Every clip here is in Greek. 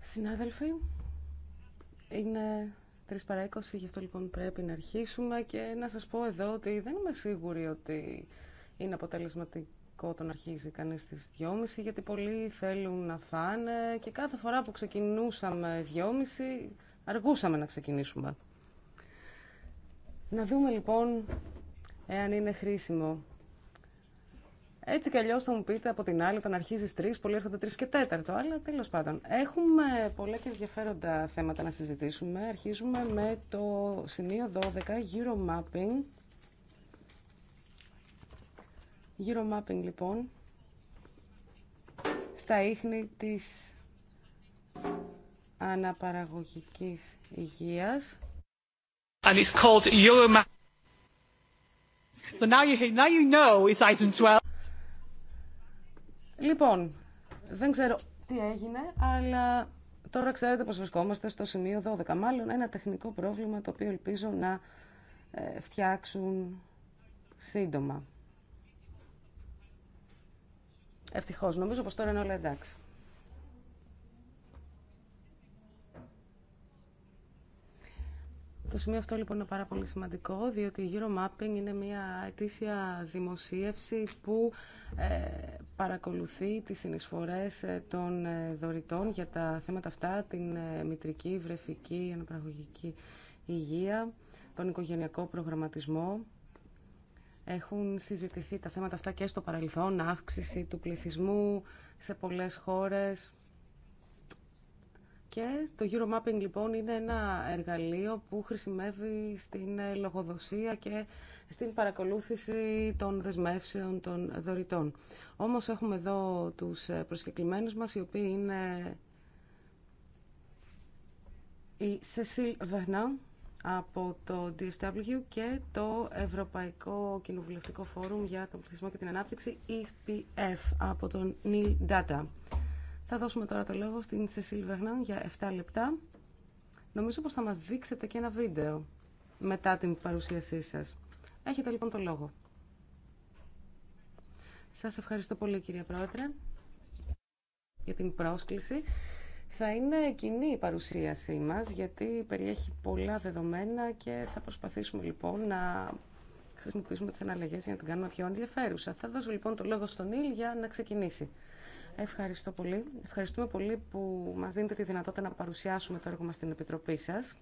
Συνάδελφοι, είναι 3 παρά 20, γι' αυτό λοιπόν πρέπει να αρχίσουμε και να σας πω εδώ ότι δεν είμαι σίγουρη ότι είναι αποτελεσματικό το να αρχίζει κανείς στις 2.30 γιατί πολλοί θέλουν να φάνε και κάθε φορά που ξεκινούσαμε 2.30 αργούσαμε να ξεκινήσουμε. Να δούμε λοιπόν εάν είναι χρήσιμο έτσι κι αλλιώ θα μου πείτε από την άλλη, όταν αρχίζει τρει, πολλοί έρχονται τρει και τέταρτο. Αλλά τέλο πάντων, έχουμε πολλά και ενδιαφέροντα θέματα να συζητήσουμε. Αρχίζουμε με το σημείο 12, γύρω mapping. Γύρω mapping, λοιπόν, στα ίχνη της αναπαραγωγικής υγείας. And it's called Euromap. so now you, now you know it's item 12. Λοιπόν, δεν ξέρω τι έγινε, αλλά τώρα ξέρετε πως βρισκόμαστε στο σημείο 12. Μάλλον ένα τεχνικό πρόβλημα το οποίο ελπίζω να ε, φτιάξουν σύντομα. Ευτυχώς. Νομίζω πως τώρα είναι όλα εντάξει. Το σημείο αυτό λοιπόν είναι πάρα πολύ σημαντικό, διότι η mapping είναι μια ετήσια δημοσίευση που ε, παρακολουθεί τις συνεισφορές ε, των ε, δωρητών για τα θέματα αυτά, την μητρική, βρεφική, αναπραγωγική υγεία, τον οικογενειακό προγραμματισμό. Έχουν συζητηθεί τα θέματα αυτά και στο παρελθόν, αύξηση του πληθυσμού σε πολλές χώρες, το Euro Mapping λοιπόν είναι ένα εργαλείο που χρησιμεύει στην ε, λογοδοσία και στην παρακολούθηση των δεσμεύσεων των δωρητών. Όμως έχουμε εδώ τους ε, προσκεκλημένους μας οι οποίοι είναι η Σεσίλ Βερνά από το DSW και το Ευρωπαϊκό Κοινοβουλευτικό Φόρουμ για τον Πληθυσμό και την Ανάπτυξη, EPF, από τον Neil Data. Θα δώσουμε τώρα το λόγο στην Σεσίλ Βερνάν για 7 λεπτά. Νομίζω πως θα μας δείξετε και ένα βίντεο μετά την παρουσίασή σας. Έχετε λοιπόν το λόγο. Σας ευχαριστώ πολύ κυρία Πρόεδρε για την πρόσκληση. Θα είναι κοινή η παρουσίασή μας γιατί περιέχει πολλά δεδομένα και θα προσπαθήσουμε λοιπόν να χρησιμοποιήσουμε τις αναλλαγές για να την κάνουμε πιο ενδιαφέρουσα. Θα δώσω λοιπόν το λόγο στον Ιλ για να ξεκινήσει. Ευχαριστώ πολύ. Ευχαριστούμε πολύ που μας δίνετε τη δυνατότητα να παρουσιάσουμε το έργο μας στην Επιτροπή σας.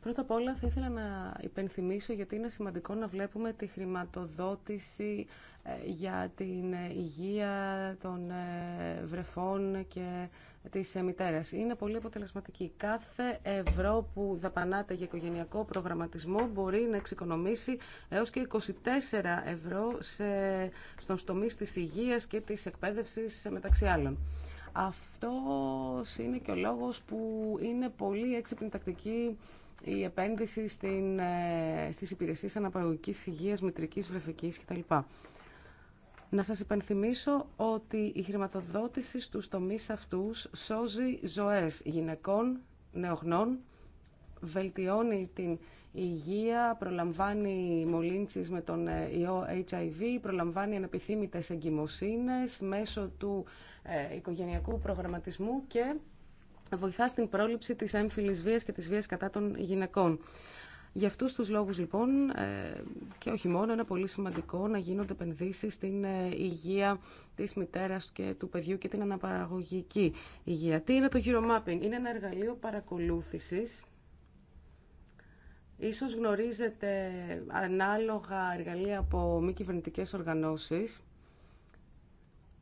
Πρώτα απ' όλα θα ήθελα να υπενθυμίσω γιατί είναι σημαντικό να βλέπουμε τη χρηματοδότηση ε, για την ε, υγεία των ε, βρεφών και είναι πολύ αποτελεσματική. Κάθε ευρώ που δαπανάται για οικογενειακό προγραμματισμό μπορεί να εξοικονομήσει έως και 24 ευρώ στον τομεί τη υγεία και της εκπαίδευση μεταξύ άλλων. Αυτό είναι και ο λόγος που είναι πολύ έξυπνη τακτική η επένδυση στην, ε, στις υπηρεσίες αναπαραγωγικής υγείας, μητρικής, βρεφικής κτλ. Να σας υπενθυμίσω ότι η χρηματοδότηση στους τομείς αυτούς σώζει ζωές γυναικών, νεογνών, βελτιώνει την υγεία, προλαμβάνει μολύνσεις με τον ε, ιό HIV, προλαμβάνει ανεπιθύμητες εγκυμοσύνες μέσω του ε, οικογενειακού προγραμματισμού και βοηθά στην πρόληψη της έμφυλης βίας και της βίας κατά των γυναικών. Για αυτούς τους λόγους λοιπόν ε, και όχι μόνο είναι πολύ σημαντικό να γίνονται επενδύσεις στην ε, υγεία της μητέρας και του παιδιού και την αναπαραγωγική υγεία. Τι είναι το Mapping? Είναι ένα εργαλείο παρακολούθησης. Ίσως γνωρίζετε ανάλογα εργαλεία από μη κυβερνητικέ οργανώσεις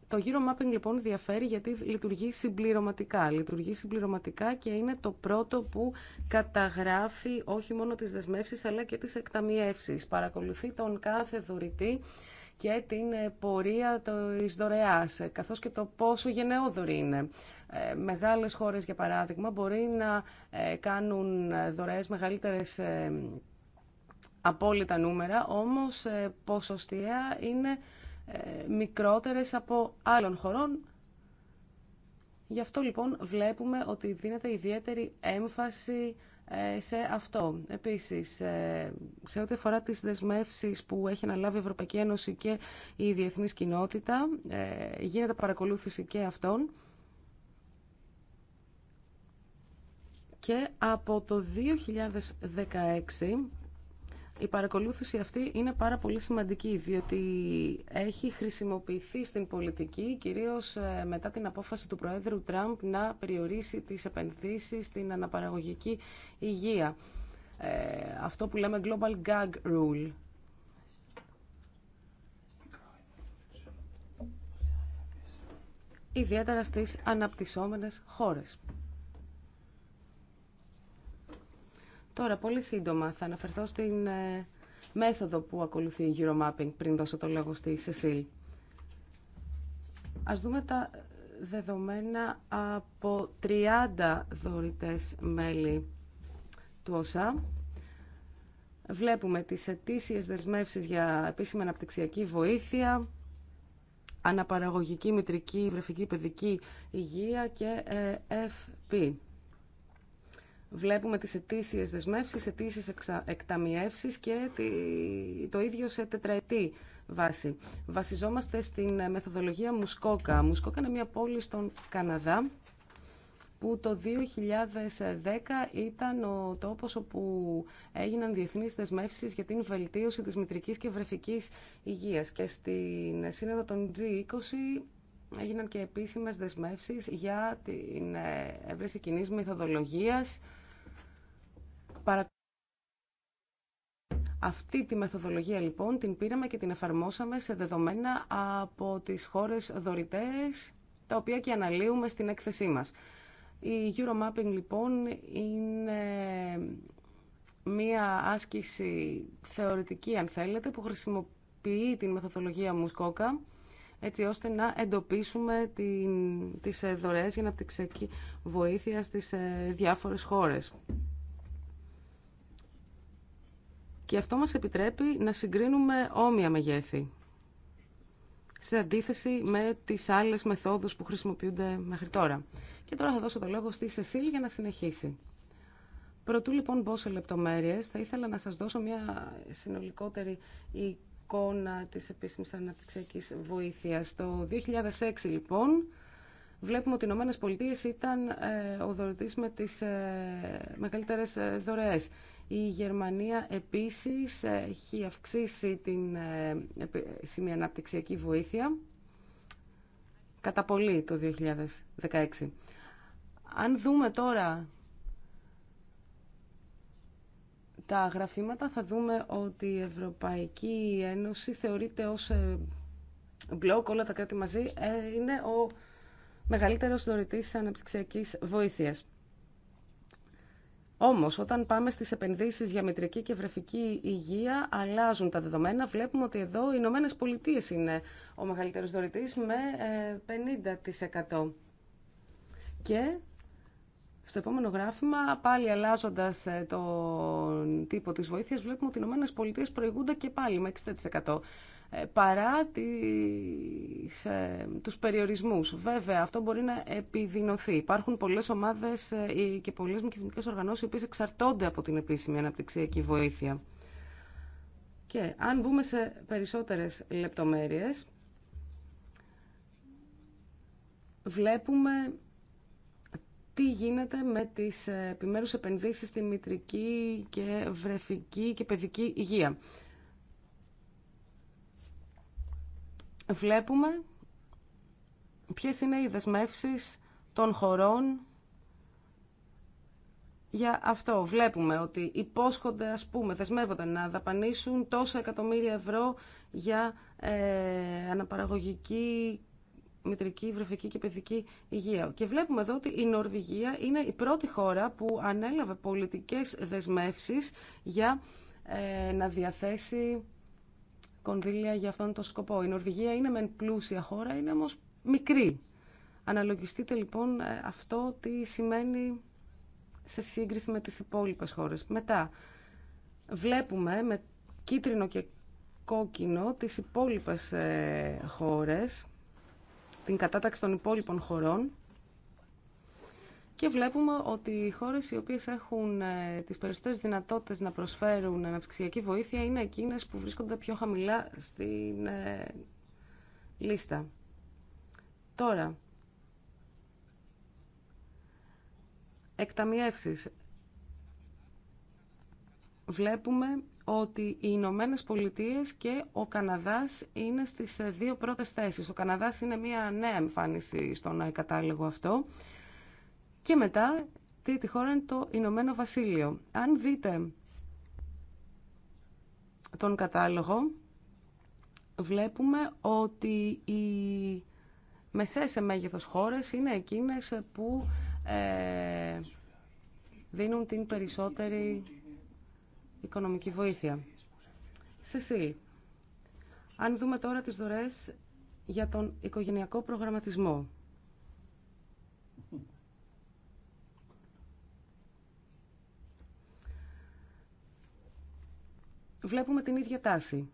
το γύρο mapping λοιπόν διαφέρει γιατί λειτουργεί συμπληρωματικά. Λειτουργεί συμπληρωματικά και είναι το πρώτο που καταγράφει όχι μόνο τις δεσμεύσεις αλλά και τις εκταμιεύσεις. Παρακολουθεί τον κάθε δωρητή και την πορεία της δωρεάς, καθώς και το πόσο γενναιόδορη είναι. Ε, μεγάλες χώρες, για παράδειγμα, μπορεί να ε, κάνουν δωρεές μεγαλύτερες ε, απόλυτα νούμερα, όμως ποσοστιαία είναι ε, μικρότερες από άλλων χωρών. Γι' αυτό λοιπόν βλέπουμε ότι δίνεται ιδιαίτερη έμφαση ε, σε αυτό. Επίσης, ε, σε ό,τι αφορά τις δεσμεύσεις που έχει αναλάβει η Ευρωπαϊκή Ένωση και η διεθνής κοινότητα, γίνεται παρακολούθηση και αυτών. Και από το 2016 η παρακολούθηση αυτή είναι πάρα πολύ σημαντική, διότι έχει χρησιμοποιηθεί στην πολιτική, κυρίως ε, μετά την απόφαση του Προέδρου Τραμπ να περιορίσει τις επενδύσεις στην αναπαραγωγική υγεία. Ε, αυτό που λέμε Global Gag Rule. Ιδιαίτερα στις αναπτυσσόμενες χώρες. Τώρα, πολύ σύντομα, θα αναφερθώ στην ε, μέθοδο που ακολουθεί η Euromapping πριν δώσω το λόγο στη Σεσίλ. Ας δούμε τα δεδομένα από 30 δωρητές μέλη του ΩΣΑ. Βλέπουμε τις αιτήσιε δεσμεύσεις για επίσημη αναπτυξιακή βοήθεια, αναπαραγωγική, μητρική, βρεφική, παιδική υγεία και ε, FP. Βλέπουμε τις αιτήσει δεσμεύσεις, αιτήσει εκταμιεύσεις και το ίδιο σε τετραετή βάση. Βασιζόμαστε στην μεθοδολογία Μουσκόκα. Μουσκόκα είναι μια πόλη στον Καναδά που το 2010 ήταν ο τόπος όπου έγιναν διεθνείς δεσμεύσεις για την βελτίωση της μητρικής και βρεφικής υγείας. Και στην σύνοδο των G20 έγιναν και επίσημες δεσμεύσεις για την ε, έβρεση κοινή μεθοδολογίας. Αυτή τη μεθοδολογία λοιπόν την πήραμε και την εφαρμόσαμε σε δεδομένα από τις χώρες δωρητές, τα οποία και αναλύουμε στην έκθεσή μας. Η Euromapping λοιπόν είναι μία άσκηση θεωρητική αν θέλετε που χρησιμοποιεί την μεθοδολογία Μουσκόκα έτσι ώστε να εντοπίσουμε την, τις ε, δωρεές για αναπτυξιακή βοήθεια στις ε, διάφορες χώρες. Και αυτό μας επιτρέπει να συγκρίνουμε όμοια μεγέθη, σε αντίθεση με τις άλλες μεθόδους που χρησιμοποιούνται μέχρι τώρα. Και τώρα θα δώσω το λόγο στη Σεσίλ για να συνεχίσει. Προτού λοιπόν μπω σε λεπτομέρειες, θα ήθελα να σας δώσω μια συνολικότερη εικόνα της επίσημης αναπτυξιακής βοήθειας. Το 2006 λοιπόν βλέπουμε ότι οι Ηνωμένε Πολιτείε ήταν ε, ο δωρητής με τις ε, μεγαλύτερες ε, δωρεές. Η Γερμανία επίσης έχει αυξήσει την επίσημη αναπτυξιακή βοήθεια κατά πολύ το 2016. Αν δούμε τώρα τα γραφήματα θα δούμε ότι η Ευρωπαϊκή Ένωση θεωρείται ως ε, μπλοκ, όλα τα κράτη μαζί, ε, είναι ο μεγαλύτερος δωρητής αναπτυξιακής βοήθειας. Όμως, όταν πάμε στις επενδύσεις για μητρική και βρεφική υγεία, αλλάζουν τα δεδομένα. Βλέπουμε ότι εδώ οι Ηνωμένε Πολιτείε είναι ο μεγαλύτερος δωρητής με 50%. Ε, και στο επόμενο γράφημα, πάλι αλλάζοντα ε, τον τύπο τη βοήθεια, βλέπουμε ότι οι ΗΠΑ προηγούνται και πάλι με 60% ε, παρά τις, ε, τους περιορισμούς. Βέβαια, αυτό μπορεί να επιδεινωθεί. Υπάρχουν πολλές ομάδες και πολλές μη κυβερνητικές οργανώσεις οι οποίες εξαρτώνται από την επίσημη αναπτυξιακή βοήθεια. Και αν μπούμε σε περισσότερες λεπτομέρειες, βλέπουμε τι γίνεται με τις ε, επιμέρους επενδύσεις στη μητρική και βρεφική και παιδική υγεία. Βλέπουμε ποιες είναι οι δεσμεύσεις των χωρών για αυτό. Βλέπουμε ότι υπόσχονται, ας πούμε, δεσμεύονται να δαπανίσουν τόσα εκατομμύρια ευρώ για ε, αναπαραγωγική μητρική, βρεφική και παιδική υγεία. Και βλέπουμε εδώ ότι η Νορβηγία είναι η πρώτη χώρα που ανέλαβε πολιτικές δεσμεύσεις για ε, να διαθέσει κονδύλια για αυτόν τον σκοπό. Η Νορβηγία είναι μεν πλούσια χώρα, είναι όμως μικρή. Αναλογιστείτε λοιπόν ε, αυτό τι σημαίνει σε σύγκριση με τις υπόλοιπες χώρες. Μετά βλέπουμε με κίτρινο και κόκκινο τις υπόλοιπες ε, χώρες την κατάταξη των υπόλοιπων χωρών και βλέπουμε ότι οι χώρες οι οποίες έχουν ε, τις περισσότερες δυνατότητες να προσφέρουν αναψυξιακή βοήθεια είναι εκείνες που βρίσκονται πιο χαμηλά στην ε, λίστα. Τώρα, εκταμιεύσεις. Βλέπουμε ότι οι Ηνωμένε Πολιτείε και ο Καναδάς είναι στις ε, δύο πρώτες θέσεις. Ο Καναδάς είναι μια νέα εμφάνιση στον ε, κατάλογο αυτό. Και μετά, τρίτη χώρα είναι το Ηνωμένο Βασίλειο. Αν δείτε τον κατάλογο, βλέπουμε ότι οι μεσαίες σε μέγεθος χώρες είναι εκείνες που ε, δίνουν την περισσότερη οικονομική βοήθεια. Σεσίλ, αν δούμε τώρα τις δωρές για τον οικογενειακό προγραμματισμό. Βλέπουμε την ίδια τάση.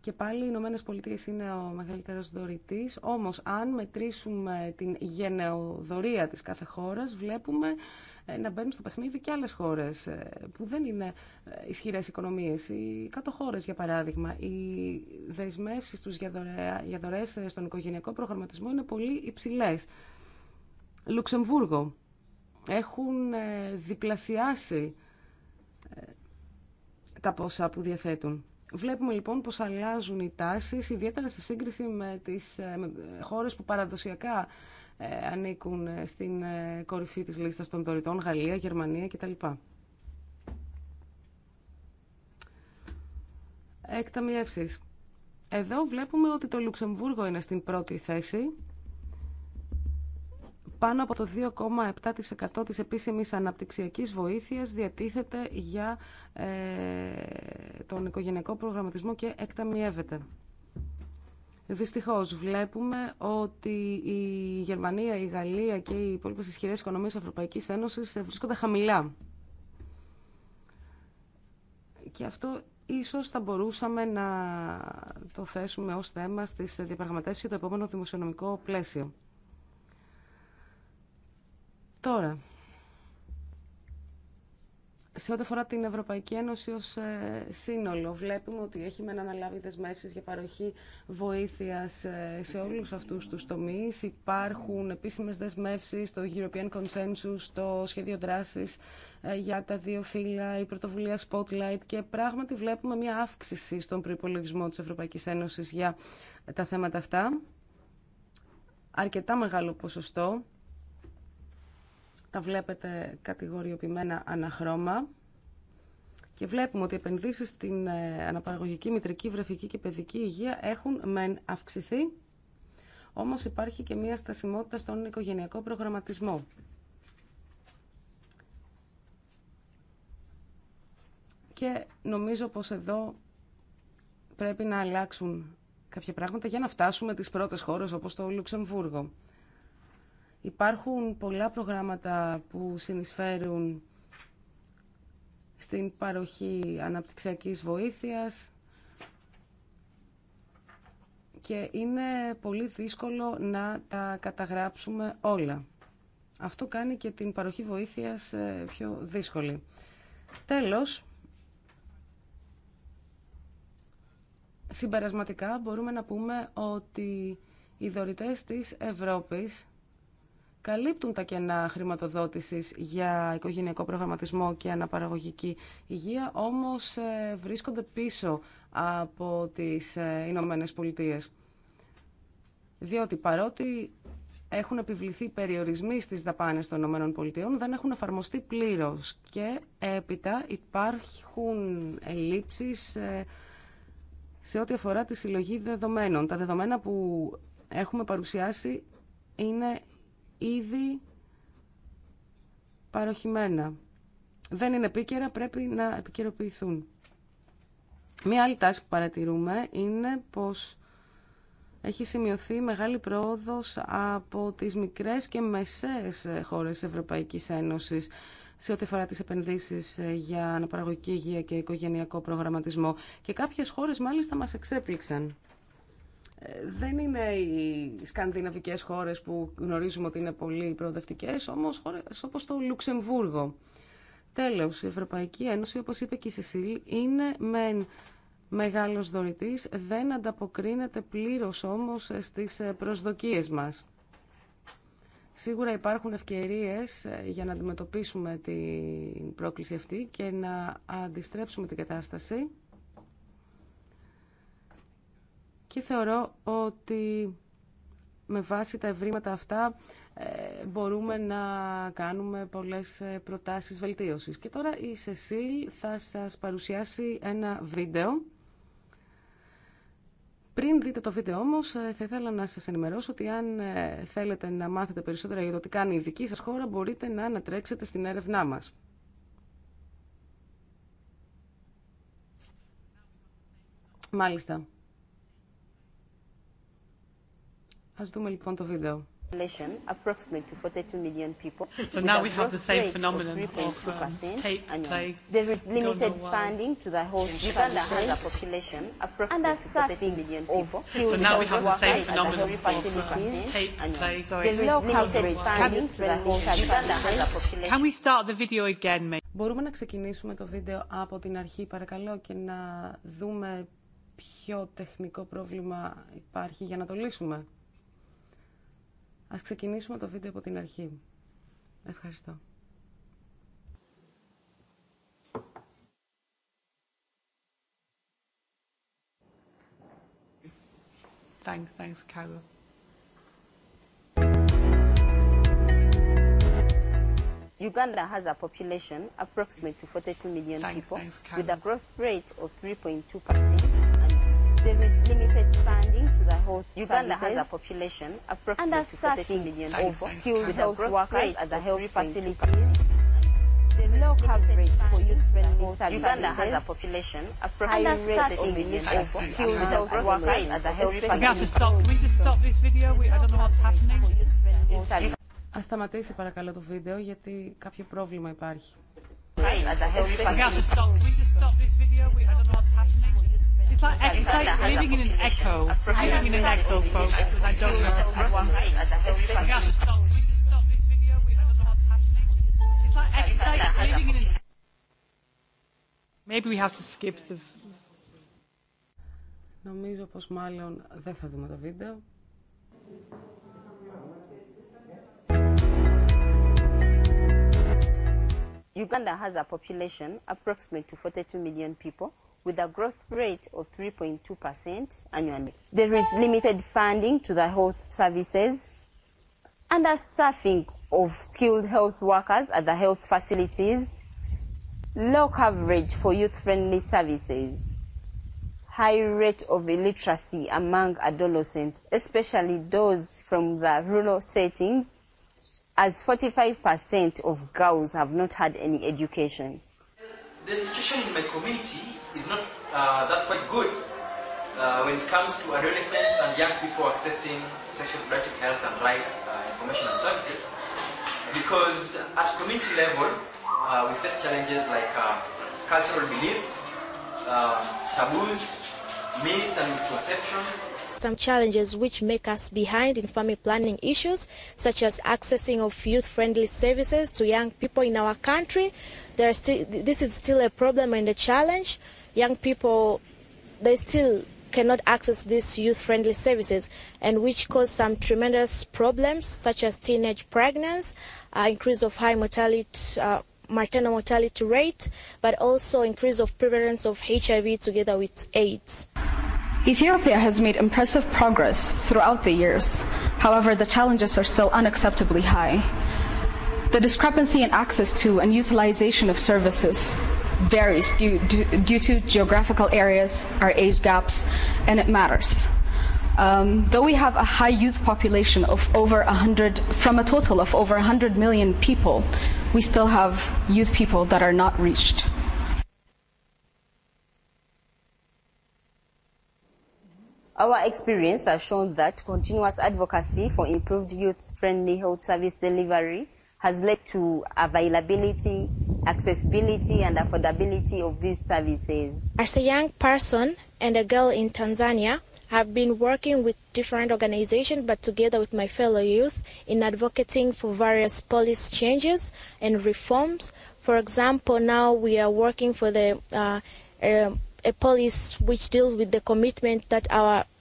Και πάλι οι Ηνωμένε Πολιτείε είναι ο μεγαλύτερος δωρητής, όμως αν μετρήσουμε την γενεοδορία της κάθε χώρας, βλέπουμε ε, να μπαίνουν στο παιχνίδι και άλλες χώρες ε, που δεν είναι ε, ισχυρές οικονομίες. Οι κάτω χώρες, για παράδειγμα, οι δεσμεύσει τους για, στον οικογενειακό προγραμματισμό είναι πολύ υψηλές. Λουξεμβούργο. Έχουν διπλασιάσει τα ποσά που διαθέτουν. Βλέπουμε λοιπόν πως αλλάζουν οι τάσεις, ιδιαίτερα σε σύγκριση με τις με χώρες που παραδοσιακά ε, ανήκουν ε, στην ε, κορυφή της λίστας των δωρητών, Γαλλία, Γερμανία κτλ. Εκταμιεύσεις. Εδώ βλέπουμε ότι το Λουξεμβούργο είναι στην πρώτη θέση. Πάνω από το 2,7% της επίσημης αναπτυξιακής βοήθειας διατίθεται για ε, τον οικογενειακό προγραμματισμό και εκταμιεύεται. Δυστυχώς βλέπουμε ότι η Γερμανία, η Γαλλία και οι υπόλοιπες ισχυρές οικονομίες της Ευρωπαϊκής βρίσκονται χαμηλά. Και αυτό ίσως θα μπορούσαμε να το θέσουμε ως θέμα στις διαπραγματεύσεις για το επόμενο δημοσιονομικό πλαίσιο. Τώρα, σε ό,τι αφορά την Ευρωπαϊκή Ένωση ως ε, σύνολο, βλέπουμε ότι έχει με αναλάβει δεσμεύσει για παροχή βοήθειας ε, σε όλους αυτούς τους τομείς. Υπάρχουν επίσημες δεσμεύσει στο European Consensus, στο σχέδιο δράσης ε, για τα δύο φύλλα, η πρωτοβουλία Spotlight και πράγματι βλέπουμε μια αύξηση στον προϋπολογισμό της Ευρωπαϊκή Ένωση για τα θέματα αυτά. Αρκετά μεγάλο ποσοστό τα βλέπετε κατηγοριοποιημένα αναχρώμα και βλέπουμε ότι οι επενδύσεις στην ε, αναπαραγωγική, μητρική, βρεφική και παιδική υγεία έχουν μεν αυξηθεί, όμως υπάρχει και μία στασιμότητα στον οικογενειακό προγραμματισμό. Και νομίζω πως εδώ πρέπει να αλλάξουν κάποια πράγματα για να φτάσουμε τις πρώτες χώρες όπως το Λουξεμβούργο. Υπάρχουν πολλά προγράμματα που συνεισφέρουν στην παροχή αναπτυξιακής βοήθειας και είναι πολύ δύσκολο να τα καταγράψουμε όλα. Αυτό κάνει και την παροχή βοήθειας ε, πιο δύσκολη. Τέλος, συμπερασματικά μπορούμε να πούμε ότι οι δωρητές της Ευρώπης καλύπτουν τα κενά χρηματοδότησης για οικογενειακό προγραμματισμό και αναπαραγωγική υγεία, όμως ε, βρίσκονται πίσω από τις ε, Ηνωμένε Πολιτείε. Διότι παρότι έχουν επιβληθεί περιορισμοί στις δαπάνες των Ηνωμένων Πολιτείων, δεν έχουν εφαρμοστεί πλήρως και έπειτα υπάρχουν ελλείψεις ε, σε ό,τι αφορά τη συλλογή δεδομένων. Τα δεδομένα που έχουμε παρουσιάσει είναι ήδη παροχημένα. Δεν είναι επίκαιρα, πρέπει να επικαιροποιηθούν. Μία άλλη τάση που παρατηρούμε είναι πως έχει σημειωθεί μεγάλη πρόοδος από τις μικρές και μεσαίες χώρες της Ευρωπαϊκής Ένωσης σε ό,τι αφορά τις επενδύσεις για αναπαραγωγική υγεία και οικογενειακό προγραμματισμό. Και κάποιες χώρες μάλιστα μας εξέπληξαν δεν είναι οι σκανδιναβικές χώρες που γνωρίζουμε ότι είναι πολύ προοδευτικές, όμως χώρες όπως το Λουξεμβούργο. Τέλος, η Ευρωπαϊκή Ένωση, όπως είπε και η Σεσίλ, είναι μεν μεγάλος δωρητής, δεν ανταποκρίνεται πλήρως όμως στις προσδοκίες μας. Σίγουρα υπάρχουν ευκαιρίες ε, για να αντιμετωπίσουμε την πρόκληση αυτή και να αντιστρέψουμε την κατάσταση. Και θεωρώ ότι με βάση τα ευρήματα αυτά ε, μπορούμε να κάνουμε πολλές ε, προτάσεις βελτίωσης. Και τώρα η Σεσίλ θα σας παρουσιάσει ένα βίντεο. Πριν δείτε το βίντεο όμως, ε, θα ήθελα να σας ενημερώσω ότι αν θέλετε να μάθετε περισσότερα για το τι κάνει η δική σας χώρα, μπορείτε να ανατρέξετε στην έρευνά μας. Μάλιστα. Ας δούμε λοιπόν το βίντεο. Approximately 42 million people. So now we have the same phenomenon of tape plague. There is limited funding to the whole Uganda has a population approximately 42 million people. So now we have the same phenomenon of tape plague. There is limited funding to the whole Uganda has a population. Can we start the video again, mate? Μπορούμε να ξεκινήσουμε το βίντεο από την αρχή, παρακαλώ, και να δούμε ποιο τεχνικό πρόβλημα υπάρχει για να το λύσουμε. Ας ξεκινήσουμε το βίντεο από την αρχή. Ευχαριστώ. Thanks, thanks, Carol. Uganda has a population approximately 42 million thanks, people thanks, with a growth rate of 3.2%. And there is the health Uganda services. has a population approximately 30 million people skilled health workers at the health facilities. The low coverage for youth friendly services. Uganda has a population approximately 30 million people skilled health workers at the health facilities. We have to stop. Can we just stop this video? We, I don't know what's happening. Ας σταματήσει παρακαλώ το βίντεο γιατί κάποιο πρόβλημα υπάρχει. Hey, It's like, it's like living in an echo. Living in an echo, folks, because I don't know. We have to stop. We should stop this video. We, I don't know happening. It's like, it's like living in an Maybe we have to skip the... Νομίζω πως μάλλον δεν θα δούμε το βίντεο. Uganda has a population approximately to 42 million people with a growth rate of 3.2% annually. There is limited funding to the health services, understaffing of skilled health workers at the health facilities, low coverage for youth-friendly services, high rate of illiteracy among adolescents, especially those from the rural settings, as 45% of girls have not had any education. The situation in my community is not uh, that quite good uh, when it comes to adolescents and young people accessing sexual reproductive health and rights uh, information and services. Because at community level, uh, we face challenges like uh, cultural beliefs, taboos, myths and misconceptions, some challenges which make us behind in family planning issues, such as accessing of youth-friendly services to young people in our country. There are still, this is still a problem and a challenge young people, they still cannot access these youth-friendly services, and which cause some tremendous problems, such as teenage pregnancy, uh, increase of high mortality, uh, maternal mortality rate, but also increase of prevalence of HIV together with AIDS. Ethiopia has made impressive progress throughout the years. However, the challenges are still unacceptably high. The discrepancy in access to and utilization of services varies due to geographical areas, our age gaps, and it matters. Though we have a high youth population of over 100, from a total of over 100 million people, we still have youth people that are not reached. Our experience has shown that continuous advocacy for improved youth-friendly health service delivery has led to availability, accessibility, and affordability of these services. As a young person and a girl in Tanzania, have been working with different organizations, but together with my fellow youth in advocating for various policy changes and reforms. For example, now we are working for the uh, a policy which deals with the commitment that our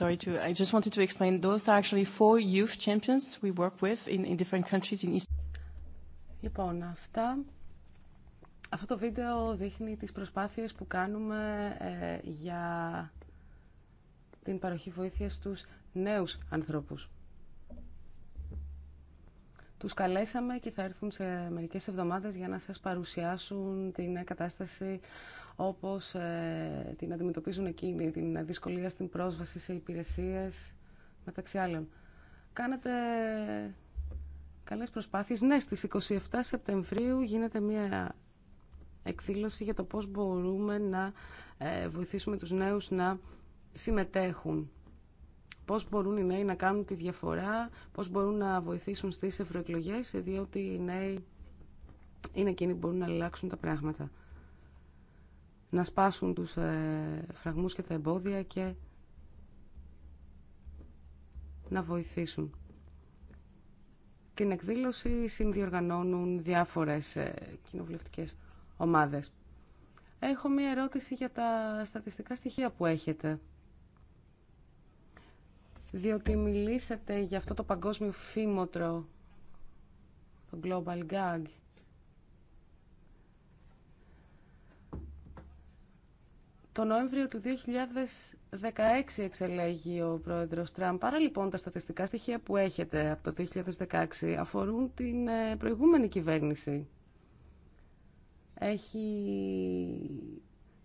Sorry to, I just wanted to we work with in, Λοιπόν, αυτά. Αυτό το βίντεο δείχνει τις προσπάθειες που κάνουμε ε, για την παροχή βοήθειας στους νέους ανθρώπους. Τους καλέσαμε και θα έρθουν σε μερικές εβδομάδες για να σας παρουσιάσουν την κατάσταση όπως ε, την αντιμετωπίζουν εκείνοι, την δυσκολία στην πρόσβαση σε υπηρεσίες, μεταξύ άλλων. Κάνετε καλές προσπάθειες. Ναι, στις 27 Σεπτεμβρίου γίνεται μια εκδήλωση για το πώς μπορούμε να ε, βοηθήσουμε τους νέους να συμμετέχουν. Πώς μπορούν οι νέοι να κάνουν τη διαφορά, πώς μπορούν να βοηθήσουν στις ευρωεκλογές, διότι οι νέοι είναι εκείνοι που μπορούν να αλλάξουν τα πράγματα να σπάσουν τους ε, φραγμούς και τα εμπόδια και να βοηθήσουν. Την εκδήλωση συνδιοργανώνουν διάφορες ε, κοινοβουλευτικές ομάδες. Έχω μία ερώτηση για τα στατιστικά στοιχεία που έχετε. Διότι μιλήσατε για αυτό το παγκόσμιο φήμοτρο, το Global Gag. Το Νοέμβριο του 2016 εξελέγει ο πρόεδρος Τραμπ. Άρα λοιπόν τα στατιστικά στοιχεία που έχετε από το 2016 αφορούν την ε, προηγούμενη κυβέρνηση. Έχει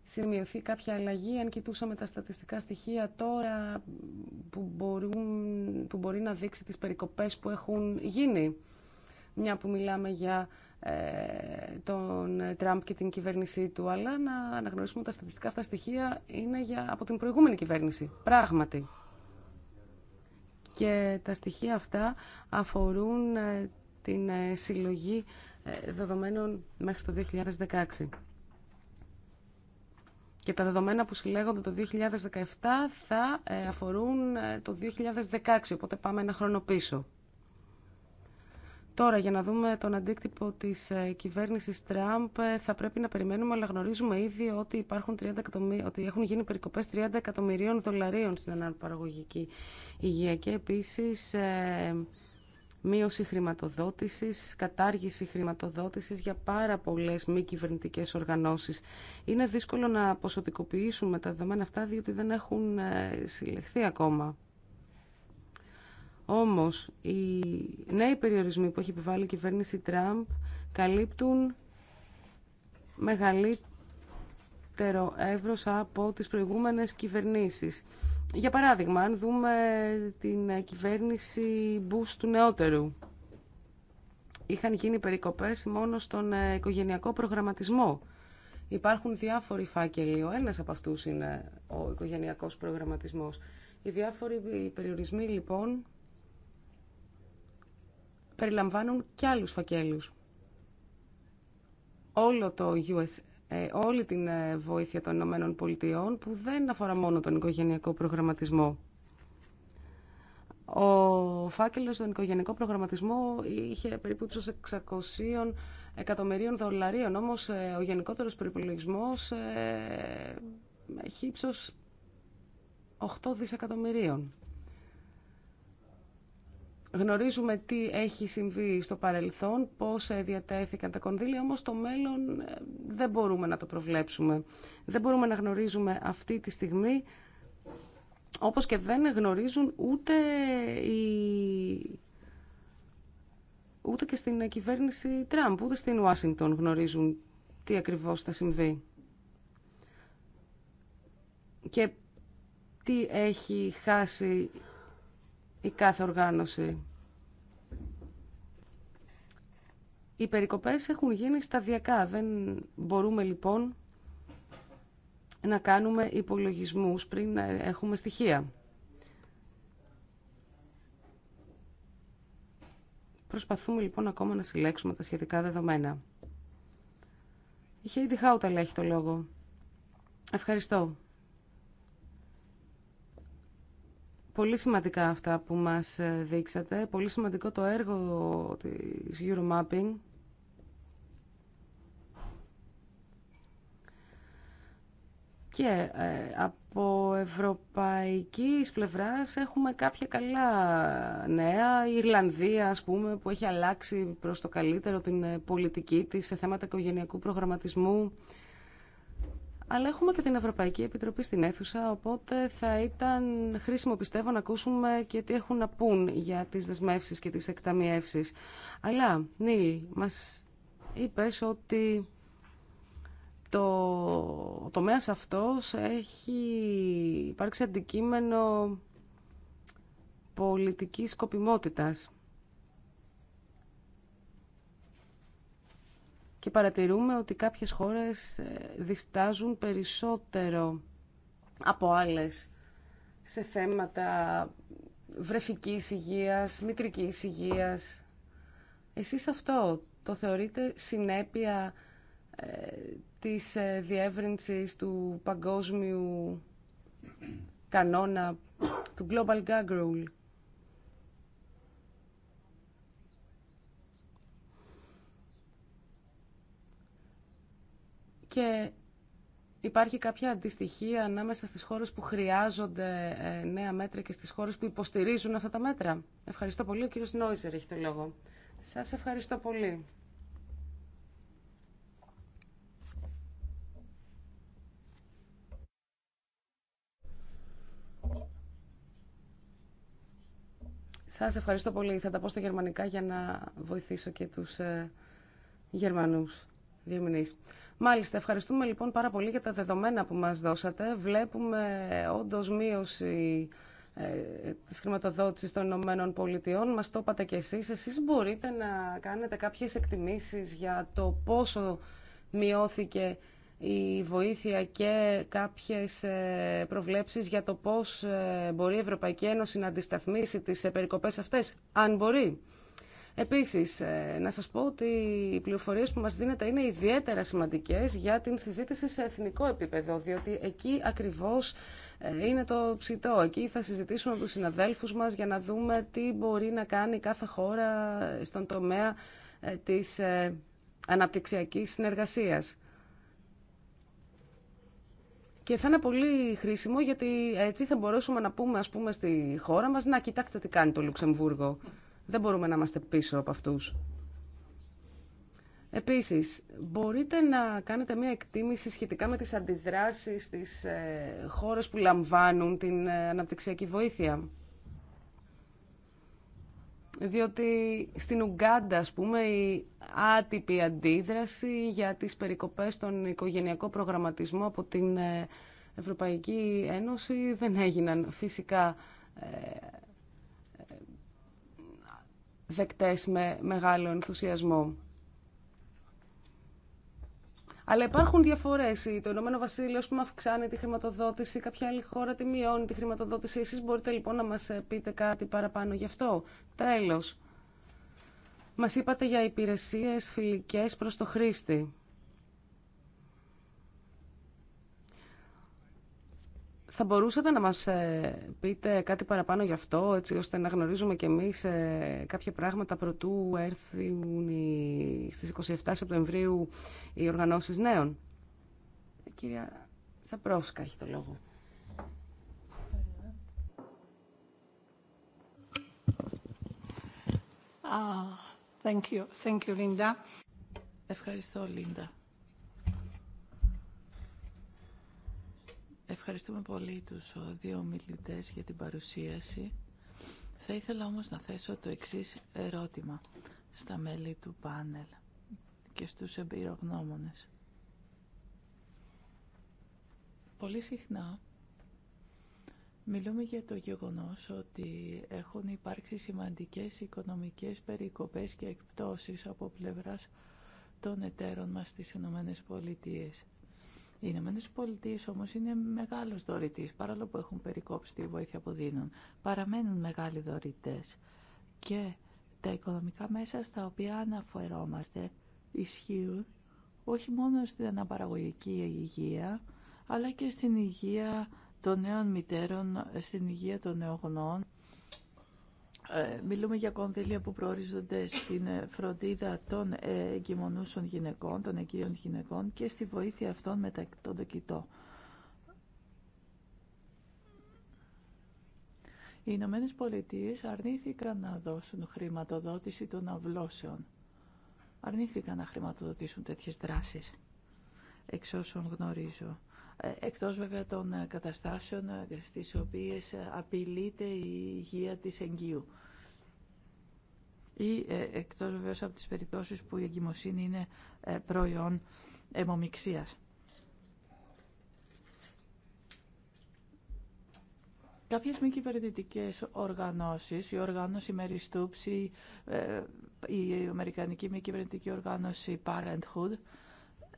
σημειωθεί κάποια αλλαγή αν κοιτούσαμε τα στατιστικά στοιχεία τώρα που, μπορούν, που μπορεί να δείξει τις περικοπές που έχουν γίνει. Μια που μιλάμε για ε, τον Τραμπ και την κυβέρνησή του, αλλά να αναγνωρίσουμε τα στατιστικά αυτά στοιχεία είναι για, από την προηγούμενη κυβέρνηση. Πράγματι. Και τα στοιχεία αυτά αφορούν ε, την ε, συλλογή δεδομένων μέχρι το 2016. Και τα δεδομένα που συλλέγονται το 2017 θα αφορούν το 2016, οπότε πάμε ένα χρόνο πίσω. Τώρα, για να δούμε τον αντίκτυπο της ε, κυβέρνησης Τραμπ, ε, θα πρέπει να περιμένουμε, αλλά γνωρίζουμε ήδη ότι, υπάρχουν 30 ότι έχουν γίνει περικοπές 30 εκατομμυρίων δολαρίων στην αναπαραγωγική υγεία και επίσης ε, μείωση χρηματοδότησης, κατάργηση χρηματοδότησης για πάρα πολλές μη κυβερνητικέ οργανώσεις. Είναι δύσκολο να ποσοτικοποιήσουμε τα δεδομένα αυτά, διότι δεν έχουν συλλεχθεί ακόμα. Όμως, οι νέοι περιορισμοί που έχει επιβάλει η κυβέρνηση Τραμπ καλύπτουν μεγαλύτερο εύρος από τις προηγούμενες κυβερνήσεις. Για παράδειγμα, αν δούμε την κυβέρνηση Μπούς του νεότερου, είχαν γίνει περικοπές μόνο στον ε, οικογενειακό προγραμματισμό. Υπάρχουν διάφοροι φάκελοι, ο ένας από αυτούς είναι ο οικογενειακός προγραμματισμός. Οι διάφοροι περιορισμοί λοιπόν περιλαμβάνουν και άλλους φακέλους. Όλο το US, ε, όλη την ε, βοήθεια των Ηνωμένων Πολιτειών που δεν αφορά μόνο τον οικογενειακό προγραμματισμό. Ο φάκελος στον οικογενειακό προγραμματισμό είχε περίπου τους 600 εκατομμυρίων δολαρίων, όμως ε, ο γενικότερος προϋπολογισμός έχει ύψος 8 δισεκατομμυρίων. Γνωρίζουμε τι έχει συμβεί στο παρελθόν, πώς ε, διατέθηκαν τα κονδύλια, όμως το μέλλον ε, δεν μπορούμε να το προβλέψουμε. Δεν μπορούμε να γνωρίζουμε αυτή τη στιγμή, όπως και δεν γνωρίζουν ούτε, ούτε και στην κυβέρνηση Τραμπ, ούτε στην Ουάσιγκτον γνωρίζουν τι ακριβώς θα συμβεί. Και τι έχει χάσει η κάθε οργάνωση. Οι περικοπές έχουν γίνει σταδιακά. Δεν μπορούμε λοιπόν να κάνουμε υπολογισμούς πριν έχουμε στοιχεία. Προσπαθούμε λοιπόν ακόμα να συλλέξουμε τα σχετικά δεδομένα. Η Χέιντι Χάουταλα έχει το λόγο. Ευχαριστώ. Πολύ σημαντικά αυτά που μας ε, δείξατε. Πολύ σημαντικό το έργο της Euromapping. Και ε, από ευρωπαϊκής πλευράς έχουμε κάποια καλά νέα. Η Ιρλανδία, ας πούμε, που έχει αλλάξει προς το καλύτερο την ε, πολιτική της σε θέματα οικογενειακού προγραμματισμού. Αλλά έχουμε και την Ευρωπαϊκή Επιτροπή στην αίθουσα, οπότε θα ήταν χρήσιμο πιστεύω να ακούσουμε και τι έχουν να πούν για τις δεσμεύσεις και τις εκταμιεύσεις. Αλλά, Νίλ, μας είπες ότι το τομέας αυτός έχει υπάρξει αντικείμενο πολιτικής σκοπιμότητας. και παρατηρούμε ότι κάποιες χώρες ε, διστάζουν περισσότερο από άλλες σε θέματα βρεφικής υγείας, μητρικής υγείας. Εσείς αυτό το θεωρείτε συνέπεια ε, της ε, διεύρυνσης του παγκόσμιου κανόνα, του Global Gag Rule. και υπάρχει κάποια αντιστοιχία ανάμεσα στις χώρες που χρειάζονται ε, νέα μέτρα και στις χώρες που υποστηρίζουν αυτά τα μέτρα. Ευχαριστώ πολύ. Ο κύριος Νόιζερ έχει το λόγο. Σας ευχαριστώ πολύ. Σας ευχαριστώ πολύ. Θα τα πω στα γερμανικά για να βοηθήσω και τους ε, Γερμανούς διερμηνείς. Μάλιστα, ευχαριστούμε λοιπόν πάρα πολύ για τα δεδομένα που μας δώσατε. Βλέπουμε όντως μείωση ε, της χρηματοδότησης των Ηνωμένων Πολιτειών. Μας το είπατε κι εσείς. Εσείς μπορείτε να κάνετε κάποιες εκτιμήσεις για το πόσο μειώθηκε η βοήθεια και κάποιες ε, προβλέψεις για το πώς ε, μπορεί η Ευρωπαϊκή Ένωση να αντισταθμίσει τις περικοπές αυτές, αν μπορεί. Επίσης, ε, να σας πω ότι οι πληροφορίε που μας δίνετε είναι ιδιαίτερα σημαντικές για την συζήτηση σε εθνικό επίπεδο, διότι εκεί ακριβώς ε, είναι το ψητό. Εκεί θα συζητήσουμε με τους συναδέλφους μας για να δούμε τι μπορεί να κάνει κάθε χώρα στον τομέα ε, της αναπτυξιακής συνεργασίας. Και θα είναι πολύ χρήσιμο γιατί έτσι θα μπορέσουμε να πούμε, ας πούμε στη χώρα μας να κοιτάξτε τι κάνει το Λουξεμβούργο. Δεν μπορούμε να είμαστε πίσω από αυτούς. Επίσης, μπορείτε να κάνετε μια εκτίμηση σχετικά με τις αντιδράσεις στις ε, χώρες που λαμβάνουν την ε, αναπτυξιακή βοήθεια. Διότι στην Ουγκάντα, ας πούμε, η άτυπη αντίδραση για τις περικοπές στον οικογενειακό προγραμματισμό από την ε, Ευρωπαϊκή Ένωση δεν έγιναν φυσικά δεκτές με μεγάλο ενθουσιασμό. Αλλά υπάρχουν διαφορέ. Το Ηνωμένο Βασίλειο, που αυξάνει τη χρηματοδότηση, κάποια άλλη χώρα τη μειώνει τη χρηματοδότηση. Εσεί μπορείτε λοιπόν να μα ε, πείτε κάτι παραπάνω γι' αυτό. Τέλο. Μα είπατε για υπηρεσίε φιλικέ προ το χρήστη. Θα μπορούσατε να μας ε, πείτε κάτι παραπάνω γι' αυτό, έτσι ώστε να γνωρίζουμε κι εμείς ε, κάποια πράγματα προτού έρθουν στις 27 Σεπτεμβρίου οι οργανώσεις νέων. Ε, κυρία Σαπρόσκα έχει το λόγο. Ah, thank you. Thank you, Linda. Ευχαριστώ, Λίντα. Ευχαριστούμε πολύ τους ε, δύο μιλητές για την παρουσίαση. Θα ήθελα όμως να θέσω το εξής ερώτημα στα μέλη του πάνελ και στους εμπειρογνώμονες. Πολύ συχνά μιλούμε για το γεγονός ότι έχουν υπάρξει σημαντικές οικονομικές περικοπές και εκπτώσεις από πλευράς των εταίρων μας στις Ηνωμένες οι Ηνωμένε Πολιτείε όμω είναι μεγάλο δωρητή, παρόλο που έχουν περικόψει τη βοήθεια που δίνουν. Παραμένουν μεγάλοι δωρητέ. Και τα οικονομικά μέσα στα οποία αναφερόμαστε ισχύουν όχι μόνο στην αναπαραγωγική υγεία, αλλά και στην υγεία των νέων μητέρων, στην υγεία των νεογνών. Ε, μιλούμε για κονδύλια που προορίζονται στην φροντίδα των εγκυμονούσων γυναικών, των εγκύων γυναικών και στη βοήθεια αυτών με τον τοκητό. Οι Ηνωμένε Πολιτείε αρνήθηκαν να δώσουν χρηματοδότηση των αυλώσεων. Αρνήθηκαν να χρηματοδοτήσουν τέτοιες δράσεις, εξ όσων γνωρίζω εκτός βέβαια των ε, καταστάσεων ε, στις οποίες ε, απειλείται η υγεία της εγγύου ή εκτός βέβαια από τις περιπτώσεις που η εγκυμοσύνη είναι προϊόν αιμομιξίας. Κάποιες μη κυβερνητικέ οργανώσεις, η οργάνωση Μεριστούψη, η Αμερικανική μη κυβερνητική οργάνωση Parenthood,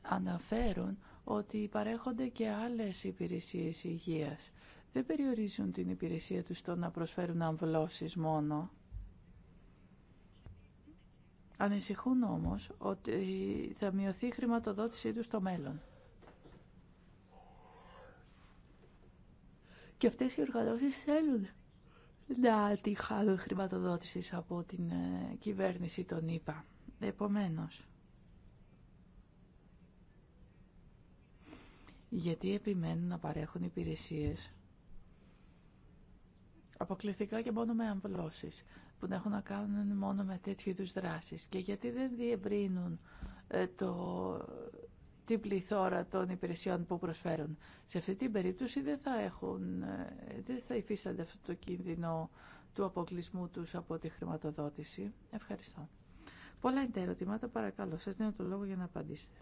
αναφέρουν ότι παρέχονται και άλλες υπηρεσίες υγείας. Δεν περιορίζουν την υπηρεσία τους στο να προσφέρουν αμβλώσεις μόνο. Ανησυχούν όμως ότι θα μειωθεί η χρηματοδότησή τους στο μέλλον. Και αυτές οι οργανώσεις θέλουν να τη χάνουν χρηματοδότησης από την ε, κυβέρνηση των ΗΠΑ. Επομένως, γιατί επιμένουν να παρέχουν υπηρεσίες αποκλειστικά και μόνο με αμβλώσεις που να έχουν να κάνουν μόνο με τέτοιου είδου δράσεις και γιατί δεν διευρύνουν ε, το, την πληθώρα των υπηρεσιών που προσφέρουν. Σε αυτή την περίπτωση δεν θα, έχουν, ε, δεν θα υφίστανται αυτό το κίνδυνο του αποκλεισμού τους από τη χρηματοδότηση. Ευχαριστώ. Πολλά είναι τα ερωτήματα, παρακαλώ. Σας δίνω το λόγο για να απαντήσετε.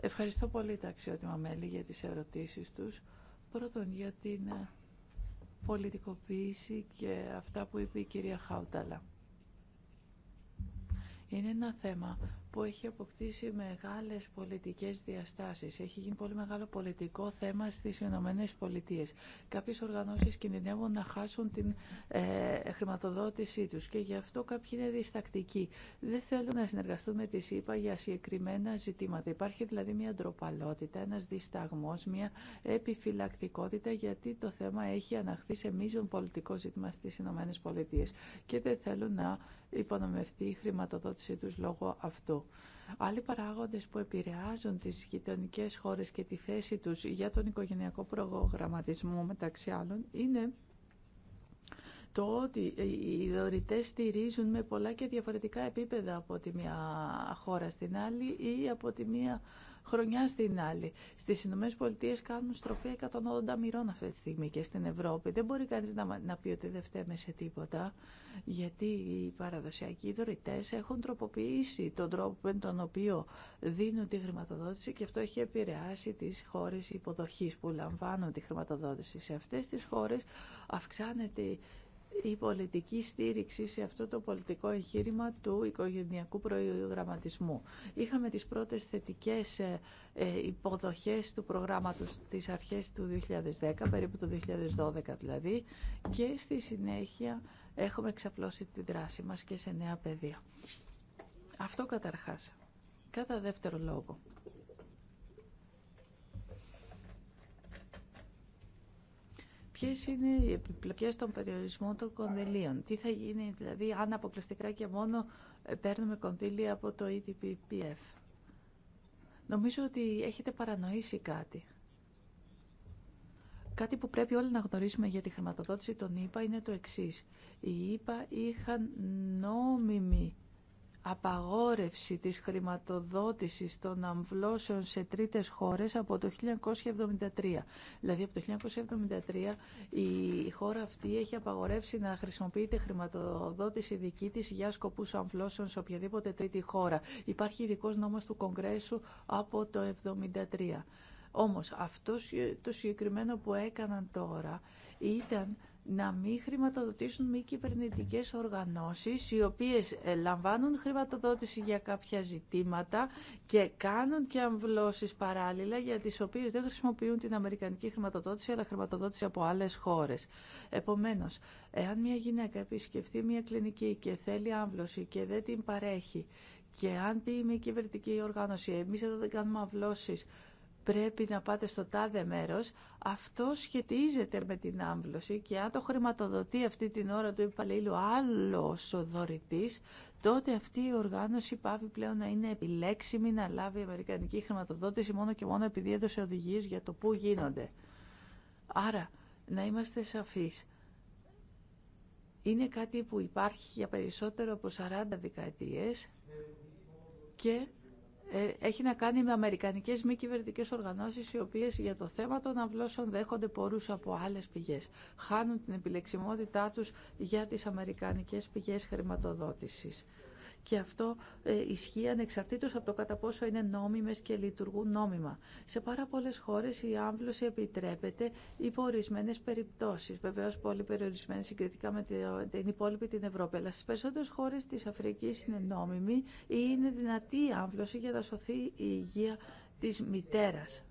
Ευχαριστώ πολύ τα αξιότιμα μέλη για τις ερωτήσεις τους. Πρώτον για την ε, πολιτικοποίηση και αυτά που είπε η κυρία Χάουταλα. Είναι ένα θέμα που έχει αποκτήσει μεγάλες πολιτικές διαστάσεις. Έχει γίνει πολύ μεγάλο πολιτικό θέμα στις Ηνωμένε Πολιτείε. Κάποιες οργανώσεις κινδυνεύουν να χάσουν την ε, χρηματοδότησή τους και γι' αυτό κάποιοι είναι διστακτικοί. Δεν θέλουν να συνεργαστούν με τη ΣΥΠΑ για συγκεκριμένα ζητήματα. Υπάρχει δηλαδή μια ντροπαλότητα, ένας δισταγμός, μια επιφυλακτικότητα γιατί το θέμα έχει αναχθεί σε μείζον πολιτικό ζήτημα στις Ηνωμένε Πολιτείε και δεν θέλουν να υπονομευτεί η χρηματοδότησή τους λόγω αυτού. Άλλοι παράγοντες που επηρεάζουν τις γειτονικέ χώρες και τη θέση τους για τον οικογενειακό προγραμματισμό μεταξύ άλλων είναι το ότι οι δωρητές στηρίζουν με πολλά και διαφορετικά επίπεδα από τη μία χώρα στην άλλη ή από τη μία χρονιά στην άλλη. Στις Ηνωμένε Πολιτείε κάνουν στροφή 180 μοιρών αυτή τη στιγμή και στην Ευρώπη. Δεν μπορεί κανείς να, να πει ότι δεν φταίμε σε τίποτα, γιατί οι παραδοσιακοί δωρητέ έχουν τροποποιήσει τον τρόπο με τον οποίο δίνουν τη χρηματοδότηση και αυτό έχει επηρεάσει τις χώρες υποδοχή που λαμβάνουν τη χρηματοδότηση. Σε αυτέ τι χώρε αυξάνεται η πολιτική στήριξη σε αυτό το πολιτικό εγχείρημα του οικογενειακού προγραμματισμού. Είχαμε τις πρώτες θετικές ε, ε, υποδοχές του προγράμματος τις αρχές του 2010, περίπου το 2012 δηλαδή, και στη συνέχεια έχουμε εξαπλώσει την δράση μας και σε νέα πεδία. Αυτό καταρχάς. Κατά δεύτερο λόγο, Ποιε είναι οι επιπλοκέ των περιορισμών των κονδυλίων. Τι θα γίνει δηλαδή αν αποκλειστικά και μόνο ε, παίρνουμε κονδύλια από το EDPPF. Νομίζω ότι έχετε παρανοήσει κάτι. Κάτι που πρέπει όλοι να γνωρίσουμε για τη χρηματοδότηση των ήπα είναι το εξής. Οι ήπα είχαν νόμιμη απαγόρευση της χρηματοδότησης των αμβλώσεων σε τρίτες χώρες από το 1973. Δηλαδή από το 1973 η χώρα αυτή έχει απαγορεύσει να χρησιμοποιείται χρηματοδότηση δική της για σκοπούς αμβλώσεων σε οποιαδήποτε τρίτη χώρα. Υπάρχει ειδικό νόμος του Κογκρέσου από το 1973. Όμως αυτό το συγκεκριμένο που έκαναν τώρα ήταν να μην χρηματοδοτήσουν μη κυβερνητικέ οργανώσεις οι οποίες ε, λαμβάνουν χρηματοδότηση για κάποια ζητήματα και κάνουν και αμβλώσει παράλληλα για τις οποίες δεν χρησιμοποιούν την αμερικανική χρηματοδότηση αλλά χρηματοδότηση από άλλες χώρες. Επομένως, εάν μια γυναίκα επισκεφτεί μια κλινική και θέλει άμβλωση και δεν την παρέχει και αν πει η μη κυβερνητική οργάνωση, «Ε, εμεί εδώ δεν κάνουμε αμβλώσει πρέπει να πάτε στο τάδε μέρος, αυτό σχετίζεται με την άμβλωση και αν το χρηματοδοτεί αυτή την ώρα του υπαλλήλου άλλο ο δωρητής, τότε αυτή η οργάνωση πάβει πλέον να είναι επιλέξιμη να λάβει η Αμερικανική χρηματοδότηση μόνο και μόνο επειδή έδωσε οδηγίες για το πού γίνονται. Άρα, να είμαστε σαφείς. Είναι κάτι που υπάρχει για περισσότερο από 40 δεκαετίες και ε, έχει να κάνει με αμερικανικές μη κυβερνητικέ οργανώσεις οι οποίες για το θέμα των αυλώσεων δέχονται πορού από άλλε πηγές. Χάνουν την επιλεξιμότητά τους για τι αμερικανικές πηγές χρηματοδότηση και αυτό ε, ισχύει ανεξαρτήτως από το κατά πόσο είναι νόμιμες και λειτουργούν νόμιμα. Σε πάρα πολλές χώρες η άμβλωση επιτρέπεται υπό ορισμένε περιπτώσεις, βεβαίως πολύ περιορισμένες συγκριτικά με την υπόλοιπη την Ευρώπη, αλλά στις περισσότερες χώρες της Αφρικής είναι νόμιμη ή είναι δυνατή η άμβλωση για να σωθεί η υγεία της μητέρας.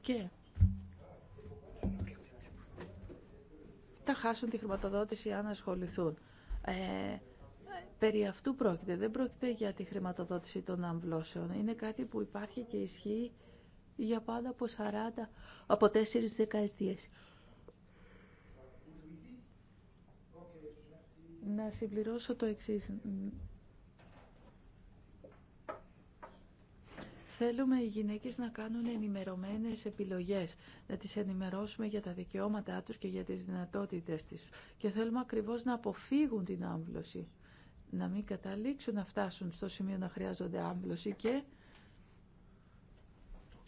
Και θα χάσουν τη χρηματοδότηση αν ασχοληθούν. Ε, Περί αυτού πρόκειται. Δεν πρόκειται για τη χρηματοδότηση των αμβλώσεων. Είναι κάτι που υπάρχει και ισχύει για πάντα από 40, από 4 δεκαετίες. Να συμπληρώσω το εξής. Θέλουμε οι γυναίκες να κάνουν ενημερωμένες επιλογές, να τις ενημερώσουμε για τα δικαιώματά τους και για τις δυνατότητες τους. Και θέλουμε ακριβώς να αποφύγουν την άμβλωση να μην καταλήξουν να φτάσουν στο σημείο να χρειάζονται άμπλωση και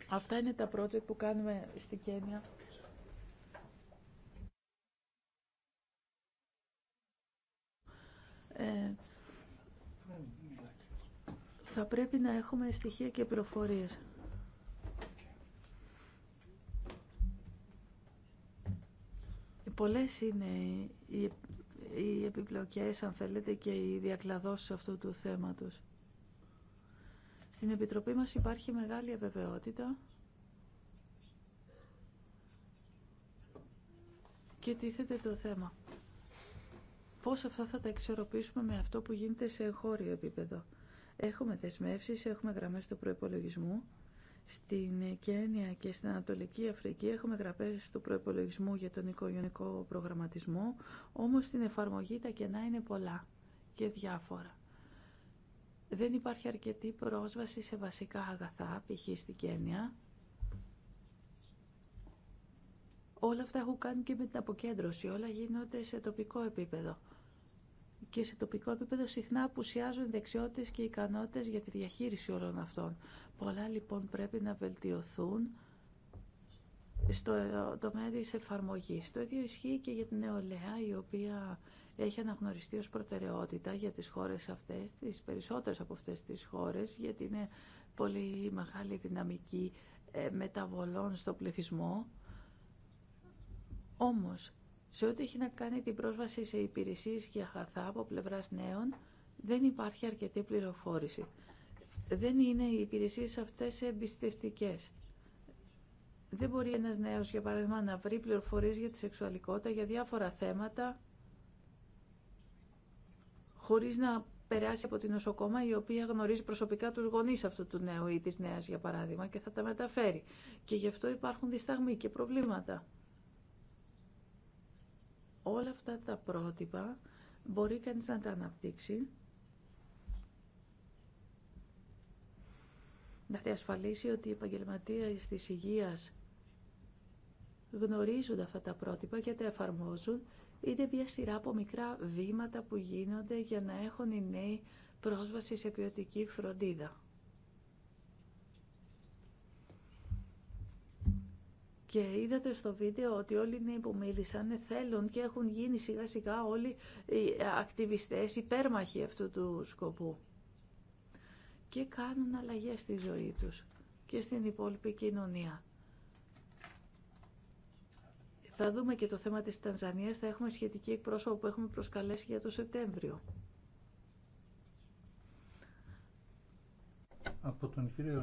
αυτά είναι τα project που κάνουμε στη Κένια. Ε, θα πρέπει να έχουμε στοιχεία και προφορίες. Πολλές είναι οι οι επιπλοκές, αν θέλετε, και οι διακλαδώσεις αυτού του θέματος. Στην Επιτροπή μας υπάρχει μεγάλη αβεβαιότητα και τίθεται το θέμα. Πώς αυτά θα τα εξορροπήσουμε με αυτό που γίνεται σε χώριο επίπεδο. Έχουμε δεσμεύσεις, έχουμε γραμμές του προϋπολογισμού, στην Κένια και στην Ανατολική Αφρική έχουμε γραπές του προϋπολογισμού για τον οικογενειακό προγραμματισμό, όμως στην εφαρμογή τα κενά είναι πολλά και διάφορα. Δεν υπάρχει αρκετή πρόσβαση σε βασικά αγαθά, π.χ. στην Κένια. Όλα αυτά έχουν κάνει και με την αποκέντρωση, όλα γίνονται σε τοπικό επίπεδο και σε τοπικό επίπεδο συχνά απουσιάζουν δεξιότητε δεξιότητες και οι ικανότητες για τη διαχείριση όλων αυτών. Πολλά λοιπόν πρέπει να βελτιωθούν στο ε, τομέα της εφαρμογής. Το ίδιο ισχύει και για την νεολαία η οποία έχει αναγνωριστεί ως προτεραιότητα για τις χώρες αυτές, τις περισσότερες από αυτές τις χώρες, γιατί είναι πολύ μεγάλη δυναμική ε, μεταβολών στο πληθυσμό. Όμως, σε ό,τι έχει να κάνει την πρόσβαση σε υπηρεσίες για χαθά από πλευράς νέων, δεν υπάρχει αρκετή πληροφόρηση. Δεν είναι οι υπηρεσίες αυτές εμπιστευτικέ. Δεν μπορεί ένας νέος, για παράδειγμα, να βρει πληροφορίες για τη σεξουαλικότητα, για διάφορα θέματα, χωρίς να περάσει από την νοσοκόμα η οποία γνωρίζει προσωπικά τους γονείς αυτού του νέου ή της νέας, για παράδειγμα, και θα τα μεταφέρει. Και γι' αυτό υπάρχουν δισταγμοί και προβλήματα όλα αυτά τα πρότυπα μπορεί κανείς να τα αναπτύξει, να διασφαλίσει ότι οι επαγγελματίες της υγείας γνωρίζουν αυτά τα πρότυπα και τα εφαρμόζουν, είναι μια σειρά από μικρά βήματα που γίνονται για να έχουν οι νέοι πρόσβαση σε ποιοτική φροντίδα. Και είδατε στο βίντεο ότι όλοι νέοι που μίλησαν θέλουν και έχουν γίνει σιγά σιγά όλοι οι ακτιβιστές υπέρμαχοι αυτού του σκοπού. Και κάνουν αλλαγές στη ζωή τους και στην υπόλοιπη κοινωνία. Θα δούμε και το θέμα της Τανζανίας, θα έχουμε σχετική εκπρόσωπο που έχουμε προσκαλέσει για το Σεπτέμβριο. Από τον κύριο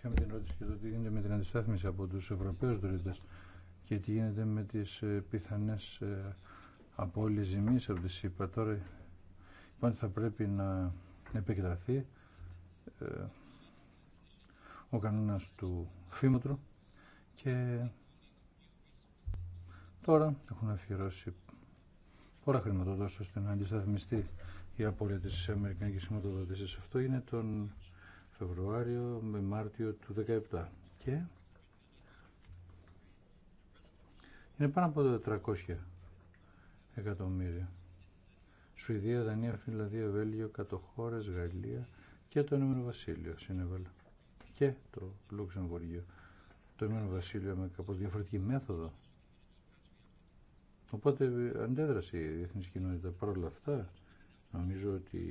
Είχαμε την ερώτηση για το τι γίνεται με την αντιστάθμιση από τους Ευρωπαίους δωρητές και τι γίνεται με τις ε, πιθανές ε, απώλειες ζημίες από τη ΣΥΠΑ. Τώρα θα πρέπει να επεκταθεί ε, ο κανόνας του φήμωτρου και τώρα έχουν αφιερώσει πολλά χρηματοδότηση ώστε να αντισταθμιστεί η απόλυτη της Αμερικανικής χρηματοδότησης. Αυτό είναι τον. Φεβρουάριο με Μάρτιο του 17 Και είναι πάνω από 400 εκατομμύρια. Σουηδία, Δανία, Φινλανδία, Βέλγιο, Κατοχώρες, Γαλλία και το Ηνωμένο Βασίλειο συνέβαλε. Και το Λουξεμβουργείο. Το Ηνωμένο Βασίλειο με κάπως διαφορετική μέθοδο. Οπότε αντέδρασε η διεθνής κοινότητα. παρόλα αυτά νομίζω ότι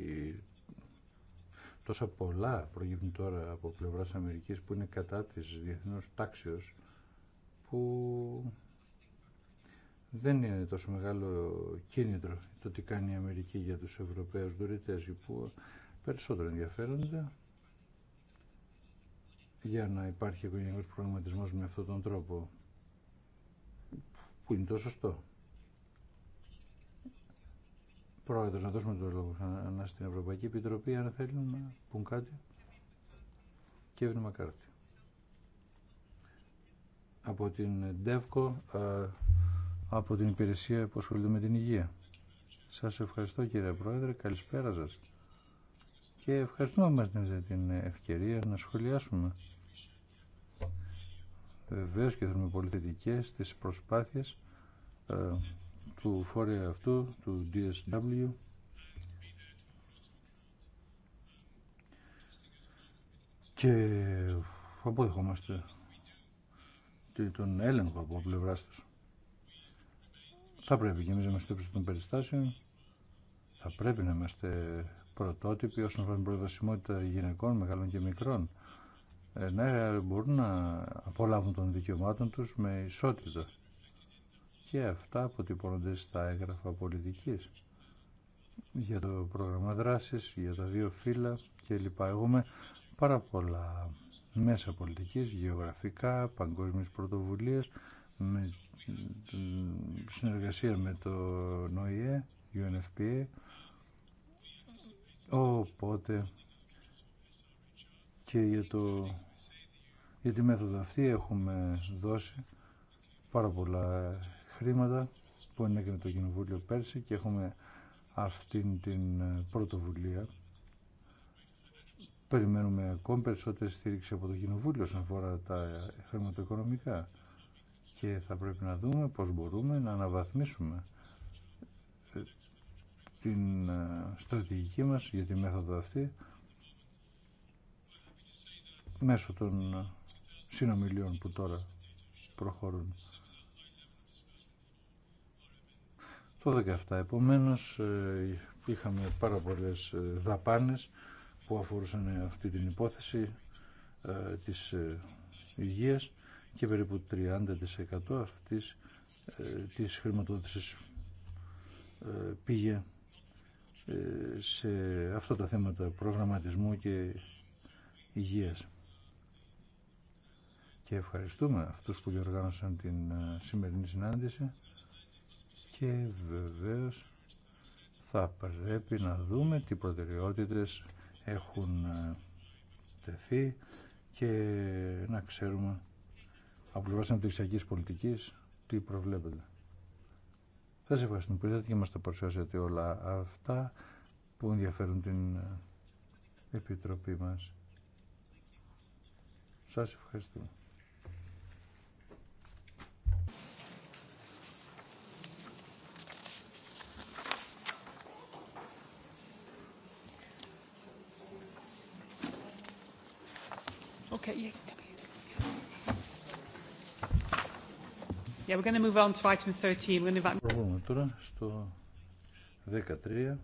τόσα πολλά προγύπτουν τώρα από πλευράς Αμερικής που είναι κατά της διεθνούς τάξεως που δεν είναι τόσο μεγάλο κίνητρο το τι κάνει η Αμερική για τους Ευρωπαίους δουλείτες που περισσότερο ενδιαφέρονται για να υπάρχει οικογενειακός προγραμματισμός με αυτόν τον τρόπο που είναι το σωστό. Πρόεδρος, να δώσουμε το λόγο ξανά στην Ευρωπαϊκή Επιτροπή, αν θέλουν να πούν κάτι. Κέβιν Μακάρτη. Από την ΔΕΒΚΟ, από την υπηρεσία που ασχολείται με την υγεία. Σας ευχαριστώ κύριε Πρόεδρε, καλησπέρα σας. Και ευχαριστούμε μας για την ευκαιρία να σχολιάσουμε. Βεβαίως και θέλουμε πολύ τις προσπάθειες του φορέα αυτού, του DSW. Και αποδεχόμαστε τον έλεγχο από πλευρά του. Θα πρέπει και εμεί να είμαστε των περιστάσεων. Θα πρέπει να είμαστε πρωτότυποι όσον αφορά την προσβασιμότητα γυναικών, μεγάλων και μικρών. Ε, να μπορούν να απολαύουν των δικαιωμάτων τους με ισότητα και αυτά αποτυπώνονται στα έγγραφα πολιτικής για το πρόγραμμα δράσης, για τα δύο φύλλα κλπ. Έχουμε πάρα πολλά μέσα πολιτικής, γεωγραφικά, παγκόσμιες πρωτοβουλίες, με συνεργασία με το ΝΟΙΕ, UNFPA, οπότε και για, το, για τη μέθοδο αυτή έχουμε δώσει πάρα πολλά χρήματα που ενέκρινε το Κοινοβούλιο πέρσι και έχουμε αυτήν την ε, πρωτοβουλία. Περιμένουμε ακόμη περισσότερη στήριξη από το Κοινοβούλιο όσον αφορά τα χρηματοοικονομικά και θα πρέπει να δούμε πώς μπορούμε να αναβαθμίσουμε ε, την ε, στρατηγική μας για τη μέθοδο αυτή μέσω των συνομιλίων που τώρα προχωρούν. το 2017. Επομένως ε, είχαμε πάρα πολλές ε, δαπάνες που αφορούσαν ε, αυτή την υπόθεση της υγείας και περίπου 30% αυτής της χρηματοδότησης πήγε σε αυτά τα θέματα προγραμματισμού και υγείας. Και ευχαριστούμε αυτούς που διοργάνωσαν την σημερινή συνάντηση και βεβαίως θα πρέπει να δούμε τι προτεραιότητες έχουν ε, τεθεί και να ξέρουμε από πλευρά αναπτυξιακή πολιτική τι προβλέπεται. Σα ευχαριστούμε που ήρθατε και μα τα παρουσιάσατε όλα αυτά που ενδιαφέρουν την ε, Επιτροπή μας. Σα ευχαριστούμε. Okay. Yeah, we're going to move on to item 13. We're going to back... Προχωρούμε τώρα στο 13.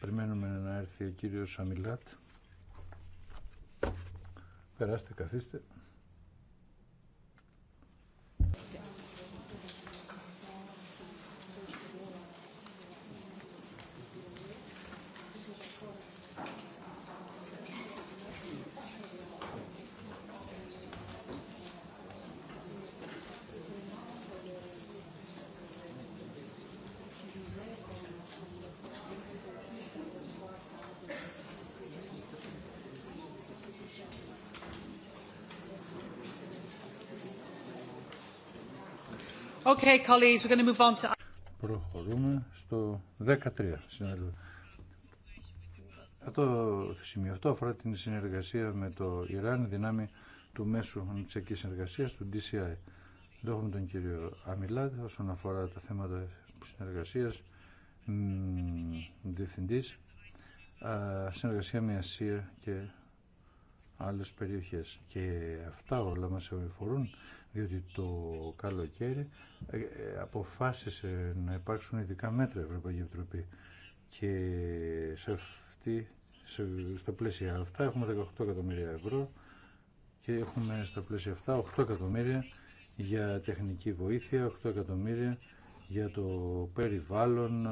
Περιμένουμε να έρθει ο κύριος Αμιλάτ. Περάστε, καθίστε. Προχωρούμε στο 13, Αυτό το σημείο αυτό αφορά την συνεργασία με το Ιράν, δυνάμει του μέσου ανοιξιακής συνεργασίας, του DCI. Εδώ έχουμε τον κύριο Αμιλάτ όσον αφορά τα θέματα συνεργασίας, διευθύντη, συνεργασία με Ασία και άλλε περιοχέ. Και αυτά όλα μα αφορούν διότι το καλοκαίρι ε, ε, αποφάσισε να υπάρξουν ειδικά μέτρα η Ευρωπαϊκή Επιτροπή και σε αυτή, στα πλαίσια αυτά έχουμε 18 εκατομμύρια ευρώ και έχουμε στα πλαίσια αυτά 8 εκατομμύρια για τεχνική βοήθεια, 8 εκατομμύρια για το περιβάλλον,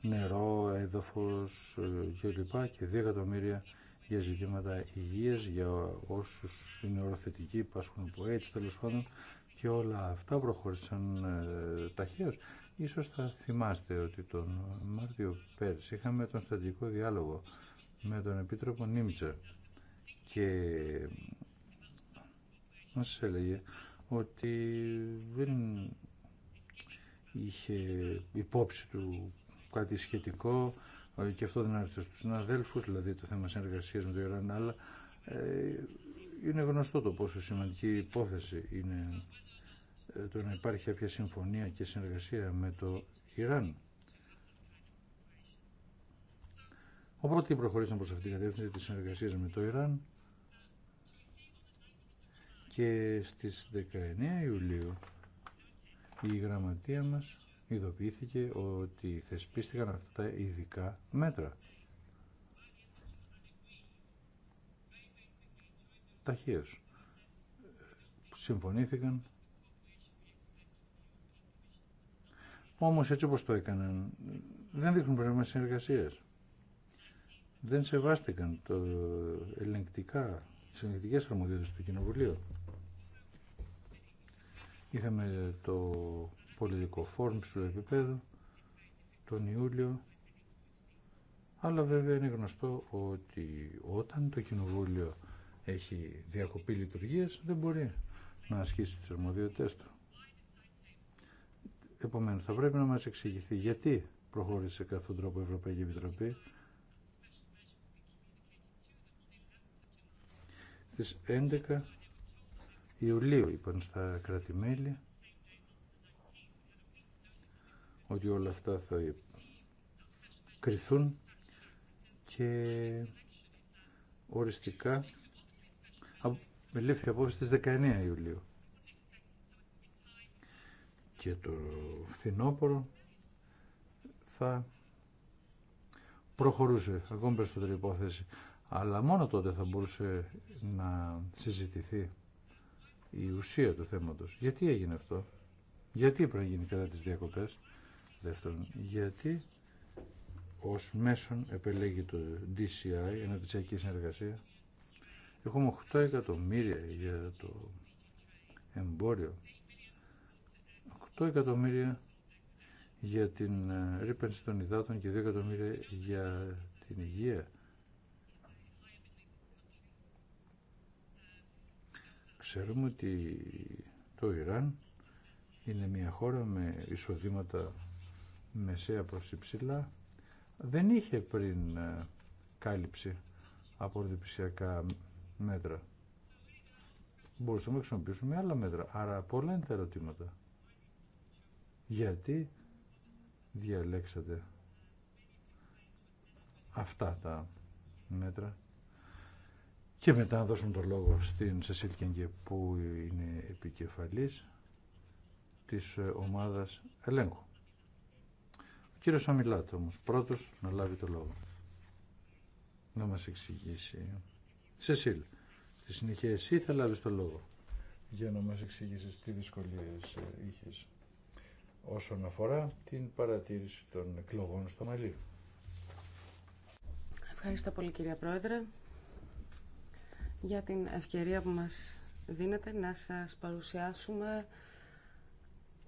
νερό, έδαφος ε, κλπ. Και, και 2 εκατομμύρια για ζητήματα υγεία για όσους είναι οροθετικοί, πάσχουν από έτσι τέλος πάντων και όλα αυτά προχώρησαν ε, ταχαίως. Ίσως θα θυμάστε ότι τον Μάρτιο πέρσι είχαμε τον στατικό διάλογο με τον Επίτροπο Νίμτσα και μας έλεγε ότι δεν είχε υπόψη του κάτι σχετικό ε, και αυτό δεν άρεσε στους συναδέλφους, δηλαδή το θέμα συνεργασίας με το Ιράν, αλλά ε, είναι γνωστό το πόσο σημαντική υπόθεση είναι ε, το να υπάρχει κάποια συμφωνία και συνεργασία με το Ιράν. Ο προχωρήσαμε προς αυτήν την κατεύθυνση της συνεργασίας με το Ιράν και στις 19 Ιουλίου η γραμματεία μας ειδοποιήθηκε ότι θεσπίστηκαν αυτά τα ειδικά μέτρα. Ταχύως. Συμφωνήθηκαν. Όμως έτσι όπως το έκαναν, δεν δείχνουν πρόβλημα συνεργασίας. Δεν σεβάστηκαν το ελεγκτικά, τις ελεγκτικές αρμοδιότητες του Κοινοβουλίου. Είχαμε το πολιτικό φόρμ του επίπεδου τον Ιούλιο. Αλλά βέβαια είναι γνωστό ότι όταν το Κοινοβούλιο έχει διακοπή λειτουργίας δεν μπορεί να ασκήσει τις αρμοδιότητες του. Επομένως θα πρέπει να μας εξηγηθεί γιατί προχώρησε σε τον τρόπο η Ευρωπαϊκή Επιτροπή στις 11 Ιουλίου είπαν στα κρατημέλη ότι όλα αυτά θα κρυθούν και οριστικά με λήφθη απόφαση στις 19 Ιουλίου. Και το φθινόπωρο θα προχωρούσε ακόμη περισσότερη υπόθεση. Αλλά μόνο τότε θα μπορούσε να συζητηθεί η ουσία του θέματος. Γιατί έγινε αυτό, γιατί πρέπει να γίνει κατά τις διακοπές. Δεύτερον, γιατί ως μέσον επελέγει το DCI, ενωτησιακή συνεργασία. Έχουμε 8 εκατομμύρια για το εμπόριο. 8 εκατομμύρια για την ε, ρήπανση των υδάτων και 2 εκατομμύρια για την υγεία. Ξέρουμε ότι το Ιράν είναι μια χώρα με εισοδήματα μεσαία προς υψηλά δεν είχε πριν ε, κάλυψη από ορδιπισιακά μέτρα. Μπορούσαμε να χρησιμοποιήσουμε άλλα μέτρα. Άρα πολλά είναι τα ερωτήματα. Γιατί διαλέξατε αυτά τα μέτρα και μετά να δώσουμε το λόγο στην Σεσίλ που είναι επικεφαλής της ομάδας ελέγχου κύριος Αμιλάτο όμως, πρώτος να λάβει το λόγο. Να μας εξηγήσει. Σεσίλ, στη συνέχεια εσύ θα λάβεις το λόγο. Για να μας εξηγήσεις τι δυσκολίες ε, είχες όσον αφορά την παρατήρηση των εκλογών στο Μαλί. Ευχαριστώ πολύ κυρία Πρόεδρε για την ευκαιρία που μας δίνετε να σας παρουσιάσουμε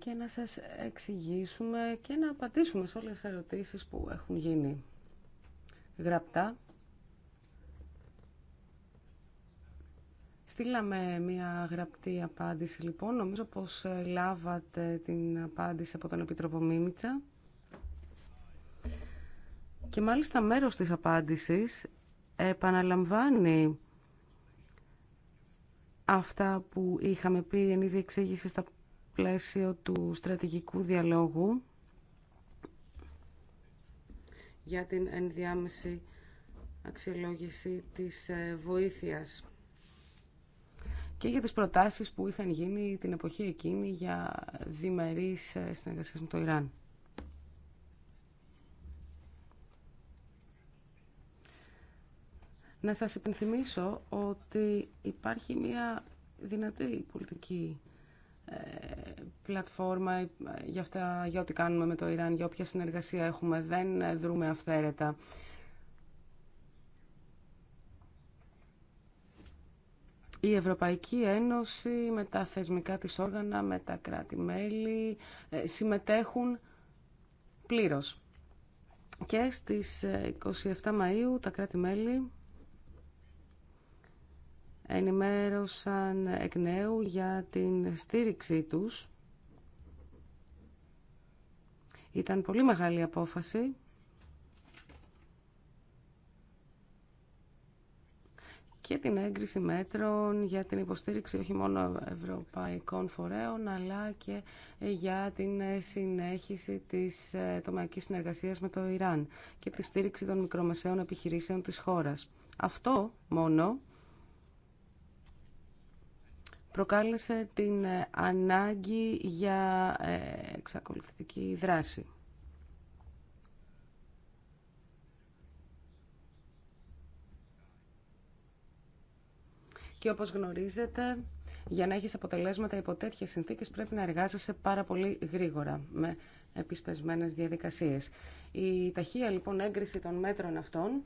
και να σας εξηγήσουμε και να απαντήσουμε σε όλες τις ερωτήσεις που έχουν γίνει γραπτά. Στείλαμε μια γραπτή απάντηση λοιπόν. Νομίζω πως ε, λάβατε την απάντηση από τον Επίτροπο Μίμητσα. Και μάλιστα μέρος της απάντησης επαναλαμβάνει αυτά που είχαμε πει εν είδη εξήγηση στα πλαίσιο του στρατηγικού διαλόγου για την ενδιάμεση αξιολόγηση της ε, βοήθειας και για τις προτάσεις που είχαν γίνει την εποχή εκείνη για διμερείς ε, συνεργασίες με το Ιράν. Να σας υπενθυμίσω ότι υπάρχει μια δυνατή πολιτική ε, πλατφόρμα ε, για, αυτά, για ό,τι κάνουμε με το Ιράν, για όποια συνεργασία έχουμε. Δεν ε, δρούμε αυθαίρετα. Η Ευρωπαϊκή Ένωση με τα θεσμικά της όργανα, με τα κράτη-μέλη συμμετέχουν πλήρως. Και στις 27 Μαΐου τα κράτη-μέλη ενημέρωσαν εκ νέου για την στήριξή τους. Ήταν πολύ μεγάλη απόφαση. και την έγκριση μέτρων για την υποστήριξη όχι μόνο ευρωπαϊκών φορέων αλλά και για την συνέχιση της ε, τομεακής συνεργασίας με το Ιράν και τη στήριξη των μικρομεσαίων επιχειρήσεων της χώρας. Αυτό μόνο προκάλεσε την ε, ανάγκη για ε, εξακολουθητική δράση. Και όπως γνωρίζετε, για να έχεις αποτελέσματα υπό τέτοιες συνθήκες πρέπει να εργάζεσαι πάρα πολύ γρήγορα, με επισπεσμένες διαδικασίες. Η ταχεία λοιπόν έγκριση των μέτρων αυτών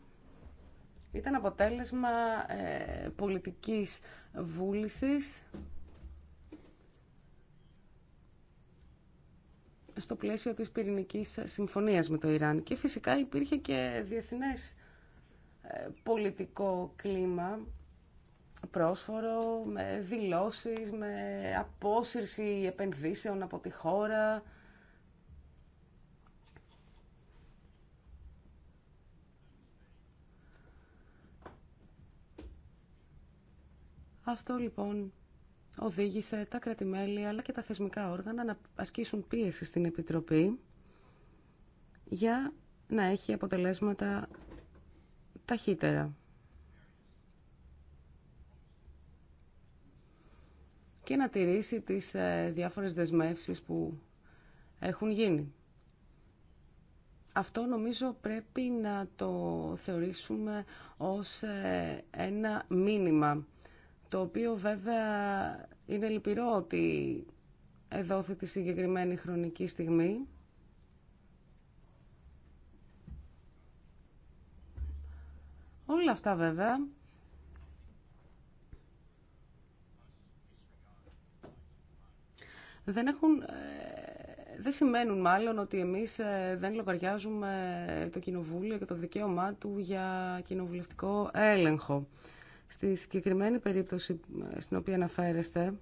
ήταν αποτέλεσμα ε, πολιτικής βούλησης στο πλαίσιο της πυρηνικής συμφωνίας με το Ιράν. Και φυσικά υπήρχε και διεθνές ε, πολιτικό κλίμα πρόσφορο, με δηλώσεις, με απόσυρση επενδύσεων από τη χώρα, Αυτό λοιπόν οδήγησε τα κρατημέλη αλλά και τα θεσμικά όργανα να ασκήσουν πίεση στην Επιτροπή για να έχει αποτελέσματα ταχύτερα. και να τηρήσει τις ε, διάφορες δεσμεύσεις που έχουν γίνει. Αυτό νομίζω πρέπει να το θεωρήσουμε ως ε, ένα μήνυμα το οποίο βέβαια είναι λυπηρό ότι εδόθη τη συγκεκριμένη χρονική στιγμή. Όλα αυτά βέβαια δεν έχουν ε, δεν σημαίνουν μάλλον ότι εμείς ε, δεν λογαριάζουμε το Κοινοβούλιο και το δικαίωμά του για κοινοβουλευτικό έλεγχο. Στη συγκεκριμένη περίπτωση ε, στην οποία αναφέρεστε,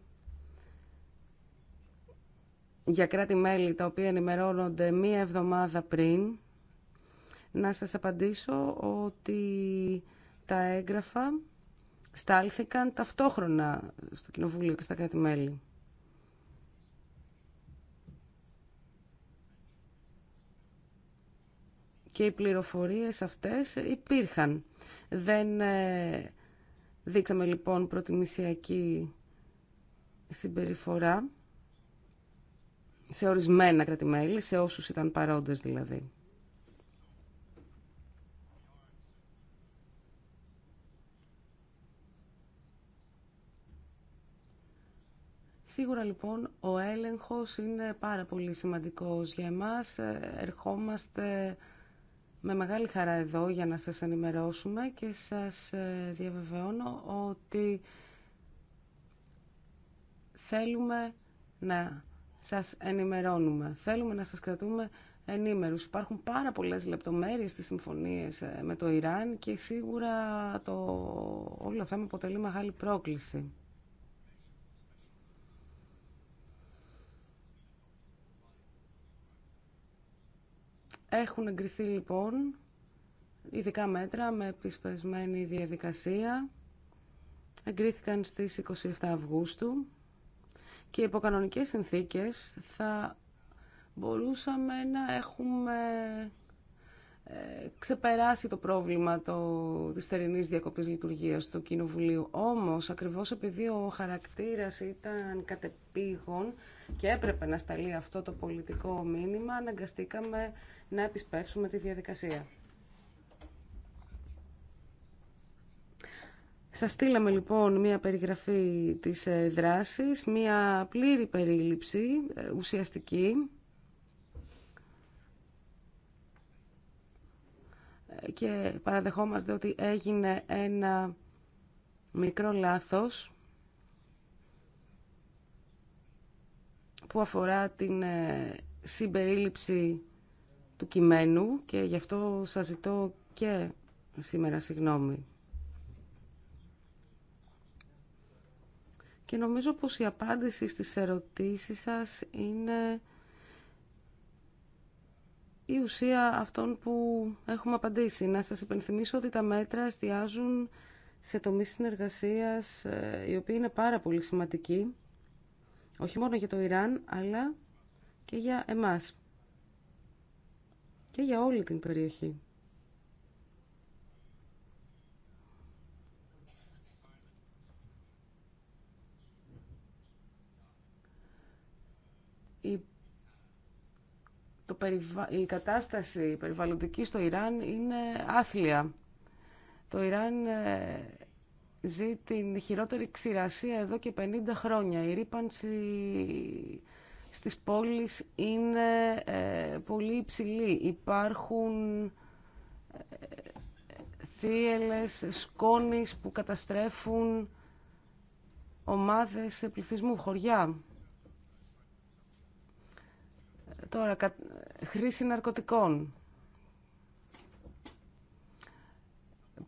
για κράτη-μέλη τα οποία ενημερώνονται μία εβδομάδα πριν, να σας απαντήσω ότι τα έγγραφα στάλθηκαν ταυτόχρονα στο Κοινοβούλιο και στα κράτη-μέλη. Και οι πληροφορίες αυτές υπήρχαν. Δεν ε, Δείξαμε λοιπόν προτιμησιακή συμπεριφορά σε ορισμένα κρατημέλη, σε όσους ήταν παρόντες δηλαδή. Σίγουρα λοιπόν ο έλεγχος είναι πάρα πολύ σημαντικός για εμάς. Ε, ερχόμαστε με μεγάλη χαρά εδώ για να σας ενημερώσουμε και σας ε, διαβεβαιώνω ότι θέλουμε να σας ενημερώνουμε, θέλουμε να σας κρατούμε ενήμερους. Υπάρχουν πάρα πολλές λεπτομέρειες στις συμφωνίες ε, με το Ιράν και σίγουρα το όλο θέμα αποτελεί μεγάλη πρόκληση. Έχουν εγκριθεί λοιπόν ειδικά μέτρα με επισπεσμένη διαδικασία. Εγκρίθηκαν στις 27 Αυγούστου και υπό κανονικές συνθήκες θα μπορούσαμε να έχουμε ε, ξεπεράσει το πρόβλημα το, της θερινής διακοπής λειτουργίας του Κοινοβουλίου. Όμως, ακριβώς επειδή ο χαρακτήρας ήταν κατεπήγον και έπρεπε να σταλεί αυτό το πολιτικό μήνυμα, αναγκαστήκαμε να επισπεύσουμε τη διαδικασία. Σας στείλαμε λοιπόν μία περιγραφή της ε, δράσης, μία πλήρη περίληψη, ε, ουσιαστική, και παραδεχόμαστε ότι έγινε ένα μικρό λάθος που αφορά την ε, συμπερίληψη του κειμένου και γι' αυτό σας ζητώ και σήμερα συγγνώμη. Και νομίζω πως η απάντηση στις ερωτήσεις σας είναι η ουσία αυτών που έχουμε απαντήσει. Να σας υπενθυμίσω ότι τα μέτρα εστιάζουν σε τομείς συνεργασίας ε, οι οποίοι είναι πάρα πολύ σημαντικοί, όχι μόνο για το Ιράν, αλλά και για εμάς και για όλη την περιοχή. το η κατάσταση περιβαλλοντική στο Ιράν είναι άθλια. Το Ιράν ε, ζει την χειρότερη ξηρασία εδώ και 50 χρόνια. Η ρήπανση στις πόλεις είναι ε, πολύ υψηλή. Υπάρχουν ε, θύελες σκόνης που καταστρέφουν ομάδες πληθυσμού, χωριά. Τώρα, χρήση ναρκωτικών.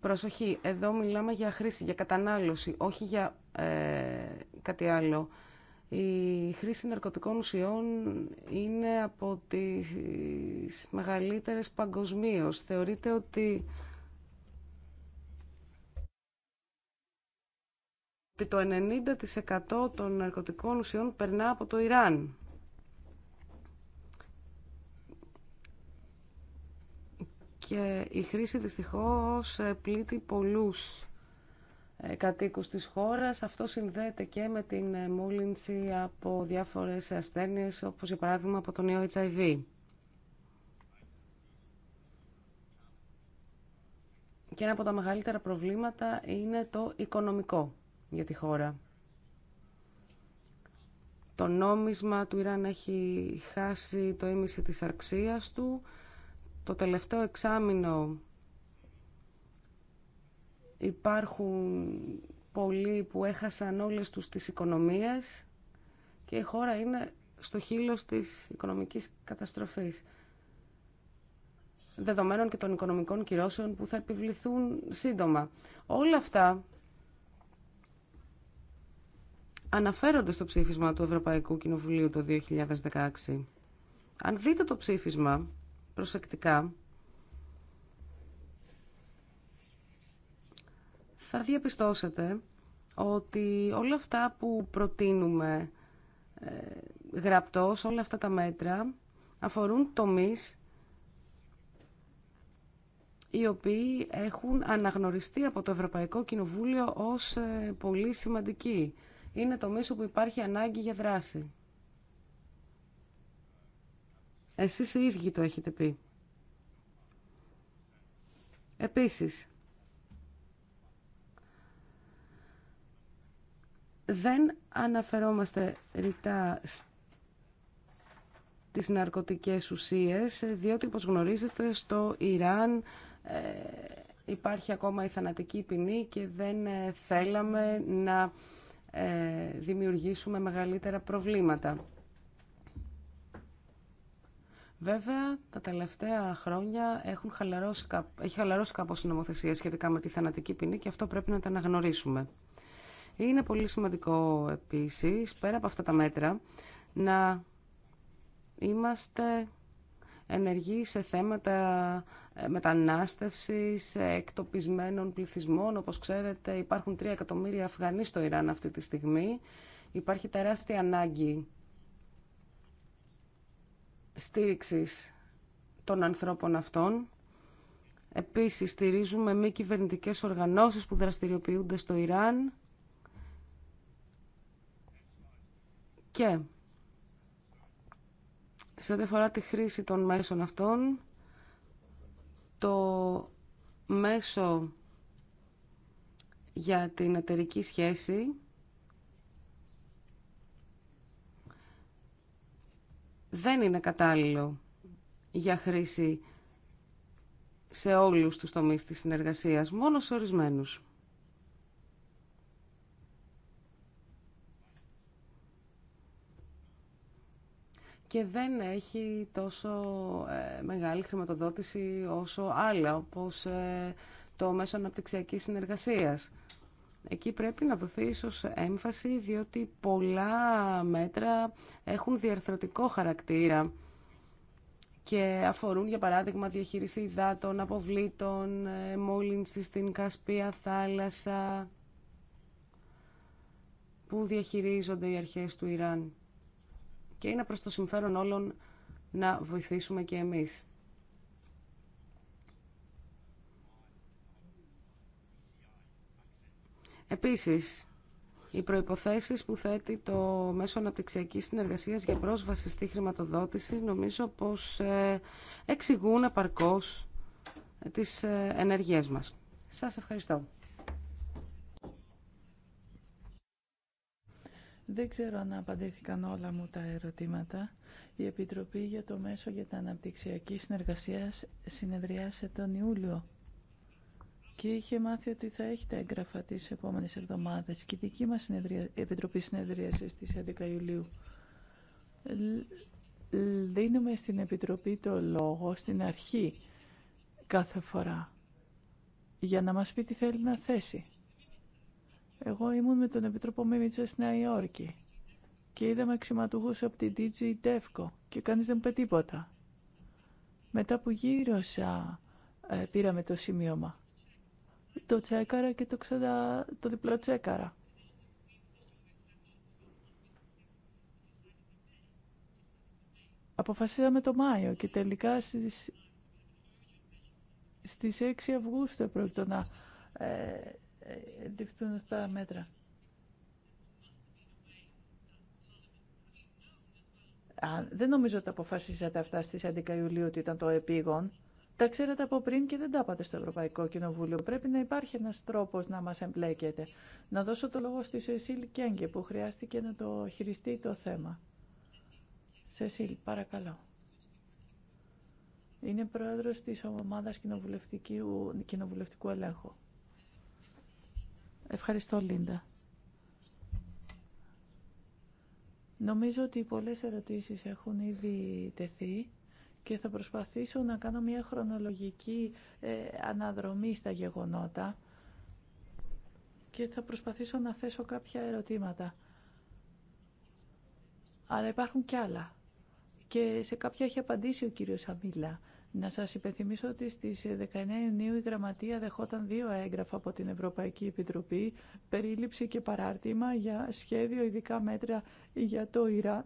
Προσοχή, εδώ μιλάμε για χρήση, για κατανάλωση, όχι για ε, κάτι άλλο. Η χρήση ναρκωτικών ουσιών είναι από τις μεγαλύτερες παγκοσμίω. Θεωρείται ότι ότι το 90% των ναρκωτικών ουσιών περνά από το Ιράν. και η χρήση δυστυχώς πλήττει πολλούς ε, κατοίκους της χώρας. Αυτό συνδέεται και με την ε, μόλυνση από διάφορες ασθένειες, όπως για παράδειγμα από τον HIV. Και ένα από τα μεγαλύτερα προβλήματα είναι το οικονομικό για τη χώρα. Το νόμισμα του Ιράν έχει χάσει το ίμιση της αξίας του το τελευταίο εξάμεινο υπάρχουν πολλοί που έχασαν όλες τους τις οικονομίες και η χώρα είναι στο χείλος της οικονομικής καταστροφής δεδομένων και των οικονομικών κυρώσεων που θα επιβληθούν σύντομα. Όλα αυτά αναφέρονται στο ψήφισμα του Ευρωπαϊκού Κοινοβουλίου το 2016. Αν δείτε το ψήφισμα, προσεκτικά, θα διαπιστώσετε ότι όλα αυτά που προτείνουμε ε, γραπτός, όλα αυτά τα μέτρα, αφορούν τομείς οι οποίοι έχουν αναγνωριστεί από το Ευρωπαϊκό Κοινοβούλιο ως ε, πολύ σημαντικοί. Είναι τομείς όπου υπάρχει ανάγκη για δράση. Εσείς οι ίδιοι το έχετε πει. Επίσης, δεν αναφερόμαστε ρητά στις ναρκωτικές ουσίες, διότι όπως γνωρίζετε στο Ιράν ε, υπάρχει ακόμα η θανατική ποινή και δεν ε, θέλαμε να ε, δημιουργήσουμε μεγαλύτερα προβλήματα. Βέβαια, τα τελευταία χρόνια έχουν χαλαρώσει, έχει χαλαρώσει κάπως η νομοθεσία σχετικά με τη θανατική ποινή και αυτό πρέπει να τα αναγνωρίσουμε. Είναι πολύ σημαντικό επίσης, πέρα από αυτά τα μέτρα, να είμαστε ενεργοί σε θέματα ε, μετανάστευσης, ε, εκτοπισμένων πληθυσμών. Όπως ξέρετε, υπάρχουν 3 εκατομμύρια Αφγανοί στο Ιράν αυτή τη στιγμή. Υπάρχει τεράστια ανάγκη στήριξης των ανθρώπων αυτών. Επίσης, στηρίζουμε μη κυβερνητικέ οργανώσεις που δραστηριοποιούνται στο Ιράν. Και σε ό,τι αφορά τη χρήση των μέσων αυτών, το μέσο για την εταιρική σχέση δεν είναι κατάλληλο για χρήση σε όλους τους τομείς της συνεργασίας, μόνο σε ορισμένους. και δεν έχει τόσο ε, μεγάλη χρηματοδότηση όσο άλλα, όπως ε, το μέσο αναπτυξιακής συνεργασίας. Εκεί πρέπει να δοθεί ίσως έμφαση διότι πολλά μέτρα έχουν διαρθρωτικό χαρακτήρα και αφορούν για παράδειγμα διαχείριση υδάτων, αποβλήτων, ε, μόλυνση στην Κασπία θάλασσα που διαχειρίζονται οι αρχές του Ιράν. Και είναι προς το συμφέρον όλων να βοηθήσουμε και εμείς. Επίσης, οι προϋποθέσεις που θέτει το Μέσο Αναπτυξιακής Συνεργασίας για πρόσβαση στη χρηματοδότηση νομίζω πως ε, εξηγούν επαρκώς ε, τις ε, ενεργειές μας. Σας ευχαριστώ. Δεν ξέρω αν απαντήθηκαν όλα μου τα ερωτήματα. Η Επιτροπή για το Μέσο για την Αναπτυξιακή Συνεργασία συνεδριάσε τον Ιούλιο και είχε μάθει ότι θα έχει τα έγγραφα τις επόμενες εβδομάδες και η δική μας Επιτροπή συνεδρίασε στις 11 Ιουλίου. Δίνουμε στην Επιτροπή το λόγο στην αρχή κάθε φορά για να μας πει τι θέλει να θέσει. Εγώ ήμουν με τον Επιτρόπο Μίμητσα στη Νέα Υόρκη και είδαμε αξιωματούχους από την DJ Τεύκο και κανείς δεν μου τίποτα. Μετά που γύρωσα ε, πήραμε το σημείωμα το τσέκαρα και το, ξανα... το διπλό τσέκαρα. Αποφασίσαμε το Μάιο και τελικά στις, στις 6 Αυγούστου πρόκειται να ε, ε αυτά τα μέτρα. δεν νομίζω ότι αποφασίσατε αυτά στις 11 Ιουλίου ότι ήταν το επίγον. Τα ξέρετε από πριν και δεν τα είπατε στο Ευρωπαϊκό Κοινοβούλιο. Πρέπει να υπάρχει ένας τρόπος να μας εμπλέκετε. Να δώσω το λόγο στη Σεσίλ Κέγκε που χρειάστηκε να το χειριστεί το θέμα. Σεσίλ, παρακαλώ. Είναι πρόεδρος της ομάδας κοινοβουλευτικού, κοινοβουλευτικού ελέγχου. Ευχαριστώ, Λίντα. Νομίζω ότι πολλές ερωτήσεις έχουν ήδη τεθεί και θα προσπαθήσω να κάνω μια χρονολογική ε, αναδρομή στα γεγονότα και θα προσπαθήσω να θέσω κάποια ερωτήματα. Αλλά υπάρχουν κι άλλα. Και σε κάποια έχει απαντήσει ο κύριος Αμίλα. Να σας υπενθυμίσω ότι στις 19 Ιουνίου η Γραμματεία δεχόταν δύο έγγραφα από την Ευρωπαϊκή Επιτροπή, περίληψη και παράρτημα για σχέδιο ειδικά μέτρα για το Ιράν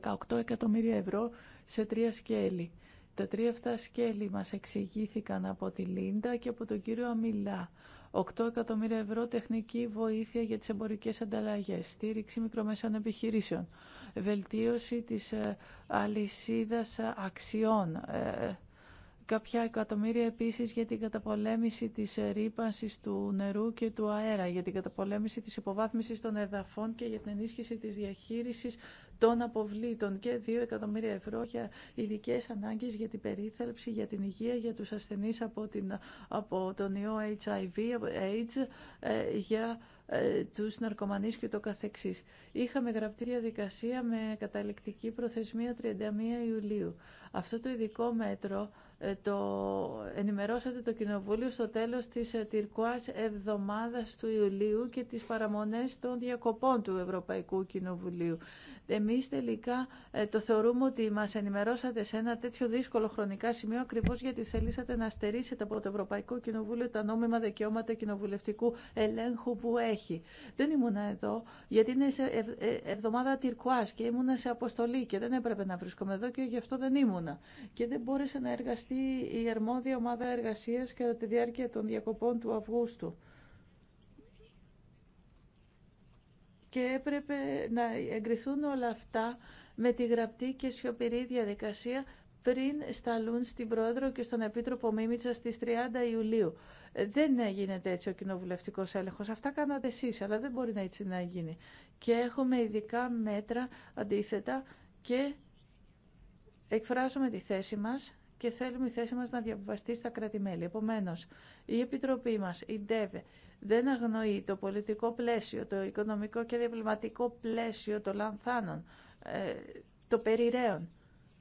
18 εκατομμύρια ευρώ σε τρία σκέλη. Τα τρία αυτά σκέλη μας εξηγήθηκαν από τη Λίντα και από τον κύριο Αμιλά. 8 εκατομμύρια ευρώ τεχνική βοήθεια για τις εμπορικές ανταλλαγές, στήριξη μικρομέσων επιχειρήσεων, βελτίωση της ε, αλυσίδας ε, αξιών, ε, κάποια εκατομμύρια επίσης για την καταπολέμηση της ρήπανσης του νερού και του αέρα, για την καταπολέμηση της υποβάθμισης των εδαφών και για την ενίσχυση της διαχείρισης των αποβλήτων και 2 εκατομμύρια ευρώ για ειδικέ ανάγκε για την περίθαλψη, για την υγεία, για του ασθενεί από, από τον ιό HIV, AIDS, ε, για ε, τους ναρκωμανείς και το καθεξής. Είχαμε γραπτή διαδικασία με καταληκτική προθεσμία 31 Ιουλίου. Αυτό το ειδικό μέτρο ε, το ενημερώσατε το Κοινοβούλιο στο τέλος της ε, τυρκουάς εβδομάδας του Ιουλίου και τις παραμονές των διακοπών του Ευρωπαϊκού Κοινοβουλίου. Εμείς τελικά ε, το θεωρούμε ότι μας ενημερώσατε σε ένα τέτοιο δύσκολο χρονικά σημείο ακριβώς γιατί θελήσατε να στερήσετε από το Ευρωπαϊκό Κοινοβούλιο τα νόμιμα δικαιώματα κοινοβουλευτικού ελέγχου που έχει. Δεν ήμουνα εδώ γιατί είναι σε εβδομάδα τυρκουάς και ήμουνα σε αποστολή και δεν έπρεπε να βρίσκομαι εδώ και γι' αυτό δεν ήμουνα. Και δεν μπόρεσα να εργαστεί η αρμόδια ομάδα εργασίας κατά τη διάρκεια των διακοπών του Αυγούστου. Και έπρεπε να εγκριθούν όλα αυτά με τη γραπτή και σιωπηρή διαδικασία πριν σταλούν στην Πρόεδρο και στον Επίτροπο Μίμητσα στις 30 Ιουλίου. Δεν έγινε έτσι ο κοινοβουλευτικό έλεγχο. Αυτά κάνατε εσεί, αλλά δεν μπορεί να έτσι να γίνει. Και έχουμε ειδικά μέτρα αντίθετα και εκφράζουμε τη θέση μας και θέλουμε η θέση μας να διαβαστεί στα κράτη-μέλη. Επομένως, η Επιτροπή μας, η ΝΤΕΒΕ, δεν αγνοεί το πολιτικό πλαίσιο, το οικονομικό και διαπληματικό πλαίσιο των λανθάνων, ε, των περιραίων.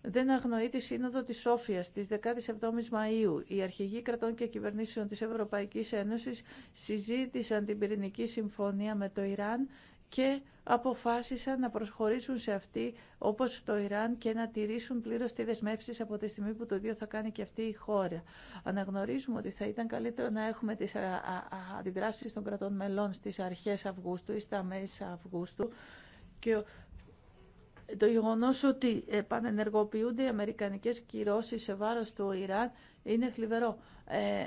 Δεν αγνοεί τη Σύνοδο της Σόφιας της 17ης Μαΐου. Οι αρχηγοί κρατών και κυβερνήσεων της Ευρωπαϊκής Ένωσης συζήτησαν την πυρηνική συμφωνία με το Ιράν και αποφάσισαν να προσχωρήσουν σε αυτή όπως το Ιράν και να τηρήσουν πλήρως τη δεσμεύσεις από τη στιγμή που το δύο θα κάνει και αυτή η χώρα. Αναγνωρίζουμε ότι θα ήταν καλύτερο να έχουμε τις αντιδράσεις των κρατών μελών στις αρχές Αυγούστου ή στα μέσα Αυγούστου και το γεγονό ότι επανενεργοποιούνται οι αμερικανικές κυρώσεις σε βάρος του Ιράν είναι θλιβερό. Ε,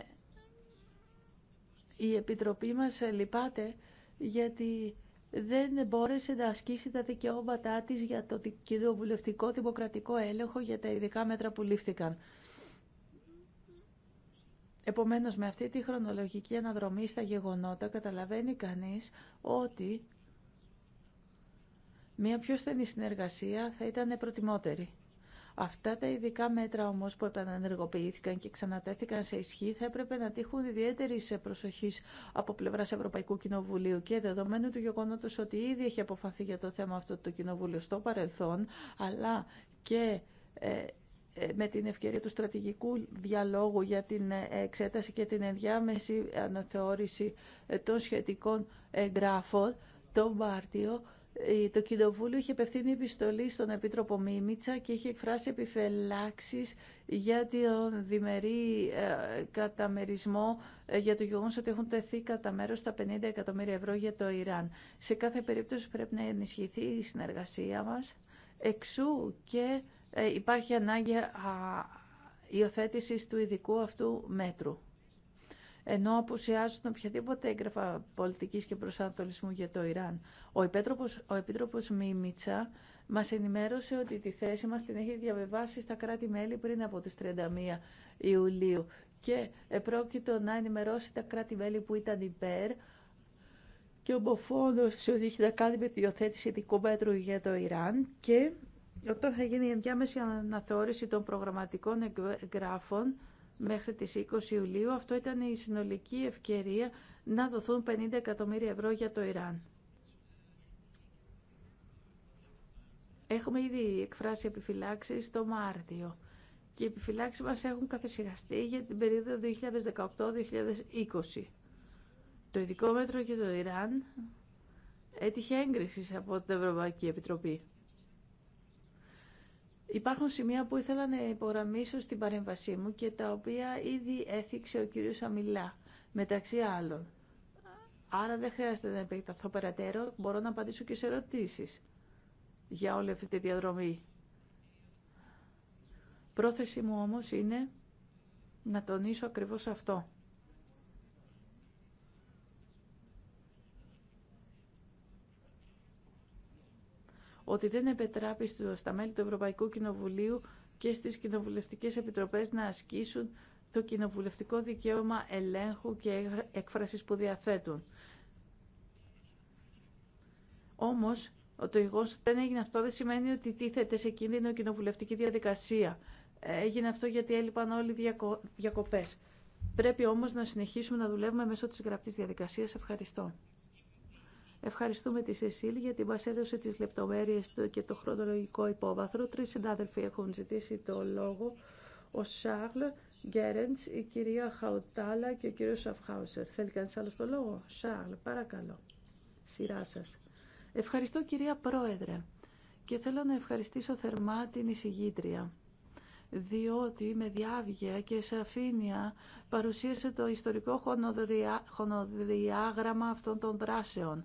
η Επιτροπή μας ε, λυπάται γιατί δεν μπόρεσε να ασκήσει τα δικαιώματά της για το κοινοβουλευτικό δημοκρατικό έλεγχο για τα ειδικά μέτρα που λήφθηκαν. Επομένως, με αυτή τη χρονολογική αναδρομή στα γεγονότα καταλαβαίνει κανείς ότι μια πιο στενή συνεργασία θα ήταν προτιμότερη. Αυτά τα ειδικά μέτρα όμως που επανανεργοποιήθηκαν και ξανατέθηκαν σε ισχύ θα έπρεπε να τύχουν ιδιαίτερη προσοχή από πλευράς Ευρωπαϊκού Κοινοβουλίου και δεδομένου του γεγονότο ότι ήδη έχει αποφαθεί για το θέμα αυτό το Κοινοβούλιο στο παρελθόν, αλλά και ε, ε, με την ευκαιρία του στρατηγικού διαλόγου για την ε, εξέταση και την ενδιάμεση αναθεώρηση των σχετικών εγγράφων, τον Μάρτιο ε, το Κοινοβούλιο είχε απευθύνει επιστολή στον Επίτροπο Μίμητσα και είχε εκφράσει επιφελάξεις για τον διμερή ε, καταμερισμό ε, για το γεγονός ότι έχουν τεθεί κατά μέρος τα 50 εκατομμύρια ευρώ για το Ιράν. Σε κάθε περίπτωση πρέπει να ενισχυθεί η συνεργασία μας εξού και υπάρχει ανάγκη υιοθέτησης του ειδικού αυτού μέτρου ενώ απουσιάζουν οποιαδήποτε έγγραφα πολιτικής και προσανατολισμού για το Ιράν. Ο Επίτροπος, ο Επίτροπος Μίμητσα μα ενημέρωσε ότι τη θέση μας την έχει διαβεβάσει στα κράτη-μέλη πριν από τις 31 Ιουλίου και επρόκειτο να ενημερώσει τα κράτη-μέλη που ήταν υπέρ και ο σε ό,τι έχει να κάνει με τη διοθέτηση ειδικού μέτρου για το Ιράν και όταν θα γίνει η ενδιάμεση αναθεώρηση των προγραμματικών εγγράφων μέχρι τις 20 Ιουλίου. Αυτό ήταν η συνολική ευκαιρία να δοθούν 50 εκατομμύρια ευρώ για το Ιράν. Έχουμε ήδη εκφράσει επιφυλάξεις το Μάρτιο και οι επιφυλάξεις μας έχουν καθησυχαστεί για την περίοδο 2018-2020. Το ειδικό μέτρο για το Ιράν έτυχε έγκρισης από την Ευρωπαϊκή Επιτροπή. Υπάρχουν σημεία που ήθελα να υπογραμμίσω στην παρέμβασή μου και τα οποία ήδη έθιξε ο κύριος Αμιλά, μεταξύ άλλων. Άρα δεν χρειάζεται να επεκταθώ περαιτέρω, μπορώ να απαντήσω και σε ερωτήσεις για όλη αυτή τη διαδρομή. Πρόθεση μου όμως είναι να τονίσω ακριβώς αυτό. ότι δεν επιτράπει στα μέλη του Ευρωπαϊκού Κοινοβουλίου και στις κοινοβουλευτικές επιτροπές να ασκήσουν το κοινοβουλευτικό δικαίωμα ελέγχου και έκφρασης που διαθέτουν. Όμως, το γεγονός δεν έγινε αυτό δεν σημαίνει ότι τίθεται σε κίνδυνο η κοινοβουλευτική διαδικασία. Έγινε αυτό γιατί έλειπαν όλοι οι διακοπές. Πρέπει όμως να συνεχίσουμε να δουλεύουμε μέσω της γραπτής διαδικασίας. Ευχαριστώ. Ευχαριστούμε τη Σεσίλ γιατί μας έδωσε τις λεπτομέρειες και το χρονολογικό υπόβαθρο. Τρεις συνάδελφοι έχουν ζητήσει το λόγο. Ο Σάρλ Γκέρεντς, η κυρία Χαουτάλα και ο κύριος Σαφχάουσερ. Θέλει κανείς άλλο το λόγο. Σάρλ, παρακαλώ. Σειρά σας. Ευχαριστώ κυρία Πρόεδρε και θέλω να ευχαριστήσω θερμά την εισηγήτρια διότι με διάβγεια και σαφήνεια παρουσίασε το ιστορικό χονοδριά, χονοδιάγραμμα αυτών των δράσεων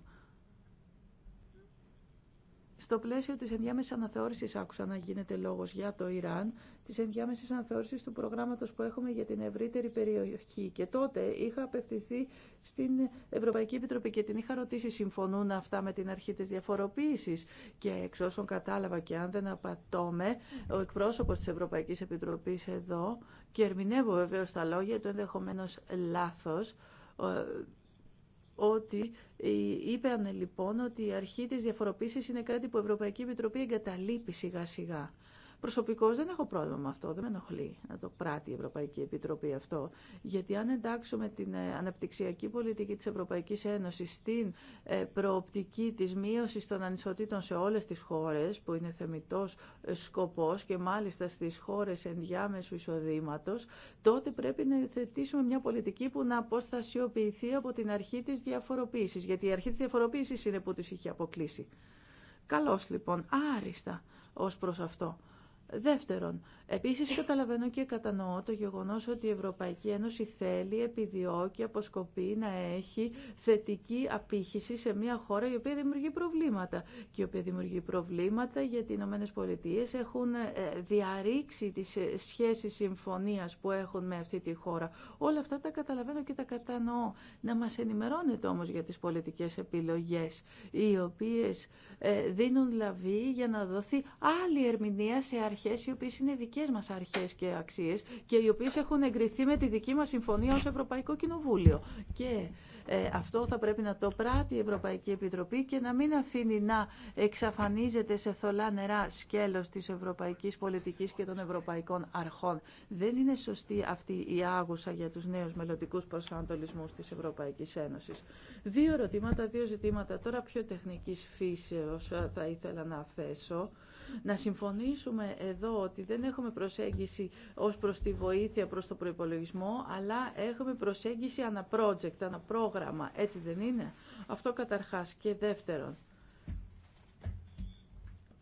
στο πλαίσιο της ενδιάμεσης αναθεώρησης άκουσα να γίνεται λόγος για το Ιράν, της ενδιάμεσης αναθεώρησης του προγράμματος που έχουμε για την ευρύτερη περιοχή. Και τότε είχα απευθυνθεί στην Ευρωπαϊκή Επιτροπή και την είχα ρωτήσει συμφωνούν αυτά με την αρχή της διαφοροποίησης. Και εξ όσων κατάλαβα και αν δεν απατώμε, ο εκπρόσωπος της Ευρωπαϊκής Επιτροπής εδώ, και ερμηνεύω βεβαίω τα λόγια του ενδεχομένω λάθος, ότι ε, είπαν λοιπόν ότι η αρχή της διαφοροποίησης είναι κάτι που η Ευρωπαϊκή Επιτροπή εγκαταλείπει σιγά σιγά. Προσωπικώς δεν έχω πρόβλημα με αυτό, δεν με ενοχλεί να το πράττει η Ευρωπαϊκή Επιτροπή αυτό. Γιατί αν εντάξουμε την ε, αναπτυξιακή πολιτική της Ευρωπαϊκής Ένωσης στην ε, προοπτική της μείωσης των ανισοτήτων σε όλες τις χώρες, που είναι θεμητός ε, σκοπός και μάλιστα στις χώρες ενδιάμεσου εισοδήματος, τότε πρέπει να θετήσουμε μια πολιτική που να αποστασιοποιηθεί από την αρχή της διαφοροποίησης. Γιατί η αρχή της διαφοροποίησης είναι που τους είχε αποκλείσει. Καλώς λοιπόν, άριστα ω προς αυτό. Δεύτερον, Επίσης καταλαβαίνω και κατανοώ το γεγονός ότι η Ευρωπαϊκή Ένωση θέλει, επιδιώκει, αποσκοπεί να έχει θετική απήχηση σε μια χώρα η οποία δημιουργεί προβλήματα και η οποία δημιουργεί προβλήματα γιατί οι Ηνωμένε Πολιτείε έχουν ε, διαρρήξει τις ε, σχέσεις συμφωνίας που έχουν με αυτή τη χώρα. Όλα αυτά τα καταλαβαίνω και τα κατανοώ. Να μας ενημερώνετε όμως για τις πολιτικές επιλογές οι οποίες ε, δίνουν λαβή για να δοθεί άλλη ερμηνεία σε αρχές οι οποίες είναι δικές και και οι οποίε έχουν εγκριθεί με τη δική μα συμφωνία ω Ευρωπαϊκό Κοινοβούλιο. Και ε, αυτό θα πρέπει να το πράττει η Ευρωπαϊκή Επιτροπή και να μην αφήνει να εξαφανίζεται σε θολά νερά σκέλο τη Ευρωπαϊκή Πολιτική και των ευρωπαϊκών αρχών. Δεν είναι σωστή αυτή η άγουσα για του νέου μελλοντικού προσανατολισμού τη Ευρωπαϊκή Ένωση. Δύο ερωτήματα, δύο ζητήματα τώρα πιο τεχνική φύση ε, θα ήθελα να θέσω. Να συμφωνήσουμε εδώ ότι δεν έχουμε προσέγγιση ως προς τη βοήθεια προς το προϋπολογισμό, αλλά έχουμε προσέγγιση ανα project, ανα πρόγραμμα. Έτσι δεν είναι. Αυτό καταρχάς. Και δεύτερον,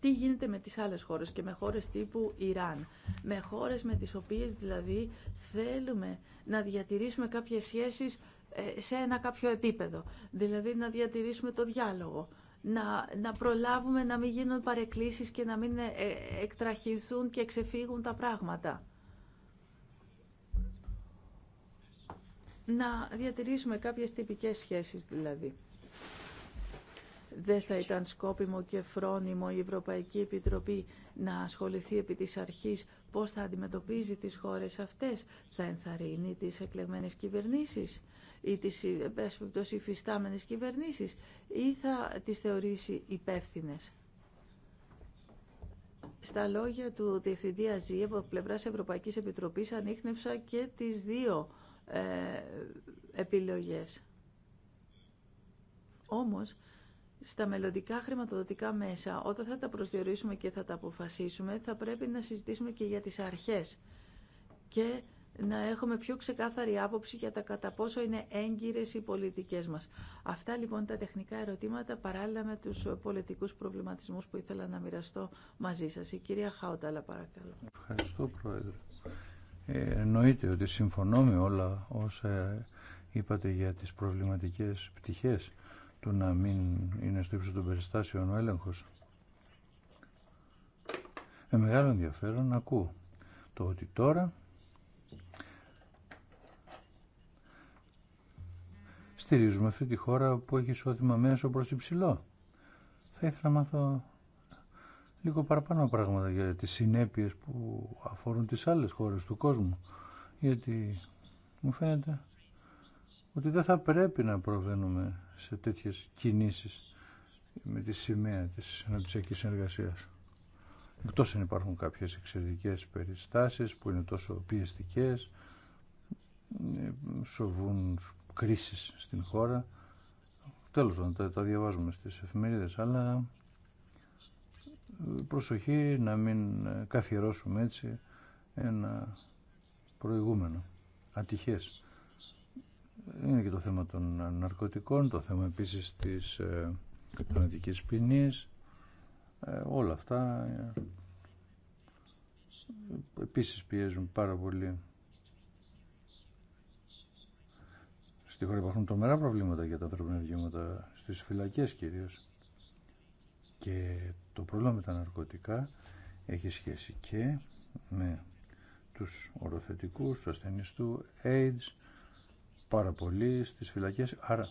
τι γίνεται με τις άλλες χώρες και με χώρες τύπου Ιράν. Με χώρες με τις οποίες δηλαδή θέλουμε να διατηρήσουμε κάποιες σχέσεις ε, σε ένα κάποιο επίπεδο. Δηλαδή να διατηρήσουμε το διάλογο να, να προλάβουμε να μην γίνουν παρεκκλήσεις και να μην ε, ε, εκτραχυνθούν και ξεφύγουν τα πράγματα. Να διατηρήσουμε κάποιες τυπικές σχέσεις δηλαδή δεν θα ήταν σκόπιμο και φρόνιμο η Ευρωπαϊκή Επιτροπή να ασχοληθεί επί της αρχής πώς θα αντιμετωπίζει τις χώρες αυτές, θα ενθαρρύνει τις εκλεγμένες κυβερνήσεις ή τις επέσπιπτος υφιστάμενες κυβερνήσεις ή θα τις θεωρήσει υπεύθυνε. Στα λόγια του Διευθυντή Αζή από πλευράς Ευρωπαϊκής Επιτροπής ανείχνευσα και τις δύο ε, επιλογές. Όμως στα μελλοντικά χρηματοδοτικά μέσα, όταν θα τα προσδιορίσουμε και θα τα αποφασίσουμε, θα πρέπει να συζητήσουμε και για τις αρχές και να έχουμε πιο ξεκάθαρη άποψη για τα κατά πόσο είναι έγκυρες οι πολιτικές μας. Αυτά λοιπόν τα τεχνικά ερωτήματα παράλληλα με τους πολιτικούς προβληματισμούς που ήθελα να μοιραστώ μαζί σας. Η κυρία Χάουταλα παρακαλώ. Ευχαριστώ Πρόεδρε. Ε, εννοείται ότι συμφωνώ με όλα όσα είπατε για τις προβληματικές πτυχές του να μην είναι στο ύψος των περιστάσεων ο έλεγχος. Με μεγάλο ενδιαφέρον ακούω το ότι τώρα στηρίζουμε αυτή τη χώρα που έχει εισόδημα μέσω προς υψηλό. Θα ήθελα να μάθω λίγο παραπάνω πράγματα για τις συνέπειες που αφορούν τις άλλες χώρες του κόσμου. Γιατί μου φαίνεται ότι δεν θα πρέπει να προβαίνουμε σε τέτοιες κινήσεις με τη σημαία της συναντησιακής συνεργασίας. Εκτός αν υπάρχουν κάποιες εξαιρετικές περιστάσεις που είναι τόσο πιεστικές, ε, σοβούν κρίσεις στην χώρα. Τέλος πάντων, τα, διαβάζουμε στις εφημερίδες, αλλά ε, προσοχή να μην ε, καθιερώσουμε έτσι ένα προηγούμενο ατυχές είναι και το θέμα των ναρκωτικών, το θέμα επίσης της ε, ποινής, ε, όλα αυτά ε, επίσης πιέζουν πάρα πολύ. Στη χώρα υπάρχουν τομερά προβλήματα για τα ανθρώπινα δικαιώματα, στις φυλακές κυρίως. Και το πρόβλημα με τα ναρκωτικά έχει σχέση και με τους οροθετικούς, τους ασθενείς του AIDS, πάρα πολύ στις φυλακές. Άρα,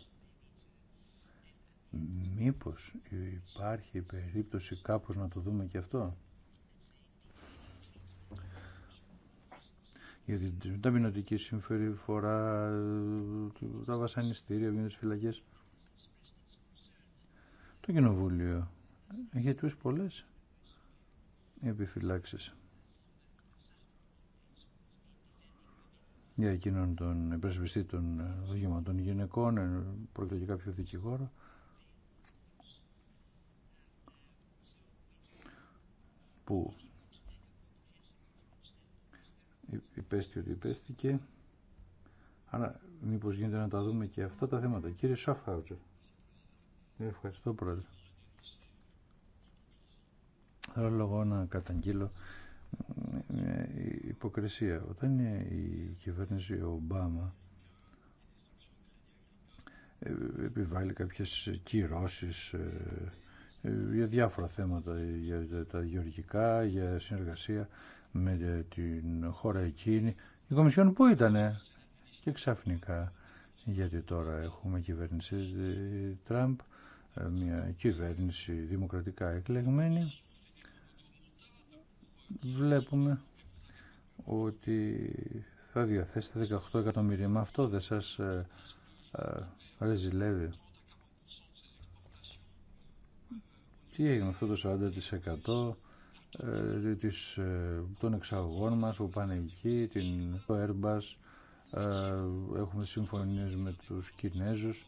μήπως υπάρχει περίπτωση κάπως να το δούμε και αυτό. Γιατί τα ποινωτική σύμφερη φορά, τα βασανιστήρια, τις φυλακές. Το κοινοβούλιο έχει τους πολλές επιφυλάξεις. για εκείνον τον υπερασπιστή των ε, δοκιμάτων γυναικών, ε, πρόκειται για κάποιο δικηγόρο. που υπέστη ότι υπέστηκε. Άρα μήπω γίνεται να τα δούμε και αυτά τα θέματα. Κύριε Σαφχάουτζερ. Ευχαριστώ πρόεδρε. Θέλω λόγω να καταγγείλω υποκρισία. Όταν η κυβέρνηση Ομπάμα ε, επιβάλλει κάποιες κυρώσεις ε, ε, για διάφορα θέματα, για τα γεωργικά, για συνεργασία με την χώρα εκείνη. Η Κομισιόν πού ήτανε και ξαφνικά, γιατί τώρα έχουμε κυβέρνηση Τραμπ, μια κυβέρνηση δημοκρατικά εκλεγμένη, βλέπουμε ότι θα διαθέσετε 18 εκατομμύρια. με αυτό δεν σας ε, ε ρεζιλεύει. Τι έγινε αυτό το 40% ε, της, ε, των εξαγωγών μας που πάνε εκεί, την, το Airbus, ε, έχουμε συμφωνίες με τους Κινέζους.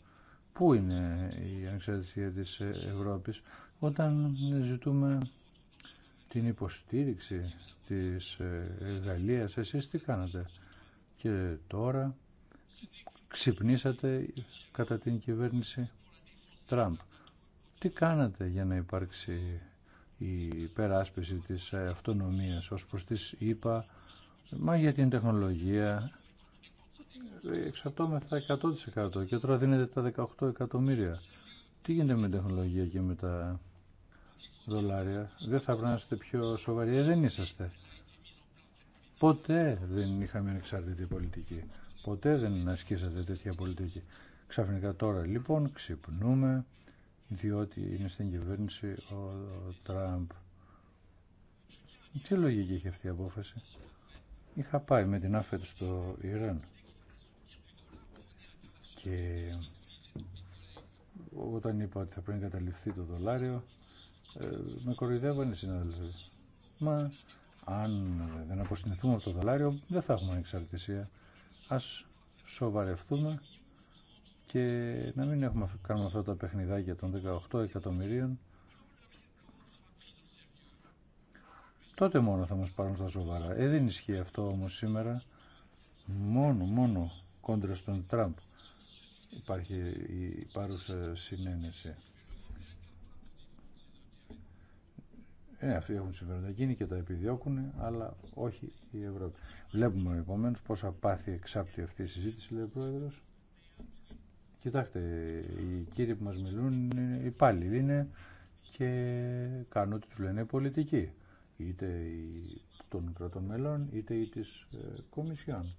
Πού είναι η ανεξαρτησία της Ευρώπης όταν ζητούμε την υποστήριξη της ε, Γαλλίας. Εσείς τι κάνατε και τώρα ξυπνήσατε κατά την κυβέρνηση Τραμπ. Τι κάνατε για να υπάρξει η υπεράσπιση της αυτονομίας ως προς τις είπα μα για την τεχνολογία εξαρτώμεθα 100% και τώρα δίνετε τα 18 εκατομμύρια. Τι γίνεται με την τεχνολογία και με τα δολάρια. Δεν θα πρέπει να είστε πιο σοβαροί. Ε, δεν είσαστε. Ποτέ δεν είχαμε ανεξάρτητη πολιτική. Ποτέ δεν ασκήσατε τέτοια πολιτική. Ξαφνικά τώρα λοιπόν ξυπνούμε διότι είναι στην κυβέρνηση ο, ο Τραμπ. Τι λογική έχει αυτή η απόφαση. Είχα πάει με την άφετ στο Ιράν και όταν είπα ότι θα πρέπει να καταληφθεί το δολάριο ε, με κοροϊδεύαν οι συνάδελφοι. Μα αν δεν αποστηνθούμε από το δολάριο δεν θα έχουμε ανεξαρτησία. Ας σοβαρευτούμε και να μην έχουμε, κάνουμε αυτά τα παιχνιδάκια των 18 εκατομμυρίων. Τότε μόνο θα μας πάρουν στα σοβαρά. Ε, δεν ισχύει αυτό όμως σήμερα. Μόνο, μόνο κόντρα στον Τραμπ υπάρχει η παρούσα συνένεση. Ε, αυτοί έχουν συμφέροντα εκείνοι και τα επιδιώκουν, αλλά όχι η Ευρώπη. Βλέπουμε επομένω πόσα πάθη εξάπτει αυτή η συζήτηση, λέει ο Πρόεδρο. Κοιτάξτε, οι κύριοι που μα μιλούν είναι υπάλληλοι είναι και κάνουν ό,τι του λένε πολιτικοί. Είτε των κρατών μελών, είτε ή τη ε, Κομισιόν.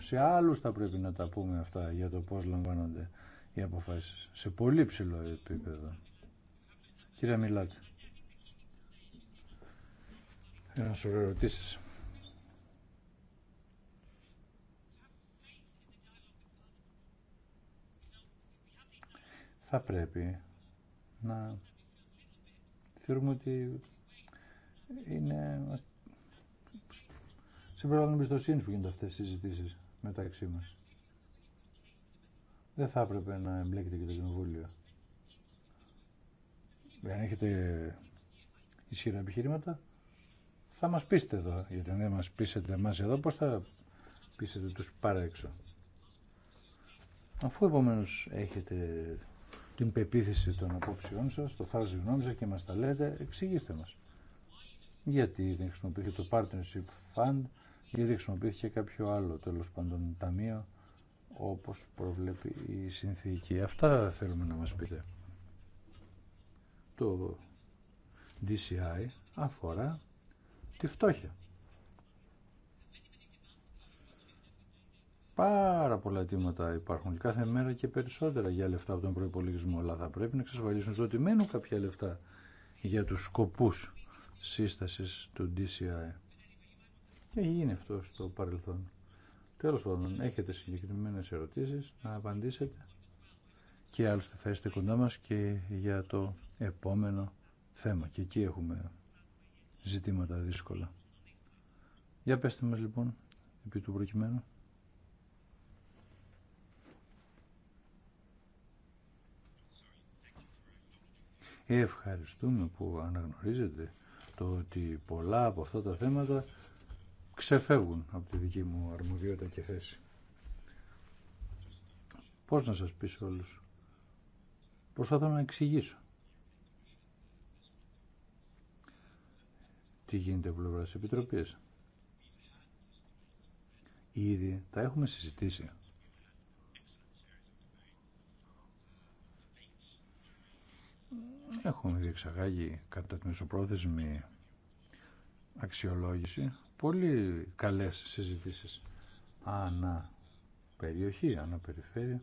Σε άλλου θα πρέπει να τα πούμε αυτά για το πώ λαμβάνονται οι αποφάσει. Σε πολύ ψηλό επίπεδο. Κύριε Μιλάτη να σου ερωτήσει. Θα πρέπει να θεωρούμε ότι είναι σε εμπιστοσύνη που γίνονται αυτέ οι συζητήσει μεταξύ μα. Δεν θα έπρεπε να εμπλέκεται και το κοινοβούλιο. Αν έχετε ισχυρά επιχειρήματα, θα μας πείσετε εδώ, γιατί αν δεν μας πείσετε εμάς εδώ, πώς θα πείσετε τους πάρα έξω. Αφού επομένω έχετε την πεποίθηση των απόψεών σας, το θάρρος γνώμη σας και μας τα λέτε, εξηγήστε μας. Γιατί δεν χρησιμοποιήθηκε το Partnership Fund, γιατί δεν χρησιμοποιήθηκε κάποιο άλλο τέλος πάντων ταμείο, όπως προβλέπει η συνθήκη. Αυτά θέλουμε να μας πείτε. Το DCI αφορά τη φτώχεια. Πάρα πολλά αιτήματα υπάρχουν κάθε μέρα και περισσότερα για λεφτά από τον προπολογισμό, αλλά θα πρέπει να εξασφαλίσουν ότι μένουν κάποια λεφτά για τους σκοπούς σύστασης του DCI. Και έχει γίνει αυτό στο παρελθόν. Τέλος πάντων, έχετε συγκεκριμένες ερωτήσεις να απαντήσετε και άλλωστε θα είστε κοντά μας και για το επόμενο θέμα. Και εκεί έχουμε ζητήματα δύσκολα. Για πέστε μας λοιπόν, επί του προκειμένου. Ευχαριστούμε που αναγνωρίζετε το ότι πολλά από αυτά τα θέματα ξεφεύγουν από τη δική μου αρμοδιότητα και θέση. Πώς να σας πείσω όλους. Προσπαθώ να εξηγήσω. τι γίνεται από πλευρά τη Επιτροπή. Ήδη τα έχουμε συζητήσει. Έχουμε διεξαγάγει κατά τη μεσοπρόθεσμη αξιολόγηση πολύ καλές συζητήσεις ανά περιοχή, ανά περιφέρεια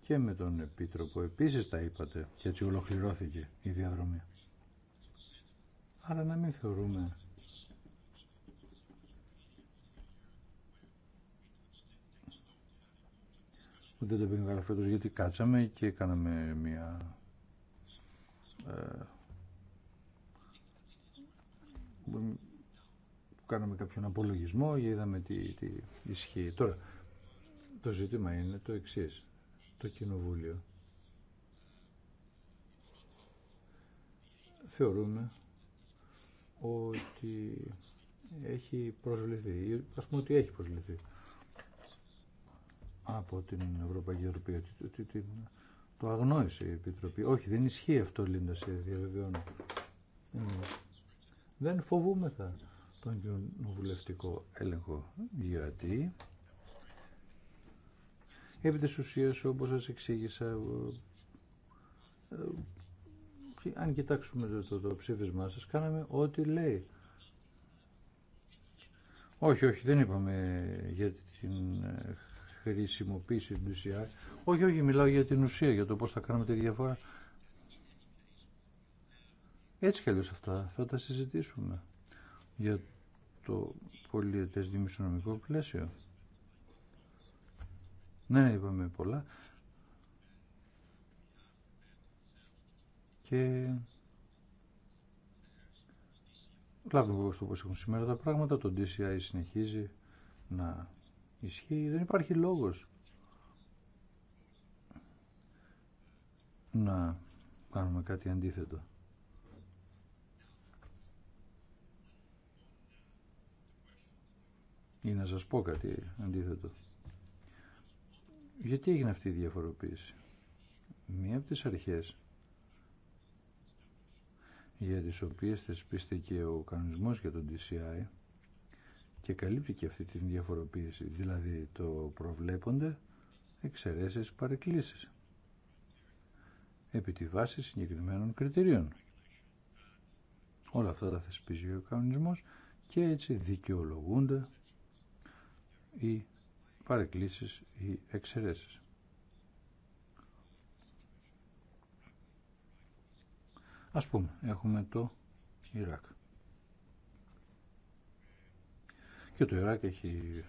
και με τον Επίτροπο επίσης τα είπατε και έτσι ολοκληρώθηκε η διαδρομή. Άρα να μην θεωρούμε ότι δεν το πήγαμε καλά φέτος, γιατί κάτσαμε και κάναμε μια ε, κάναμε κάποιον απολογισμό για είδαμε τι, τι ισχύει. Τώρα, το ζήτημα είναι το εξής. Το Κοινοβούλιο θεωρούμε ότι έχει προσβληθεί, ας πούμε ότι έχει προσβληθεί από την Ευρωπαϊκή Επιτροπή, ότι το αγνόησε η Επιτροπή. Όχι, δεν ισχύει αυτό, Λίντα, σε διαβεβαιώνω. Ε, δεν φοβούμεθα τον κοινοβουλευτικό έλεγχο, γιατί επί της ουσίας, όπως σας εξήγησα, ε, ε, αν κοιτάξουμε το, το, το ψήφισμά σας, κάναμε ό,τι λέει. Όχι, όχι, δεν είπαμε για την ε, χρησιμοποίηση του DCI. Όχι, όχι, μιλάω για την ουσία, για το πώς θα κάνουμε τη διαφορά. Έτσι κι αλλιώς αυτά θα τα συζητήσουμε για το πολιετές δημοσιονομικό πλαίσιο. Ναι, ναι είπαμε πολλά. και λάβουμε εγώ στο πώς έχουν σήμερα τα πράγματα, το DCI συνεχίζει να ισχύει, δεν υπάρχει λόγος να κάνουμε κάτι αντίθετο. Ή να σας πω κάτι αντίθετο. Γιατί έγινε αυτή η διαφοροποίηση. Μία από τις αρχές για τις οποίες θεσπίστηκε ο κανονισμός για τον DCI και καλύπτει και αυτή τη διαφοροποίηση, δηλαδή το προβλέπονται εξαιρέσεις παρεκκλήσεις επί τη βάση συγκεκριμένων κριτηρίων. Όλα αυτά τα θεσπίζει ο κανονισμός και έτσι δικαιολογούνται οι παρεκκλήσεις ή εξαιρέσεις. Ας πούμε, έχουμε το Ιράκ. Και το Ιράκ έχει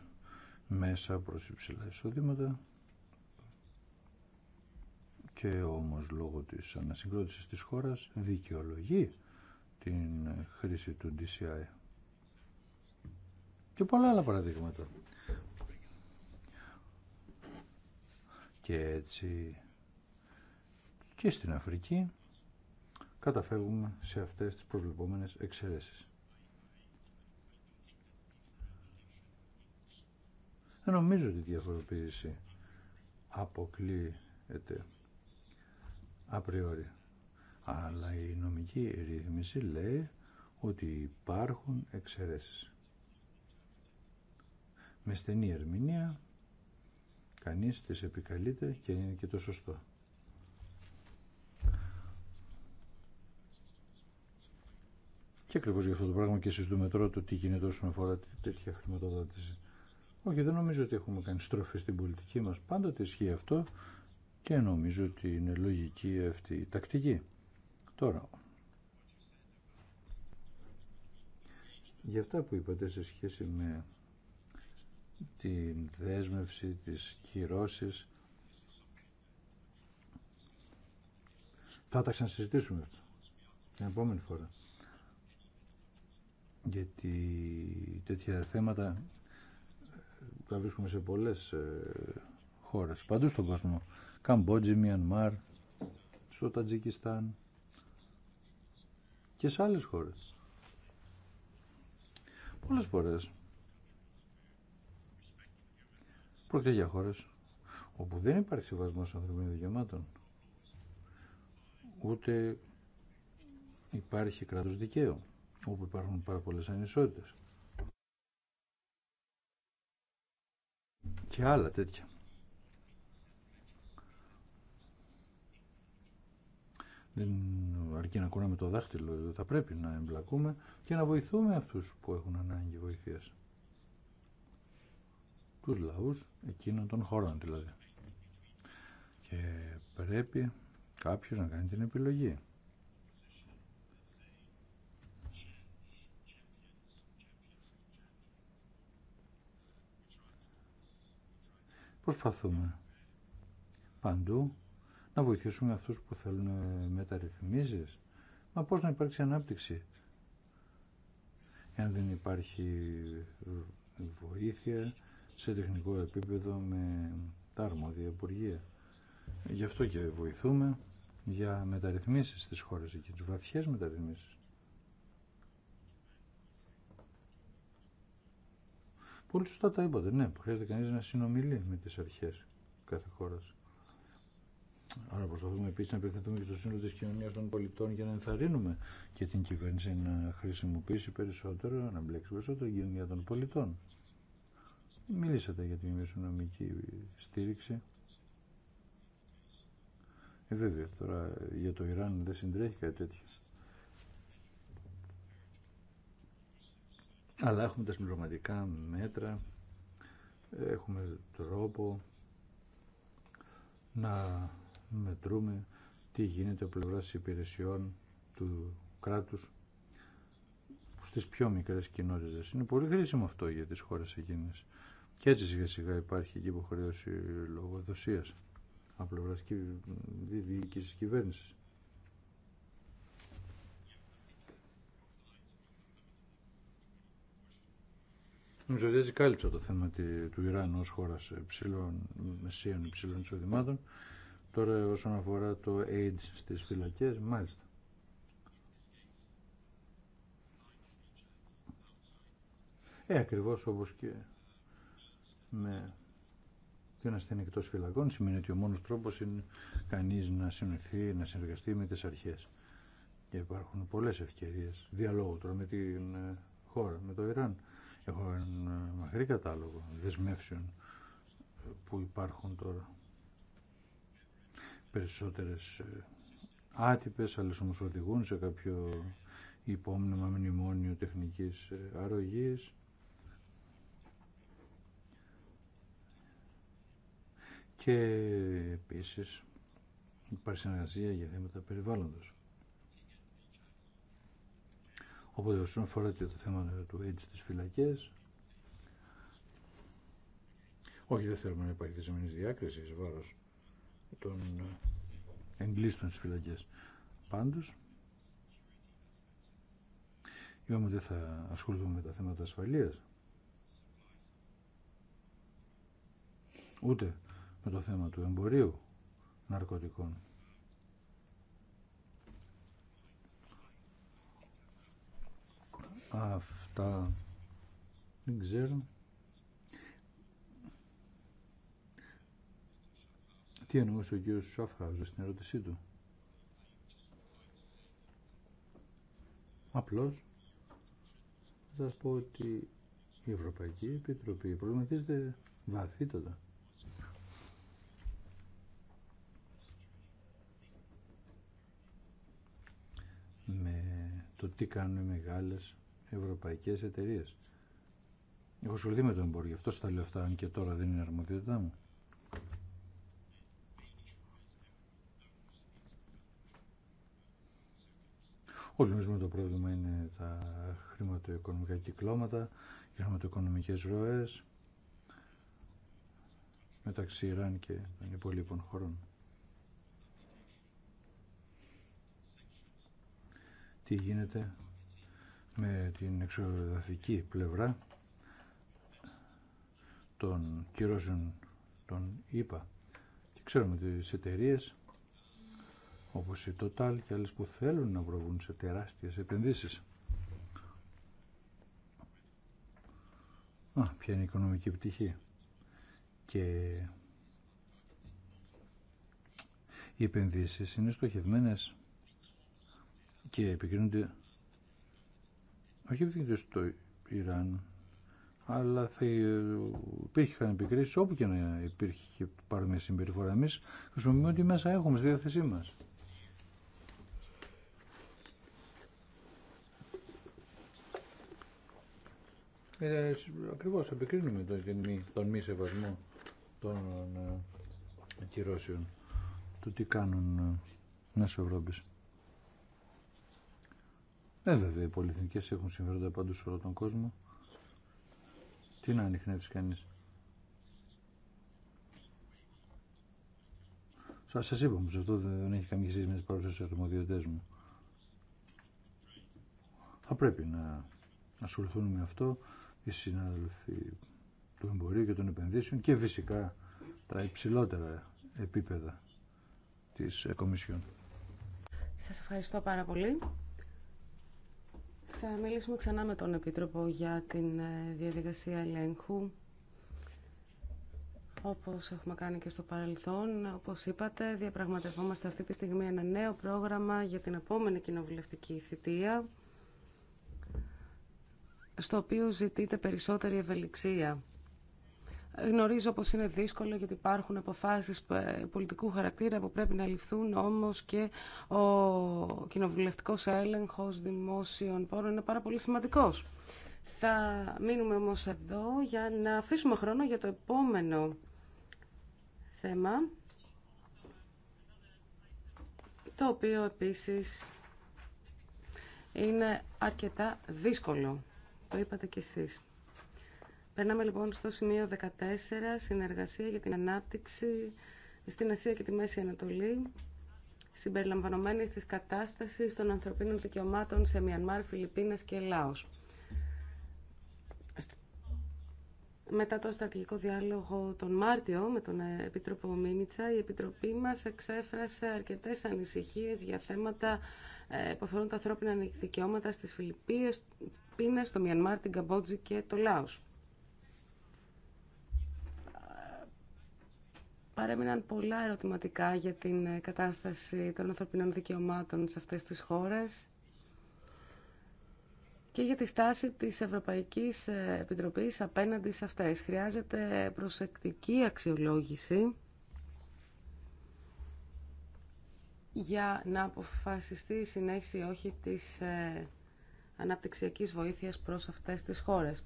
μέσα προς υψηλά εισοδήματα και όμως λόγω της ανασυγκρότησης της χώρας δικαιολογεί την χρήση του DCI. Και πολλά άλλα παραδείγματα. Και έτσι και στην Αφρική καταφεύγουμε σε αυτές τις προβλεπόμενες εξαιρέσεις. Δεν νομίζω ότι η διαφοροποίηση αποκλείεται απριόρι. Αλλά η νομική ρύθμιση λέει ότι υπάρχουν εξαιρέσεις. Με στενή ερμηνεία κανείς τις επικαλείται και είναι και το σωστό. Και ακριβώ για αυτό το πράγμα και συζητούμε τώρα το τι γίνεται όσον αφορά τέτοια χρηματοδότηση. Όχι, δεν νομίζω ότι έχουμε κάνει στροφή στην πολιτική μας. Πάντοτε ισχύει αυτό και νομίζω ότι είναι λογική αυτή η τακτική. Τώρα, για αυτά που είπατε σε σχέση με την δέσμευση, τις κυρώσεις, θα τα ξανασυζητήσουμε αυτό την επόμενη φορά γιατί τέτοια θέματα τα βρίσκουμε σε πολλές ε, χώρες, παντού στον κόσμο. Καμπότζη, Μιανμάρ, στο Τατζικιστάν και σε άλλες χώρες. Πολλές φορές πρόκειται για χώρες όπου δεν υπάρχει συμβασμός ανθρωπίνων δικαιωμάτων ούτε υπάρχει κράτος δικαίου όπου υπάρχουν πάρα πολλέ ανισότητε. Και άλλα τέτοια. Δεν αρκεί να κουράμε το δάχτυλο, θα πρέπει να εμπλακούμε και να βοηθούμε αυτούς που έχουν ανάγκη βοηθείας. Τους λαούς εκείνων των χωρών δηλαδή. Και πρέπει κάποιος να κάνει την επιλογή. Προσπαθούμε παντού να βοηθήσουμε αυτούς που θέλουν μεταρρυθμίσεις. Μα πώς να υπάρξει ανάπτυξη εάν δεν υπάρχει βοήθεια σε τεχνικό επίπεδο με τα αρμόδια υπουργεία. Γι' αυτό και βοηθούμε για μεταρρυθμίσεις στις χώρες εκεί, τις βαθιές μεταρρυθμίσεις. Πολύ σωστά τα είπατε, ναι, που χρειάζεται κανείς να συνομιλεί με τις αρχές κάθε χώρα. Άρα προσπαθούμε επίσης να επιθετούμε και το σύνολο της κοινωνίας των πολιτών για να ενθαρρύνουμε και την κυβέρνηση να χρησιμοποιήσει περισσότερο, να μπλέξει περισσότερο η κοινωνία των πολιτών. Μιλήσατε για την μεσονομική στήριξη. Ε, βέβαια, τώρα για το Ιράν δεν συντρέχει κάτι τέτοιο. αλλά έχουμε τα συμπληρωματικά μέτρα, έχουμε τρόπο να μετρούμε τι γίνεται από πλευράς υπηρεσιών του κράτους στις πιο μικρές κοινότητες. Είναι πολύ χρήσιμο αυτό για τις χώρες εκείνες. Και έτσι σιγά σιγά υπάρχει και υποχρέωση λογοδοσίας από πλευράς διοίκησης κυβέρνησης. Νομίζω ότι έτσι κάλυψα το θέμα του Ιράν ως χώρα ψηλών μεσίων υψηλών εισοδημάτων. Τώρα όσον αφορά το AIDS στις φυλακές, μάλιστα. Ε, ακριβώς όπως και με την ασθένεια εκτό φυλακών σημαίνει ότι ο μόνος τρόπος είναι κανείς να συνοηθεί, να συνεργαστεί με τις αρχές. Και υπάρχουν πολλές ευκαιρίες διαλόγου τώρα με την ε, χώρα, με το Ιράν. Έχω ένα μακρύ κατάλογο δεσμεύσεων που υπάρχουν τώρα. Περισσότερες ε, άτυπες, αλλά όμως οδηγούν σε κάποιο υπόμνημα μνημόνιο τεχνικής ε, αρρωγής. Και επίσης υπάρχει συνεργασία για θέματα περιβάλλοντος. Οπότε όσον αφορά και το θέμα του AIDS στις φυλακές, όχι δεν θέλουμε να υπάρχει θεσμενής διάκριση βάρος των εγκλήστων στις φυλακές. Πάντως, είπαμε ότι δεν θα ασχοληθούμε με τα θέματα ασφαλείας, ούτε με το θέμα του εμπορίου ναρκωτικών. αυτά δεν ξέρω τι εννοούσε ο κύριος Σουαφχάουζε στην ερώτησή του απλώς θα σας πω ότι η Ευρωπαϊκή Επιτροπή προβληματίζεται βαθύτατα με το τι κάνουν οι μεγάλες ευρωπαϊκές εταιρείε. Έχω ασχοληθεί με το εμπόριο, γι' αυτό στα λέω αυτά, αν και τώρα δεν είναι αρμοδιότητά μου. Όλοι με το πρόβλημα είναι τα χρηματοοικονομικά κυκλώματα, οι χρηματοοικονομικές ροές μεταξύ Ιράν και των υπολείπων χωρών. Τι γίνεται με την εξωτερική πλευρά των κυρώσεων των ΙΠΑ και ξέρουμε τις εταιρείε όπως η Total και άλλες που θέλουν να προβούν σε τεράστιες επενδύσεις. Α, ποια είναι η οικονομική επιτυχία. Και οι επενδύσεις είναι στοχευμένες και επικρίνονται όχι επειδή στο Ιράν, αλλά θα υπήρχαν επικρίσει όπου και να υπήρχε παρόμοια συμπεριφορά. Εμεί χρησιμοποιούμε ό,τι μέσα έχουμε στη διάθεσή μα. Ε, Ακριβώ επικρίνουμε τον, τον μη σεβασμό των ε, κυρώσεων, του τι κάνουν μέσα ε, Ευρώπης. Ε, βέβαια, οι πολυεθνικέ έχουν συμφέροντα παντού σε όλο τον κόσμο. Τι να ανοιχνεύσει κανείς. Σα σας είπα όμω, αυτό δεν έχει καμία σχέση με τις παρουσίε αρμοδιότητες μου. Θα πρέπει να ασχοληθούν με αυτό οι συνάδελφοι του εμπορίου και των επενδύσεων και φυσικά τα υψηλότερα επίπεδα της Κομισιόν. Σας ευχαριστώ πάρα πολύ. Θα μιλήσουμε ξανά με τον Επίτροπο για την ε, διαδικασία ελέγχου. Όπως έχουμε κάνει και στο παρελθόν, όπως είπατε, διαπραγματευόμαστε αυτή τη στιγμή ένα νέο πρόγραμμα για την επόμενη κοινοβουλευτική θητεία, στο οποίο ζητείται περισσότερη ευελιξία Γνωρίζω πως είναι δύσκολο γιατί υπάρχουν αποφάσεις πολιτικού χαρακτήρα που πρέπει να ληφθούν όμως και ο κοινοβουλευτικός έλεγχος δημόσιων πόρων είναι πάρα πολύ σημαντικός. Θα μείνουμε όμως εδώ για να αφήσουμε χρόνο για το επόμενο θέμα το οποίο επίσης είναι αρκετά δύσκολο. Το είπατε και εσείς. Περνάμε λοιπόν στο σημείο 14, συνεργασία για την ανάπτυξη στην Ασία και τη Μέση Ανατολή, συμπεριλαμβανομένη της κατάστασης των ανθρωπίνων δικαιωμάτων σε Μιανμάρ, Φιλιππίνες και Λάος. Μετά το στρατηγικό διάλογο τον Μάρτιο με τον ε, Επίτροπο Μίμητσα, η Επιτροπή μας εξέφρασε αρκετές ανησυχίες για θέματα ε, που αφορούν τα ανθρώπινα δικαιώματα στις Φιλιππίνες, στο Μιανμάρ, την Καμπότζη και το Λάος. παρέμειναν πολλά ερωτηματικά για την ε, κατάσταση των ανθρωπινών δικαιωμάτων σε αυτές τις χώρες και για τη στάση της Ευρωπαϊκής ε, Επιτροπής απέναντι σε αυτές. Χρειάζεται προσεκτική αξιολόγηση για να αποφασιστεί η συνέχιση όχι της ε, αναπτυξιακής βοήθειας προς αυτές τις χώρες.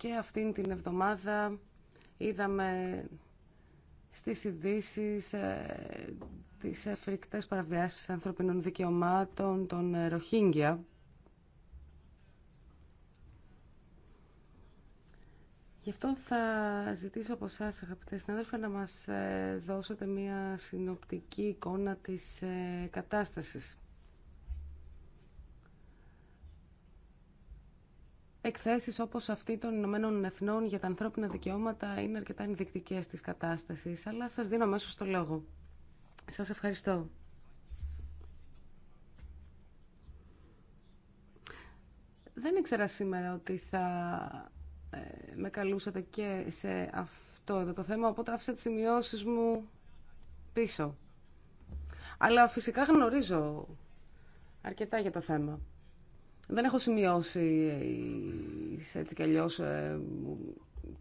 Και αυτήν την εβδομάδα είδαμε στις ειδήσει ε, τις έφρικτες παραβιάσεις ανθρωπινών δικαιωμάτων των ε, Ροχίνγκια. Γι' αυτό θα ζητήσω από εσά, αγαπητέ συνάδελφοι, να μας ε, δώσετε μία συνοπτική εικόνα της κατάστασης. Εκθέσεις όπως αυτή των Ηνωμένων Εθνών για τα ανθρώπινα δικαιώματα είναι αρκετά ενδεικτικές της κατάστασης, αλλά σας δίνω μέσω στο λόγο. Σας ευχαριστώ. Δεν ήξερα σήμερα ότι θα ε, με καλούσατε και σε αυτό εδώ το θέμα, οπότε άφησα τις σημειώσεις μου πίσω. Αλλά φυσικά γνωρίζω αρκετά για το θέμα. Δεν έχω σημειώσει έτσι κι αλλιώς ε,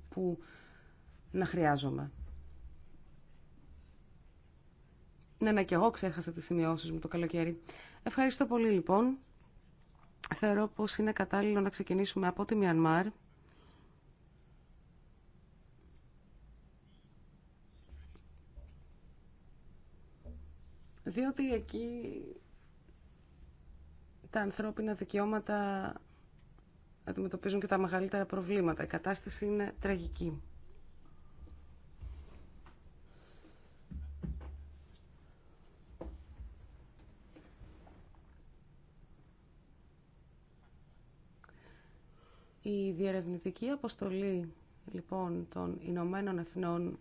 που να χρειάζομαι. Ναι, ναι, και εγώ ξέχασα τις σημειώσεις μου το καλοκαίρι. Ευχαριστώ πολύ λοιπόν. Θεωρώ πως είναι κατάλληλο να ξεκινήσουμε από τη Μιανμάρ. Διότι εκεί τα ανθρώπινα δικαιώματα αντιμετωπίζουν και τα μεγαλύτερα προβλήματα. Η κατάσταση είναι τραγική. Η διερευνητική αποστολή λοιπόν των Ηνωμένων Εθνών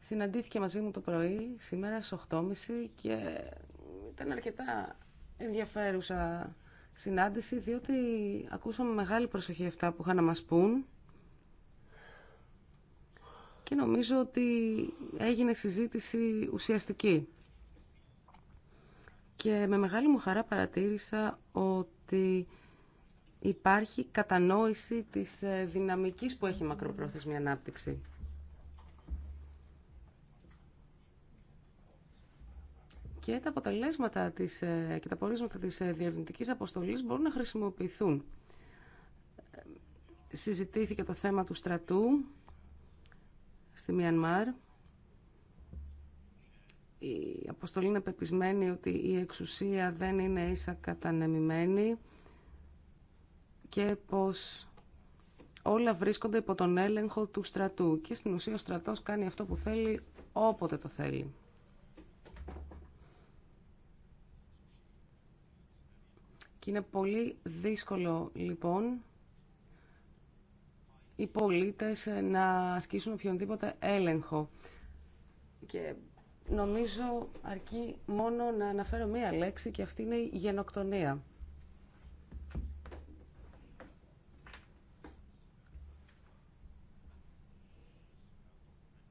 συναντήθηκε μαζί μου το πρωί σήμερα στις 8.30 και ήταν αρκετά ενδιαφέρουσα συνάντηση, διότι ακούσαμε μεγάλη προσοχή αυτά που είχαν να μας πούν και νομίζω ότι έγινε συζήτηση ουσιαστική. Και με μεγάλη μου χαρά παρατήρησα ότι υπάρχει κατανόηση της ε, δυναμικής που έχει η μακροπρόθεσμη ανάπτυξη. και τα αποτελέσματα της, ε, και τα πορίσματα της ε, διερευνητικής αποστολής μπορούν να χρησιμοποιηθούν. Ε, συζητήθηκε το θέμα του στρατού στη Μιανμάρ. Η αποστολή είναι πεπισμένη ότι η εξουσία δεν είναι ίσα κατανεμημένη και πως όλα βρίσκονται υπό τον έλεγχο του στρατού και στην ουσία ο στρατός κάνει αυτό που θέλει όποτε το θέλει. Και είναι πολύ δύσκολο λοιπόν οι πολίτες να ασκήσουν οποιονδήποτε έλεγχο. Και νομίζω αρκεί μόνο να αναφέρω μία λέξη και αυτή είναι η γενοκτονία.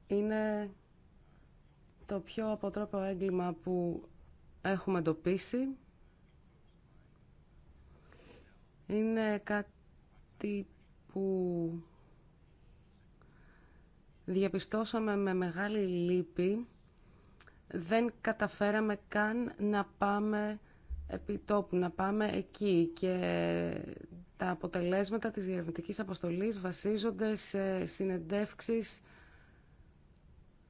Είναι το πιο αποτρόπο έγκλημα που έχουμε εντοπίσει είναι κάτι που διαπιστώσαμε με μεγάλη λύπη. Δεν καταφέραμε καν να πάμε επί τόπου, να πάμε εκεί και τα αποτελέσματα της διερευνητικής αποστολής βασίζονται σε συνεντεύξεις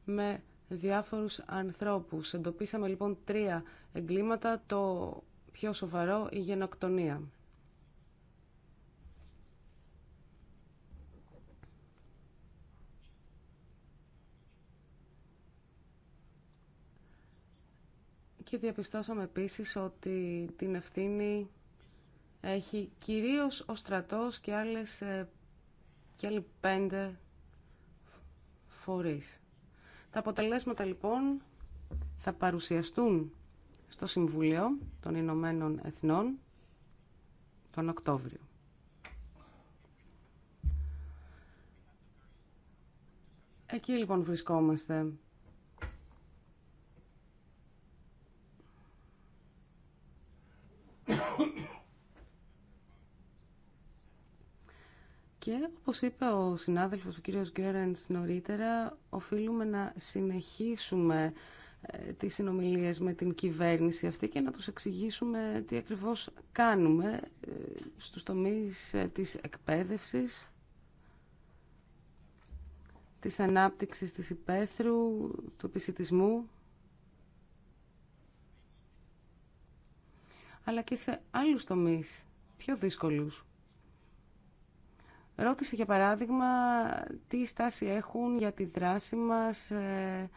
με διάφορους ανθρώπους. Εντοπίσαμε λοιπόν τρία εγκλήματα, το πιο σοβαρό η γενοκτονία. και διαπιστώσαμε επίσης ότι την ευθύνη έχει κυρίως ο στρατός και, άλλες, ε, και άλλοι πέντε φορείς. Τα αποτελέσματα λοιπόν θα παρουσιαστούν στο Συμβουλίο των Ηνωμένων Εθνών τον Οκτώβριο. Εκεί λοιπόν βρισκόμαστε. Και όπως είπε ο συνάδελφος, ο κύριος Γκέρενς νωρίτερα, οφείλουμε να συνεχίσουμε ε, τις συνομιλίες με την κυβέρνηση αυτή και να τους εξηγήσουμε τι ακριβώς κάνουμε ε, στους τομείς ε, της εκπαίδευσης, της ανάπτυξης της υπαίθρου, του επισητισμού, αλλά και σε άλλους τομείς πιο δύσκολους. Ρώτησε για παράδειγμα τι στάση έχουν για τη δράση μας ε,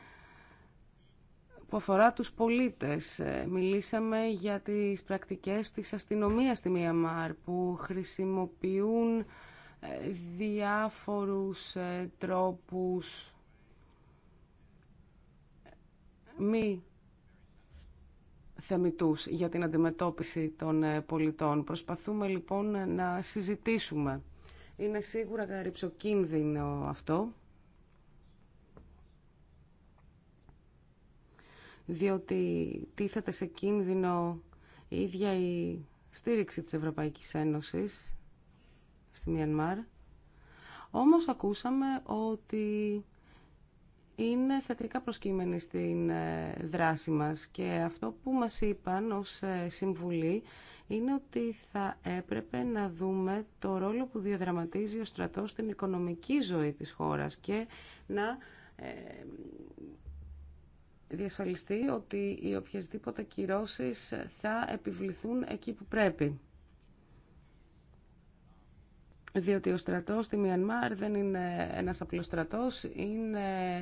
που αφορά τους πολίτες. Ε, μιλήσαμε για τις πρακτικές της αστυνομίας στη Μιαμάρ που χρησιμοποιούν ε, διάφορους τρόπους μη θεμητούς για την αντιμετώπιση των πολιτών. Προσπαθούμε λοιπόν να συζητήσουμε είναι σίγουρα καρυψοκίνδυνο αυτό. διότι τίθεται σε κίνδυνο η ίδια η στήριξη της Ευρωπαϊκής Ένωσης στη Μιανμάρ. Όμως ακούσαμε ότι είναι θετικά προσκύμενοι στην ε, δράση μας και αυτό που μας είπαν ως ε, συμβουλή είναι ότι θα έπρεπε να δούμε το ρόλο που διαδραματίζει ο στρατός στην οικονομική ζωή της χώρας και να ε, διασφαλιστεί ότι οι οποιασδήποτε κυρώσεις θα επιβληθούν εκεί που πρέπει. Διότι ο στρατός στη Μιανμάρ δεν είναι ένας απλός στρατός, είναι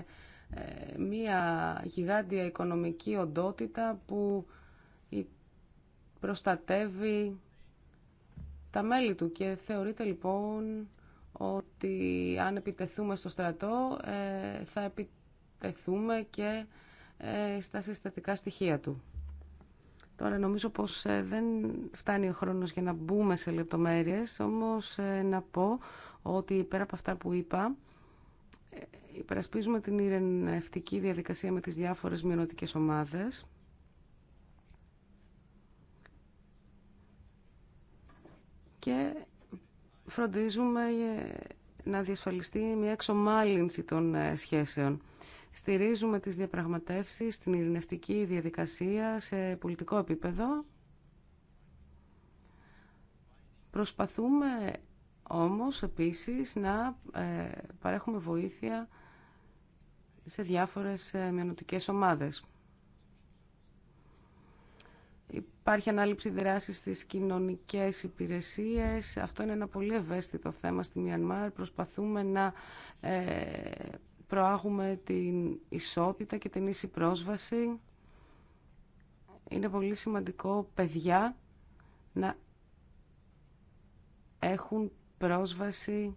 ε, μία γιγάντια οικονομική οντότητα που προστατεύει τα μέλη του και θεωρείται λοιπόν ότι αν επιτεθούμε στο στρατό ε, θα επιτεθούμε και ε, στα συστατικά στοιχεία του. Τώρα νομίζω πως ε, δεν φτάνει ο χρόνος για να μπούμε σε λεπτομέρειες, όμως να πω ότι πέρα από αυτά που είπα, υπερασπίζουμε την ειρηνευτική διαδικασία με τις διάφορες μειονοτικές ομάδες, και φροντίζουμε ε, να διασφαλιστεί μια εξομάλυνση των ε, σχέσεων. Στηρίζουμε τις διαπραγματεύσεις την ειρηνευτική διαδικασία σε πολιτικό επίπεδο. Προσπαθούμε όμως επίσης να ε, παρέχουμε βοήθεια σε διάφορες μειονοτικές ομάδες. Υπάρχει ανάληψη δράση στις κοινωνικές υπηρεσίες. Αυτό είναι ένα πολύ ευαίσθητο θέμα στη Μιανμάρ. Προσπαθούμε να ε, προάγουμε την ισότητα και την ίση πρόσβαση. Είναι πολύ σημαντικό παιδιά να έχουν πρόσβαση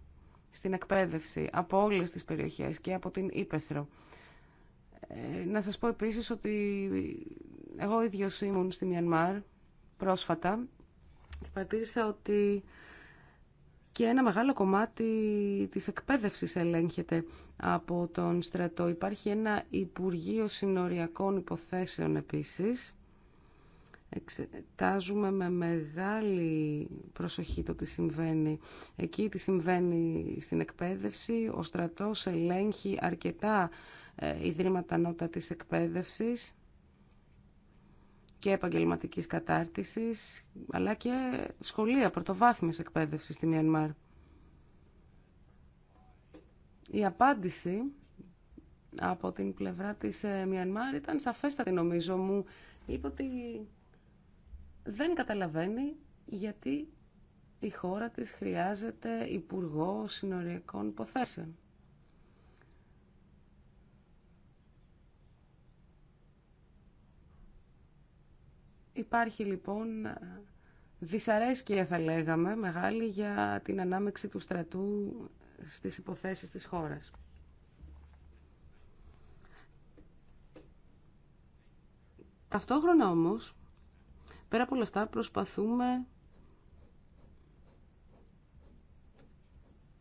στην εκπαίδευση από όλες τις περιοχές και από την Ήπεθρο. Ε, να σας πω επίσης ότι εγώ ίδιο ήμουν στη Μιανμάρ πρόσφατα και παρατήρησα ότι και ένα μεγάλο κομμάτι της εκπαίδευσης ελέγχεται από τον στρατό. Υπάρχει ένα Υπουργείο Συνοριακών Υποθέσεων επίσης. Εξετάζουμε με μεγάλη προσοχή το τι συμβαίνει. Εκεί τι συμβαίνει στην εκπαίδευση. Ο στρατός ελέγχει αρκετά ε, ιδρύματα νότα της εκπαίδευσης και επαγγελματικής κατάρτισης, αλλά και σχολεία πρωτοβάθμιας εκπαίδευσης στη Μιανμάρ. Η απάντηση από την πλευρά της ε, Μιανμάρ ήταν σαφέστατη νομίζω μου. Είπε ότι δεν καταλαβαίνει γιατί η χώρα της χρειάζεται υπουργό συνοριακών υποθέσεων. Υπάρχει λοιπόν δυσαρέσκεια θα λέγαμε μεγάλη για την ανάμεξη του στρατού στις υποθέσεις της χώρας. Ταυτόχρονα όμως, πέρα από όλα αυτά προσπαθούμε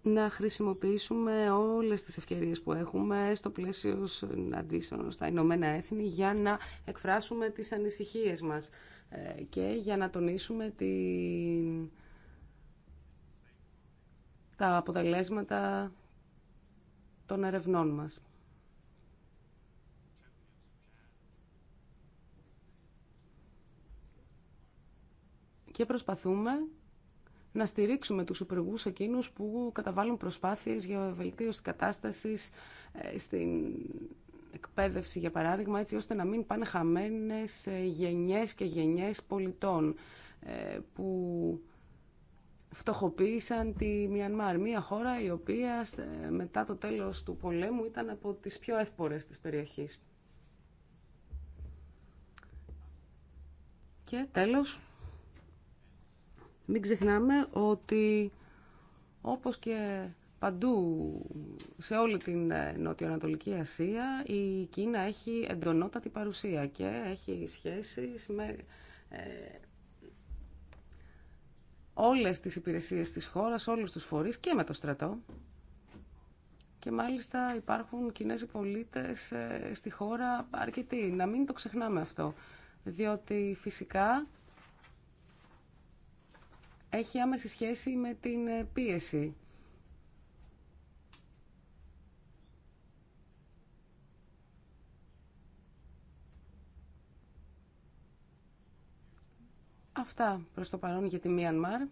να χρησιμοποιήσουμε όλες τις ευκαιρίες που έχουμε στο πλαίσιο συναντήσεων στα Ηνωμένα Έθνη για να εκφράσουμε τις ανησυχίες μας ε, και για να τονίσουμε τα αποτελέσματα των ερευνών μας. Και προσπαθούμε να στηρίξουμε τους υπουργούς εκείνους που καταβάλουν προσπάθειες για βελτίωση κατάστασης ε, στην εκπαίδευση, για παράδειγμα, έτσι ώστε να μην πάνε χαμένες ε, γενιές και γενιές πολιτών ε, που φτωχοποίησαν τη Μιανμάρ, μια χώρα η οποία μετά το τέλος του πολέμου ήταν από τις πιο εύπορες της περιοχής. Και τέλος, μην ξεχνάμε ότι όπως και παντού σε όλη την ε, Νοτιοανατολική Ασία η Κίνα έχει εντονότατη παρουσία και έχει σχέσεις με ε, όλες τις υπηρεσίες της χώρας, όλους τους φορείς και με το στρατό. Και μάλιστα υπάρχουν Κινέζοι πολίτες ε, στη χώρα αρκετοί. Να μην το ξεχνάμε αυτό, διότι φυσικά έχει άμεση σχέση με την ε, πίεση. Αυτά προς το παρόν για τη Μιανμάρ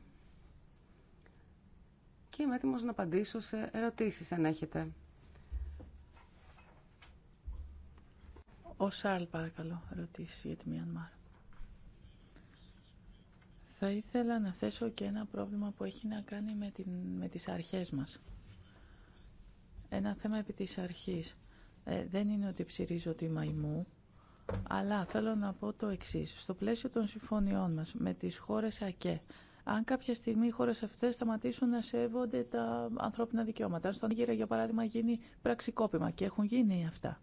και είμαι έτοιμος να απαντήσω σε ερωτήσεις αν έχετε. Ο Σάρλ παρακαλώ ερωτήσεις για τη Μιανμάρ. Θα ήθελα να θέσω και ένα πρόβλημα που έχει να κάνει με, την, με τις αρχές μας. Ένα θέμα επί της αρχής. Ε, δεν είναι ότι ψηρίζω τη μαϊμού, αλλά θέλω να πω το εξής. Στο πλαίσιο των συμφωνιών μας με τις χώρες ΑΚΕ, αν κάποια στιγμή οι χώρε αυτέ σταματήσουν να σέβονται τα ανθρώπινα δικαιώματα. Αν στον για παράδειγμα, γίνει πραξικόπημα και έχουν γίνει αυτά.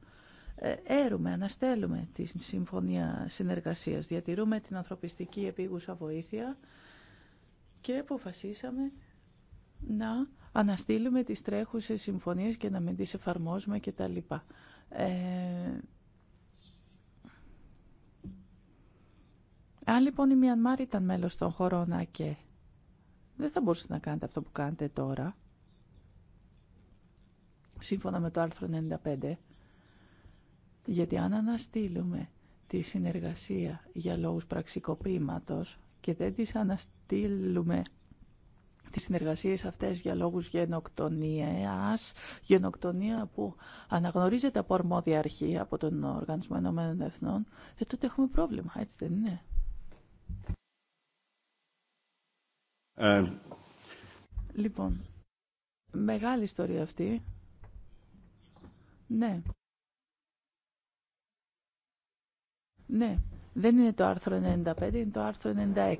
Ε, έρουμε, αναστέλουμε τη συμφωνία συνεργασίας, διατηρούμε την ανθρωπιστική επίγουσα βοήθεια και αποφασίσαμε να αναστείλουμε τις τρέχουσες συμφωνίες και να μην τις εφαρμόζουμε κτλ. Ε, αν λοιπόν η Μιανμάρ ήταν μέλος των χωρών και δεν θα μπορούσατε να κάνετε αυτό που κάνετε τώρα, σύμφωνα με το άρθρο 95, γιατί αν αναστείλουμε τη συνεργασία για λόγους πραξικοπήματος και δεν τις αναστείλουμε τις συνεργασίες αυτές για λόγους γενοκτονίας, γενοκτονία που αναγνωρίζεται από αρμόδια αρχή, από τον Οργανισμό Εθνών, ε, τότε έχουμε πρόβλημα, έτσι δεν είναι. Ε, λοιπόν, μεγάλη ιστορία αυτή. Ναι. Ναι, δεν είναι το άρθρο 95, είναι το άρθρο 96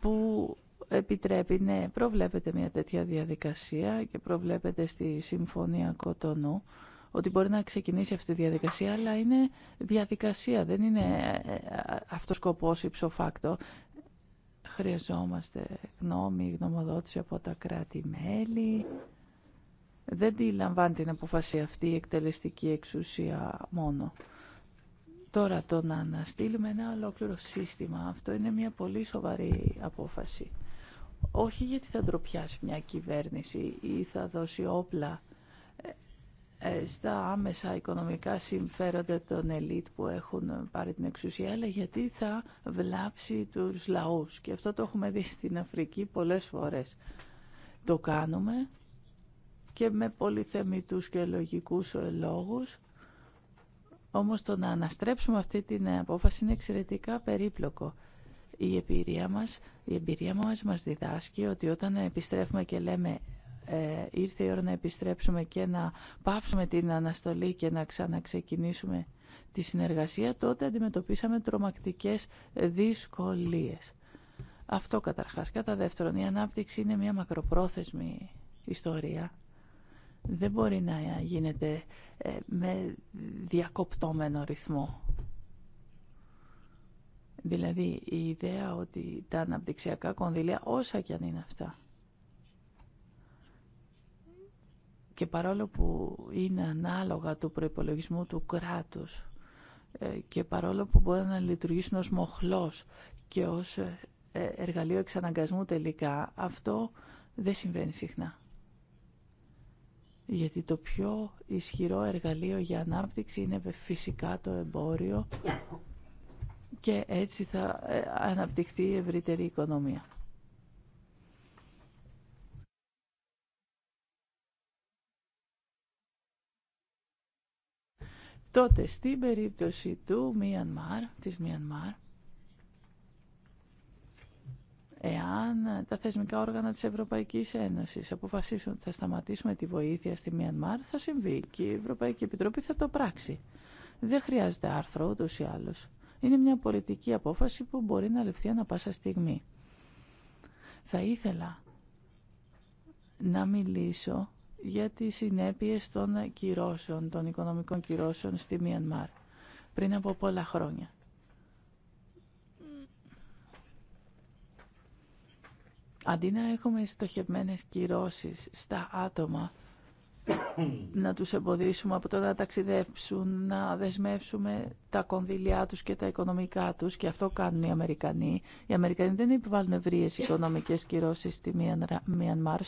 που επιτρέπει, ναι, προβλέπεται μια τέτοια διαδικασία και προβλέπεται στη Συμφωνία Κοτονού ότι μπορεί να ξεκινήσει αυτή η διαδικασία, αλλά είναι διαδικασία, δεν είναι ε, ε, αυτός σκοπός ψοφάκτο. Χρειαζόμαστε γνώμη, γνωμοδότηση από τα κράτη-μέλη. Δεν τη λαμβάνει την αποφασία αυτή η εκτελεστική εξουσία μόνο. Τώρα το να αναστείλουμε ένα ολόκληρο σύστημα, αυτό είναι μια πολύ σοβαρή απόφαση. Όχι γιατί θα ντροπιάσει μια κυβέρνηση ή θα δώσει όπλα ε, ε, στα άμεσα οικονομικά συμφέροντα των ελίτ που έχουν πάρει την εξουσία, αλλά γιατί θα βλάψει τους λαούς. Και αυτό το έχουμε δει στην Αφρική πολλές φορές. Το κάνουμε και με πολυθεμητούς και λογικούς ε, λόγους όμως το να αναστρέψουμε αυτή την απόφαση είναι εξαιρετικά περίπλοκο. Η εμπειρία μας, η εμπειρία μας μας διδάσκει ότι όταν επιστρέφουμε και λέμε ε, ήρθε η ώρα να επιστρέψουμε και να πάψουμε την αναστολή και να ξαναξεκινήσουμε τη συνεργασία, τότε αντιμετωπίσαμε τρομακτικές δυσκολίες. Αυτό καταρχάς. Κατά δεύτερον, η ανάπτυξη είναι μια μακροπρόθεσμη ιστορία δεν μπορεί να γίνεται ε, με διακοπτόμενο ρυθμό. Δηλαδή η ιδέα ότι τα αναπτυξιακά κονδύλια, όσα κι αν είναι αυτά, και παρόλο που είναι ανάλογα του προϋπολογισμού του κράτους ε, και παρόλο που μπορεί να λειτουργήσουν ως μοχλός και ως ε, εργαλείο εξαναγκασμού τελικά, αυτό δεν συμβαίνει συχνά γιατί το πιο ισχυρό εργαλείο για ανάπτυξη είναι φυσικά το εμπόριο και έτσι θα ε, αναπτυχθεί η ευρύτερη οικονομία. Τότε στην περίπτωση του Μιανμάρ, της Μιανμάρ, Εάν τα θεσμικά όργανα της Ευρωπαϊκής Ένωσης αποφασίσουν ότι θα σταματήσουμε τη βοήθεια στη Μιανμάρ, θα συμβεί και η Ευρωπαϊκή Επιτροπή θα το πράξει. Δεν χρειάζεται άρθρο ούτως ή άλλως. Είναι μια πολιτική απόφαση που μπορεί να ληφθεί ανα πάσα στιγμή. Θα ήθελα να μιλήσω για τις συνέπειες των κυρώσεων, των οικονομικών κυρώσεων στη Μιανμάρ πριν από πολλά χρόνια. Αντί να έχουμε στοχευμένες κυρώσεις στα άτομα, να τους εμποδίσουμε από το να ταξιδέψουν, να δεσμεύσουμε τα κονδύλια τους και τα οικονομικά τους και αυτό κάνουν οι Αμερικανοί. Οι Αμερικανοί δεν επιβάλλουν ευρείες οικονομικές κυρώσεις στη Μιανμάρ.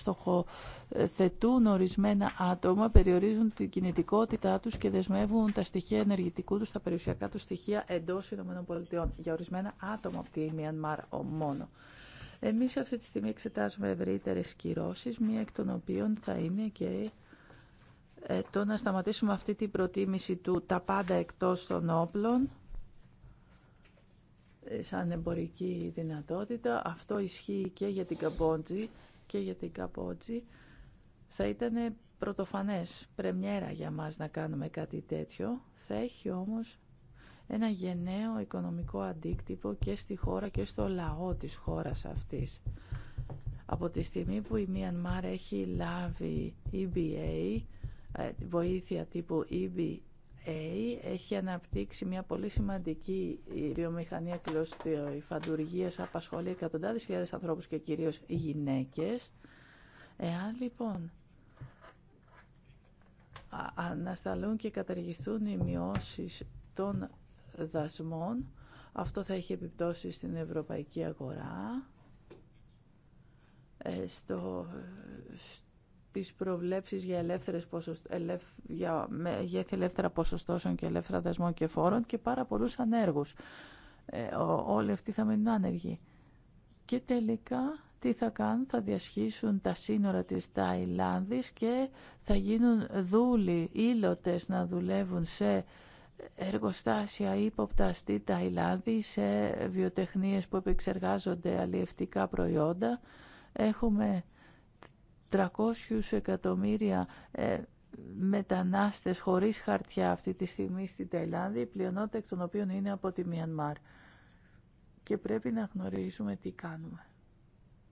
Ε, θετούν ορισμένα άτομα, περιορίζουν την κινητικότητά τους και δεσμεύουν τα στοιχεία ενεργητικού τους, τα περιουσιακά τους στοιχεία εντός ΗΠΑ για ορισμένα άτομα από τη Μιανμάρ μόνο. Εμείς αυτή τη στιγμή εξετάζουμε ευρύτερε κυρώσεις, μία εκ των οποίων θα είναι και ε, το να σταματήσουμε αυτή την προτίμηση του τα πάντα εκτός των όπλων ε, σαν εμπορική δυνατότητα. Αυτό ισχύει και για την Καμπότζη και για την Καμπότζη. Θα ήταν πρωτοφανές πρεμιέρα για μας να κάνουμε κάτι τέτοιο. Θα έχει όμως ένα γενναίο οικονομικό αντίκτυπο και στη χώρα και στο λαό της χώρας αυτής. Από τη στιγμή που η Μιανμάρ έχει λάβει EBA, ε, βοήθεια τύπου EBA, έχει αναπτύξει μια πολύ σημαντική βιομηχανία φαντουργία, απασχολεί εκατοντάδες χιλιάδες ανθρώπους και κυρίως γυναίκες. Εάν λοιπόν ανασταλούν και καταργηθούν οι μειώσεις των δασμών. Αυτό θα έχει επιπτώσει στην ευρωπαϊκή αγορά, ε, στο, τις προβλέψεις για, ελεύθερες ελευ... για ελεύθερα ποσοστώσεων και ελεύθερα δασμών και φόρων και πάρα πολλούς ανέργους. ό, ε, όλοι αυτοί θα μείνουν άνεργοι. Και τελικά τι θα κάνουν, θα διασχίσουν τα σύνορα της Ταϊλάνδης και θα γίνουν δούλοι, ήλωτες να δουλεύουν σε εργοστάσια ύποπτα στη Ταϊλάνδη σε βιοτεχνίες που επεξεργάζονται αλλιευτικά προϊόντα. Έχουμε 300 εκατομμύρια ε, μετανάστες χωρίς χαρτιά αυτή τη στιγμή στη Ταϊλάνδη, η πλειονότητα εκ των οποίων είναι από τη Μιανμάρ. Και πρέπει να γνωρίζουμε τι κάνουμε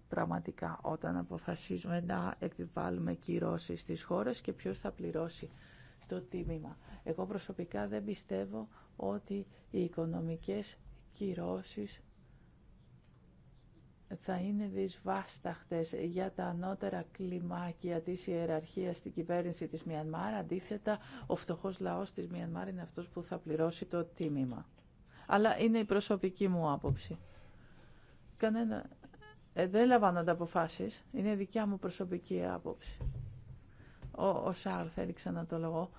πραγματικά όταν αποφασίζουμε να επιβάλλουμε κυρώσεις στις χώρες και ποιος θα πληρώσει στο τίμημα. Εγώ προσωπικά δεν πιστεύω ότι οι οικονομικές κυρώσεις θα είναι δυσβάσταχτες για τα ανώτερα κλιμάκια της ιεραρχίας στην κυβέρνηση της Μιανμάρ. Αντίθετα, ο φτωχός λαός της Μιανμάρ είναι αυτός που θα πληρώσει το τίμημα. Αλλά είναι η προσωπική μου άποψη. Κανένα... Ε, δεν λαμβάνονται αποφάσεις. Είναι δικιά μου προσωπική άποψη. Ο, ο θέλει ξανά το λόγο.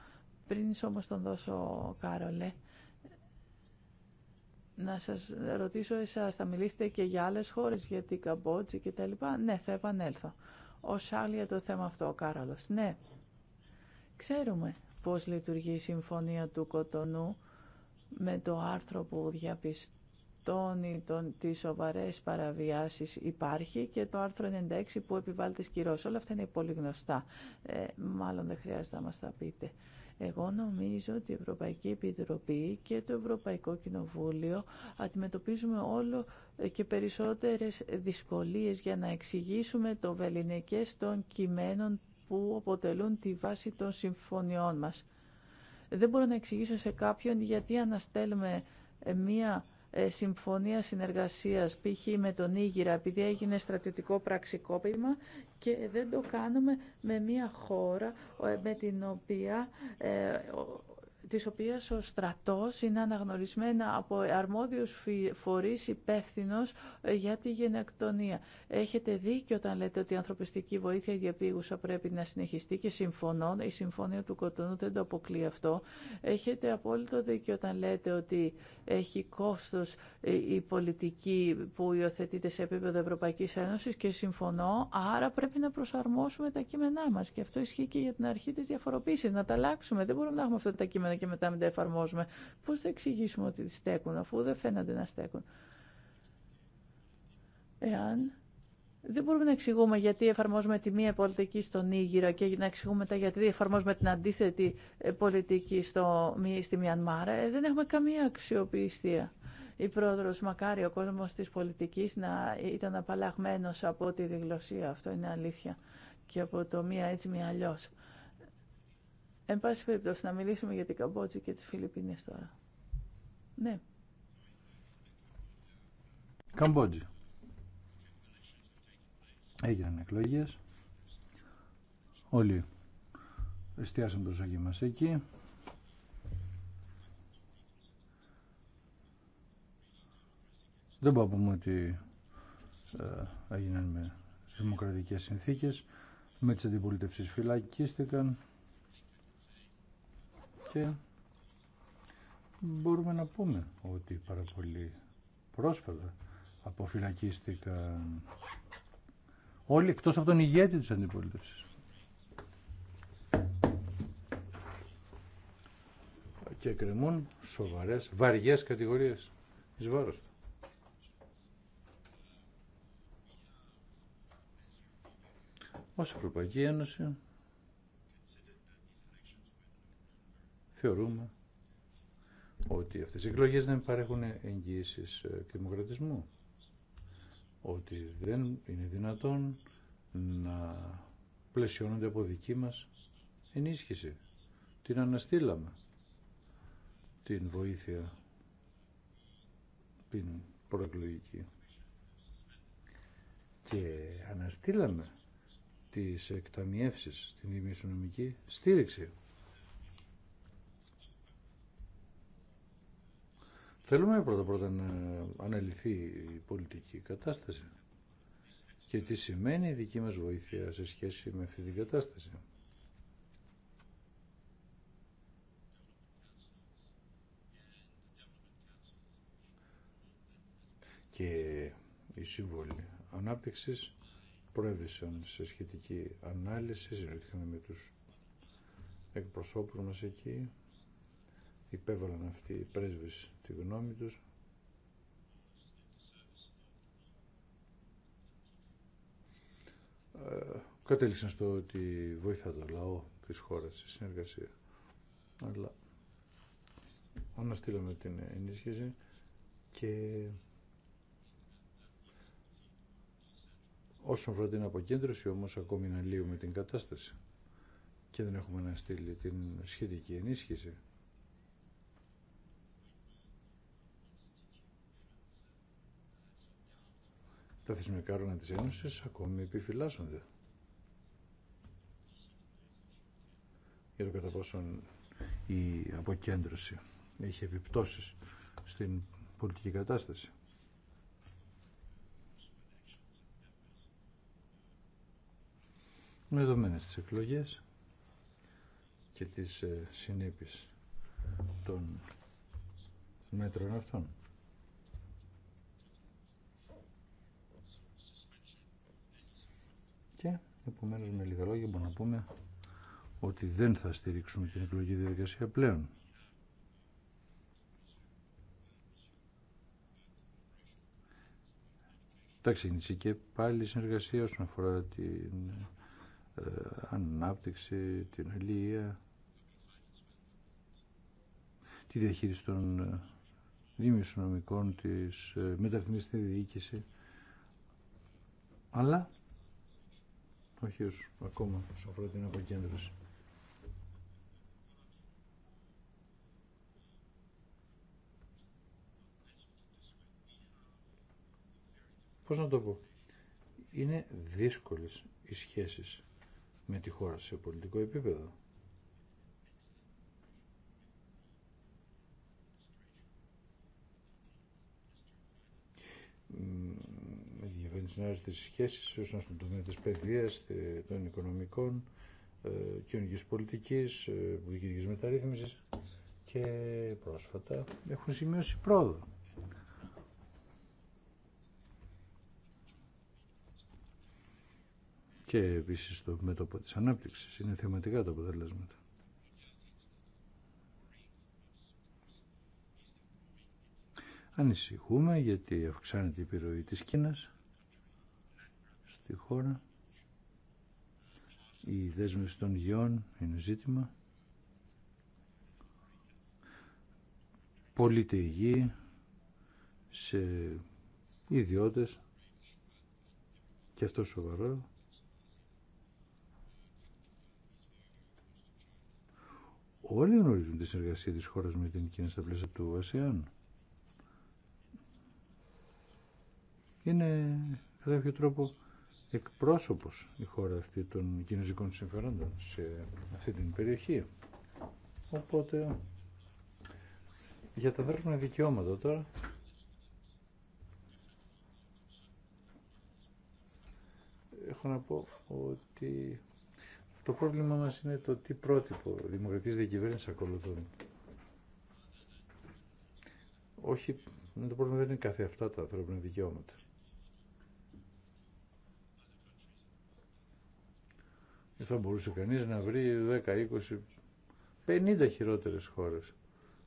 Πριν όμως τον δώσω, Κάρολε, να σας ρωτήσω εσάς, θα μιλήσετε και για άλλες χώρες, για την Καμπότζη και τα λοιπά. Ναι, θα επανέλθω. Ο Σάρλ για το θέμα αυτό, ο Κάρολος. Ναι, ξέρουμε πώς λειτουργεί η Συμφωνία του Κοτονού με το άρθρο που διαπιστώ ή τον, τις σοβαρές παραβιάσεις υπάρχει και το άρθρο 96 που επιβάλλεται σκυρός. Όλα αυτά είναι πολύ γνωστά. Ε, μάλλον δεν χρειάζεται να μας τα πείτε. Εγώ νομίζω ότι η Ευρωπαϊκή Επιτροπή και το Ευρωπαϊκό Κοινοβούλιο αντιμετωπίζουμε όλο ε, και περισσότερες δυσκολίες για να εξηγήσουμε το βεληνικές των κειμένων που αποτελούν τη βάση των συμφωνιών μας. Δεν μπορώ να εξηγήσω σε κάποιον γιατί αναστέλουμε ε, μία ε, συμφωνία συνεργασίας π.χ. με τον Ήγηρα επειδή έγινε στρατιωτικό πραξικόπημα και δεν το κάνουμε με μια χώρα ε, με την οποία ε, της οποίας ο στρατός είναι αναγνωρισμένα από αρμόδιους φορείς υπεύθυνο ε, για τη γενεκτονία. Έχετε δίκιο όταν λέτε ότι η ανθρωπιστική βοήθεια για πήγουσα πρέπει να συνεχιστεί και συμφωνώ, η συμφωνία του Κοτονού δεν το αποκλεί αυτό. Έχετε απόλυτο δίκιο όταν λέτε ότι έχει κόστος ε, η πολιτική που υιοθετείται σε επίπεδο Ευρωπαϊκής Ένωσης και συμφωνώ, άρα πρέπει να προσαρμόσουμε τα κείμενά μας και αυτό ισχύει και για την αρχή της διαφοροποίησης, να τα αλλάξουμε. Δεν μπορούμε να έχουμε αυτά τα κείμενα και μετά μην τα εφαρμόζουμε. Πώς θα εξηγήσουμε ότι στέκουν αφού δεν φαίνονται να στέκουν. Εάν δεν μπορούμε να εξηγούμε γιατί εφαρμόζουμε τη μία πολιτική στον Ήγυρο και να εξηγούμε τα γιατί εφαρμόζουμε την αντίθετη ε, πολιτική στο, στη Μιανμάρα. Ε, δεν έχουμε καμία αξιοπιστία. Η πρόεδρο μακάρι ο κόσμο τη πολιτική να ήταν απαλλαγμένο από τη διγλωσία. Αυτό είναι αλήθεια. Και από το μία έτσι μία αλλιώς. Εν πάση περιπτώσει, να μιλήσουμε για την Καμπότζη και τις Φιλιππίνες τώρα. Ναι. Καμπότζη. Έγιναν εκλογές. Όλοι εστιάσαν προσοχή μας εκεί. Δεν μπορούμε να πούμε ότι ε, έγιναν με δημοκρατικές συνθήκες. Με τις αντιπολιτεύσεις φυλακίστηκαν και μπορούμε να πούμε ότι πάρα πολύ πρόσφατα αποφυλακίστηκαν όλοι εκτός από τον ηγέτη της αντιπολίτευσης. Και κρεμούν σοβαρές, βαριές κατηγορίες εις βάρος του. Ως Ευρωπαϊκή Ένωση θεωρούμε ότι αυτές οι εκλογές δεν παρέχουν εγγύησεις ε, δημοκρατισμού, ότι δεν είναι δυνατόν να πλαισιώνονται από δική μας ενίσχυση. Την αναστήλαμε, την βοήθεια, την προεκλογική. Και αναστήλαμε τις εκταμιεύσεις, την δημιουργική στήριξη Θέλουμε πρώτα πρώτα να αναλυθεί η πολιτική κατάσταση και τι σημαίνει η δική μας βοήθεια σε σχέση με αυτή την κατάσταση. Και η Σύμβολη Ανάπτυξης προέβησαν σε σχετική ανάλυση, συνεργαστήκαμε με τους εκπροσώπους μας εκεί, υπέβαλαν αυτή η πρέσβηση τη γνώμη τους. Ε, κατέληξαν στο ότι βοηθά το λαό της χώρας στη συνεργασία. Αλλά αναστήλαμε την ενίσχυση και όσον αφορά την αποκέντρωση όμως ακόμη να λύουμε την κατάσταση και δεν έχουμε στείλει την σχετική ενίσχυση. τα θεσμικά όργανα της Ένωσης ακόμη επιφυλάσσονται. Για το κατά πόσον η αποκέντρωση έχει επιπτώσεις στην πολιτική κατάσταση. Με δεδομένες τις εκλογές και τις ε, συνέπειες των μέτρων αυτών. Και επομένω με λίγα λόγια μπορούμε να πούμε ότι δεν θα στηρίξουμε την εκλογική διαδικασία πλέον. Τα ξεκινήσει και πάλι η συνεργασία όσον αφορά την ε, ανάπτυξη, την αλληλεία, τη διαχείριση των ε, δημιουργικών της ε, μεταρρυθμιστή διοίκηση, αλλά όχι ακόμα, όσον αφορά την αποκέντρωση. Πώς να το πω. Είναι δύσκολες οι σχέσεις με τη χώρα σε πολιτικό επίπεδο την τις τη σχέση σχέσεις όσον στον τομέα της παιδείας, των οικονομικών, ε, κοινωνικής πολιτικής, ε, πολιτικής μεταρρύθμισης και πρόσφατα έχουν σημειώσει πρόοδο. Και επίσης το μέτωπο της ανάπτυξης είναι θεματικά τα αποτελέσματα. Ανησυχούμε γιατί αυξάνεται η επιρροή της Κίνας στη χώρα. Η δέσμευση των γιών είναι ζήτημα. Πολύτε γη σε ιδιώτες και αυτό σοβαρό. Όλοι γνωρίζουν τη συνεργασία της χώρας με την Κίνα στα πλαίσια του ΑΣΕΑΝ. Είναι κατά κάποιο τρόπο εκπρόσωπος η χώρα αυτή των κινέζικων συμφερόντων σε αυτή την περιοχή. Οπότε για τα ανθρώπινα δικαιώματα τώρα έχω να πω ότι το πρόβλημα μας είναι το τι πρότυπο δημοκρατής διακυβέρνηση ακολουθούν. Όχι, το πρόβλημα δεν είναι κάθε αυτά τα ανθρώπινα δικαιώματα. Θα μπορούσε κανείς να βρει 10, 20, 50 χειρότερες χώρες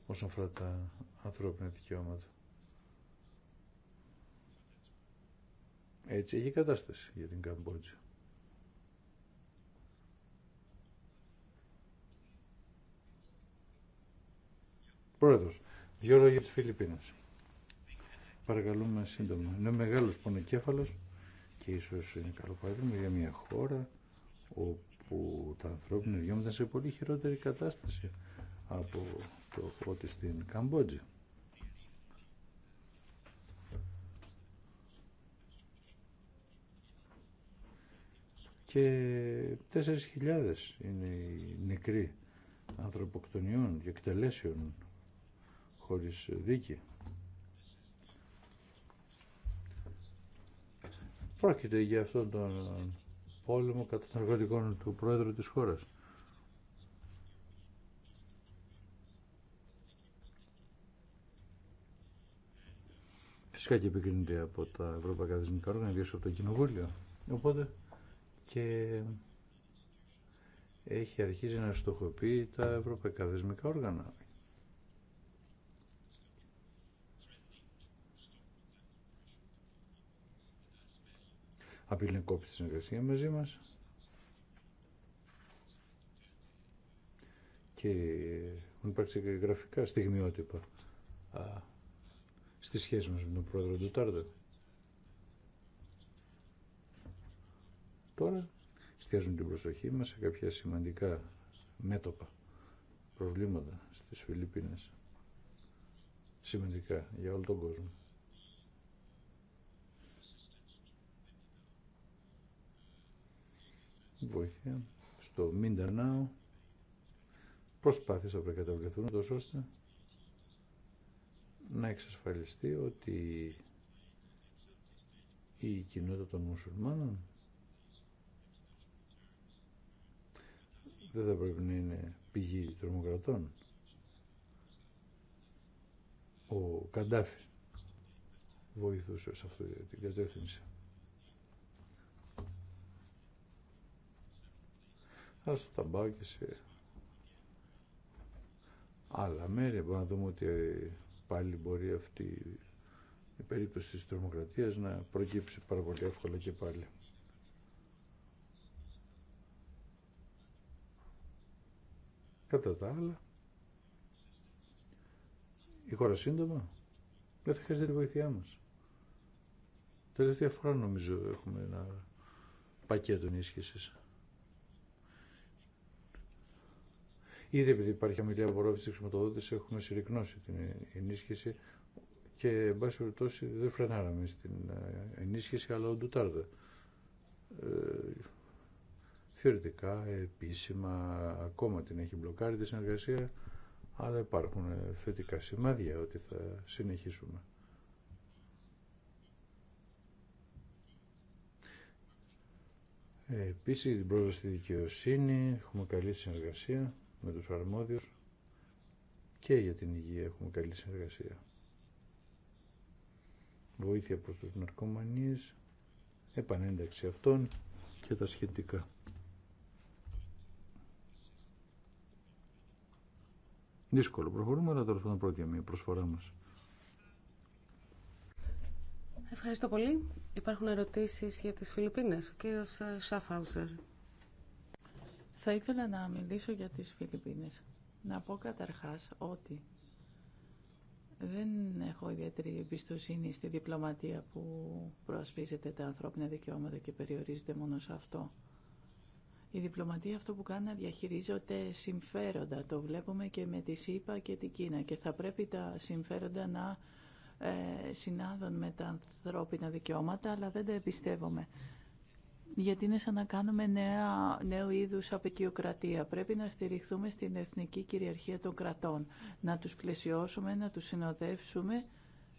όσον αφορά τα ανθρώπινα δικαιώματα. Έτσι έχει κατάσταση για την Καμπότζη. Πρόεδρος, δύο λόγια της Φιλιππίνας. Παρακαλούμε σύντομα. Είναι μεγάλος πονοκέφαλος και ίσως είναι καλό παράδειγμα για μια χώρα όπου τα ανθρώπινα δικαιώματα σε πολύ χειρότερη κατάσταση από το ότι στην Καμπότζη. Και 4.000 είναι οι νεκροί ανθρωποκτονιών και εκτελέσεων χωρίς δίκη. Πρόκειται για αυτόν τον πόλεμο κατά των εργατικών του πρόεδρου της χώρας. Φυσικά και επικρίνεται από τα ευρωπαϊκά Δεσμικά όργανα, ιδίως από το κοινοβούλιο. Οπότε και έχει αρχίσει να στοχοποιεί τα ευρωπαϊκά Δεσμικά όργανα. απειλή κόψει τη συνεργασία μαζί μα. και έχουν υπάρξει και γραφικά στιγμιότυπα στη σχέση μας με τον πρόεδρο του Τώρα εστιάζουν την προσοχή μας σε κάποια σημαντικά μέτωπα προβλήματα στις Φιλιππίνες σημαντικά για όλο τον κόσμο. βοήθεια στο Mindanao προσπάθησα να προκαταβληθούν τόσο ώστε να εξασφαλιστεί ότι η κοινότητα των μουσουλμάνων δεν θα πρέπει να είναι πηγή τρομοκρατών. Ο Καντάφη βοηθούσε σε αυτή την κατεύθυνση. Ας στο ταμπάο και σε άλλα μέρη. Μπορούμε να δούμε ότι πάλι μπορεί αυτή η περίπτωση της τρομοκρατίας να προκύψει πάρα πολύ εύκολα και πάλι. Κατά τα άλλα, η χώρα σύντομα δεν θα χρειάζεται τη βοήθειά μας. Τελευταία φορά νομίζω έχουμε ένα πακέτο ενίσχυσης. Ήδη επειδή υπάρχει αμυλία απορρόφηση τη χρηματοδότηση, έχουμε συρρυκνώσει την ενίσχυση και, εν πάση περιπτώσει, δεν φρενάραμε στην ε, ενίσχυση, αλλά ο Ε, θεωρητικά, επίσημα, ακόμα την έχει μπλοκάρει τη συνεργασία, αλλά υπάρχουν ε, θετικά σημάδια ότι θα συνεχίσουμε. Ε, επίσης, την πρόσβαση στη δικαιοσύνη, έχουμε καλή συνεργασία με τους αρμόδιους και για την υγεία έχουμε καλή συνεργασία. Βοήθεια προς τους ναρκωμανείς, επανένταξη αυτών και τα σχετικά. Δύσκολο προχωρούμε, αλλά τώρα θα πρώτη μία προσφορά μας. Ευχαριστώ πολύ. Υπάρχουν ερωτήσεις για τις Φιλιππίνες. Ο κύριος ε, Σαφάουζερ. Θα ήθελα να μιλήσω για τις Φιλιππίνες. Να πω καταρχάς ότι δεν έχω ιδιαίτερη εμπιστοσύνη στη διπλωματία που προασπίζεται τα ανθρώπινα δικαιώματα και περιορίζεται μόνο σε αυτό. Η διπλωματία αυτό που κάνει να διαχειρίζεται συμφέροντα. Το βλέπουμε και με τη ΣΥΠΑ και την Κίνα και θα πρέπει τα συμφέροντα να ε, συνάδουν με τα ανθρώπινα δικαιώματα, αλλά δεν τα εμπιστεύομαι γιατί είναι σαν να κάνουμε νέα, νέου είδους απεικιοκρατία. Πρέπει να στηριχθούμε στην εθνική κυριαρχία των κρατών, να τους πλαισιώσουμε, να τους συνοδεύσουμε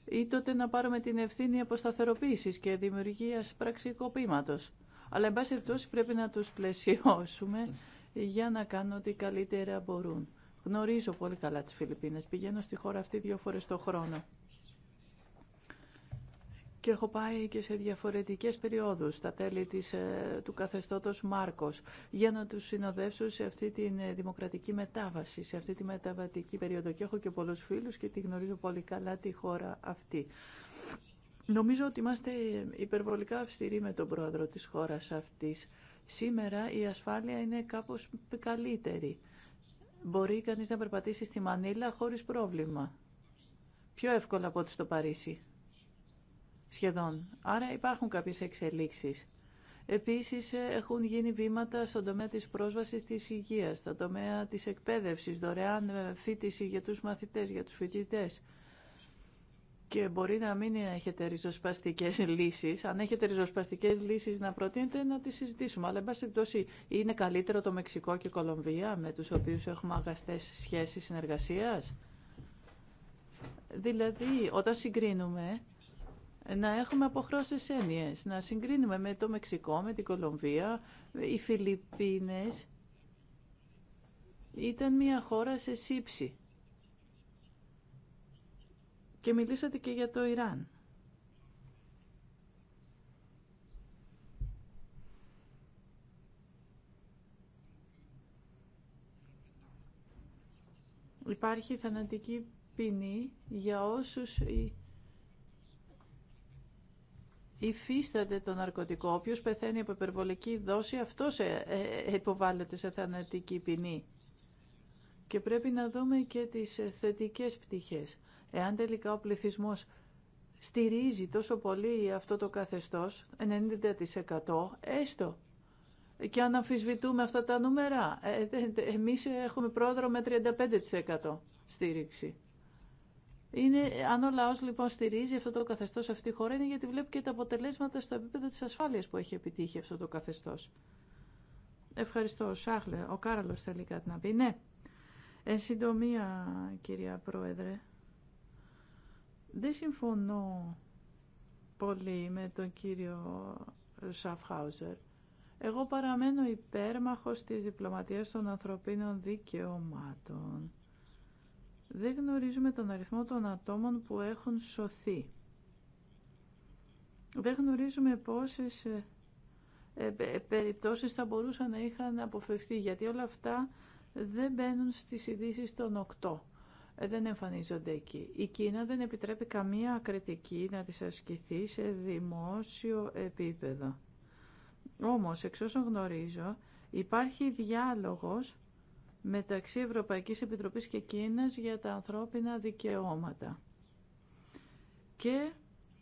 ή τότε να πάρουμε την ευθύνη αποσταθεροποίησης και δημιουργίας πραξικοπήματος. Αλλά, εν πάση περιπτώσει, πρέπει να τους πλαισιώσουμε για να κάνουν ό,τι καλύτερα μπορούν. Γνωρίζω πολύ καλά τις Φιλιππίνες. Πηγαίνω στη χώρα αυτή δύο φορές το χρόνο και έχω πάει και σε διαφορετικές περιόδους στα τέλη της, ε, του καθεστώτος Μάρκος για να τους συνοδεύσω σε αυτή τη ε, δημοκρατική μετάβαση, σε αυτή τη μεταβατική περίοδο και έχω και πολλούς φίλους και τη γνωρίζω πολύ καλά τη χώρα αυτή. Νομίζω ότι είμαστε υπερβολικά αυστηροί με τον πρόεδρο της χώρας αυτής. Σήμερα η ασφάλεια είναι κάπως καλύτερη. Μπορεί κανείς να περπατήσει στη Μανίλα χωρίς πρόβλημα. Πιο εύκολα από ό,τι στο Παρίσι σχεδόν. Άρα υπάρχουν κάποιες εξελίξεις. Επίσης ε, έχουν γίνει βήματα στον τομέα της πρόσβασης της υγείας, στον τομέα της εκπαίδευσης, δωρεάν ε, φίτηση για τους μαθητές, για τους φοιτητές. Και μπορεί να μην έχετε ριζοσπαστικέ λύσει. Αν έχετε ριζοσπαστικέ λύσει να προτείνετε, να τι συζητήσουμε. Αλλά, εν πάση περιπτώσει, είναι καλύτερο το Μεξικό και η Κολομβία, με του οποίου έχουμε αγαστέ σχέσει συνεργασία. Δηλαδή, όταν συγκρίνουμε, να έχουμε αποχρώσεις έννοιες, να συγκρίνουμε με το Μεξικό, με την Κολομβία, οι Φιλιππίνες. Ήταν μια χώρα σε σύψη. Και μιλήσατε και για το Ιράν. Υπάρχει θανατική ποινή για όσους υφίσταται το ναρκωτικό. οποίο πεθαίνει από υπερβολική δόση, αυτός ε, υποβάλλεται σε θανατική ποινή. Και πρέπει να δούμε και τις ε, θετικέ πτυχέ. Εάν τελικά ο πληθυσμό στηρίζει τόσο πολύ αυτό το καθεστώς, 90% έστω, και αν αμφισβητούμε αυτά τα νούμερα, ε, εμείς έχουμε πρόεδρο με 35% στήριξη. Είναι, αν ο λαό λοιπόν στηρίζει αυτό το καθεστώς αυτή τη χώρα είναι γιατί βλέπει και τα αποτελέσματα στο επίπεδο τη ασφάλεια που έχει επιτύχει αυτό το καθεστώ. Ευχαριστώ. Σάχλε, ο Κάραλο θέλει κάτι να πει. Ναι. Εν συντομία, κυρία Πρόεδρε, δεν συμφωνώ πολύ με τον κύριο Σαφχάουζερ. Εγώ παραμένω υπέρμαχος της διπλωματίας των ανθρωπίνων δικαιωμάτων δεν γνωρίζουμε τον αριθμό των ατόμων που έχουν σωθεί. Δεν γνωρίζουμε πόσες ε, ε, περιπτώσεις θα μπορούσαν να είχαν αποφευθεί, γιατί όλα αυτά δεν μπαίνουν στις ειδήσει των 8. Ε, δεν εμφανίζονται εκεί. Η Κίνα δεν επιτρέπει καμία κριτική να τις ασκηθεί σε δημόσιο επίπεδο. Όμως, εξ όσων γνωρίζω, υπάρχει διάλογος μεταξύ Ευρωπαϊκής Επιτροπής και Κίνας για τα ανθρώπινα δικαιώματα. Και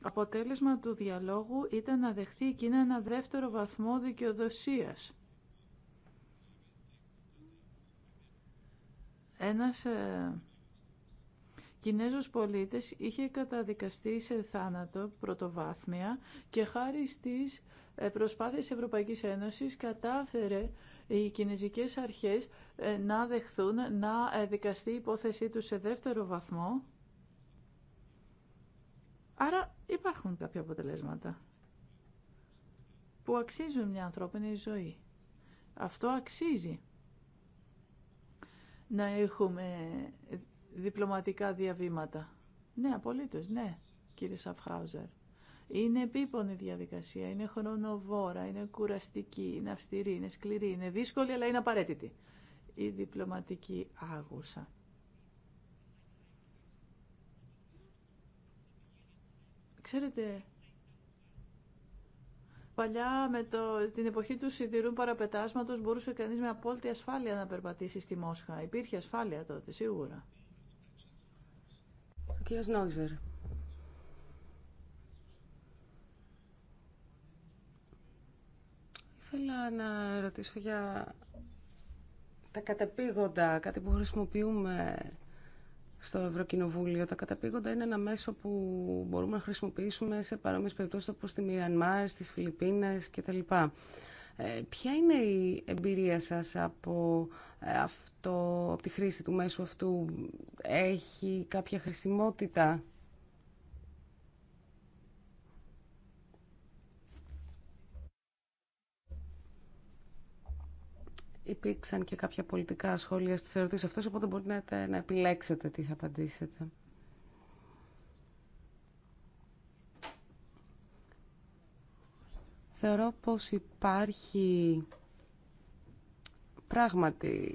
αποτέλεσμα του διαλόγου ήταν να δεχθεί η Κίνα ένα δεύτερο βαθμό δικαιοδοσίας. Ένας ε, Κινέζος πολίτης είχε καταδικαστεί σε θάνατο πρωτοβάθμια και χάρη στις ε, προσπάθειες Ευρωπαϊκής Ένωσης κατάφερε οι κινέζικες αρχές ε, να δεχθούν να ε, δικαστεί η υπόθεσή τους σε δεύτερο βαθμό. Άρα υπάρχουν κάποια αποτελέσματα που αξίζουν μια ανθρώπινη ζωή. Αυτό αξίζει να έχουμε διπλωματικά διαβήματα. Ναι, απολύτως, ναι, κύριε Σαφχάουζερ. Είναι επίπονη διαδικασία, είναι χρονοβόρα, είναι κουραστική, είναι αυστηρή, είναι σκληρή, είναι δύσκολη, αλλά είναι απαραίτητη. Η διπλωματική άγουσα. Ξέρετε, παλιά με το, την εποχή του σιδηρού παραπετάσματος μπορούσε κανείς με απόλυτη ασφάλεια να περπατήσει στη Μόσχα. Υπήρχε ασφάλεια τότε, σίγουρα. Ο κύριος ήθελα να ρωτήσω για τα καταπήγοντα, κάτι που χρησιμοποιούμε στο Ευρωκοινοβούλιο. Τα καταπήγοντα είναι ένα μέσο που μπορούμε να χρησιμοποιήσουμε σε παρόμοιες περιπτώσεις όπως στη Μιρανμάρ, στις Φιλιππίνες κτλ. Ε, ποια είναι η εμπειρία σας από, ε, αυτό, από τη χρήση του μέσου αυτού. Έχει κάποια χρησιμότητα υπήρξαν και κάποια πολιτικά σχόλια στις ερωτήσεις αυτές, οπότε μπορείτε να επιλέξετε τι θα απαντήσετε. Θεωρώ πως υπάρχει πράγματι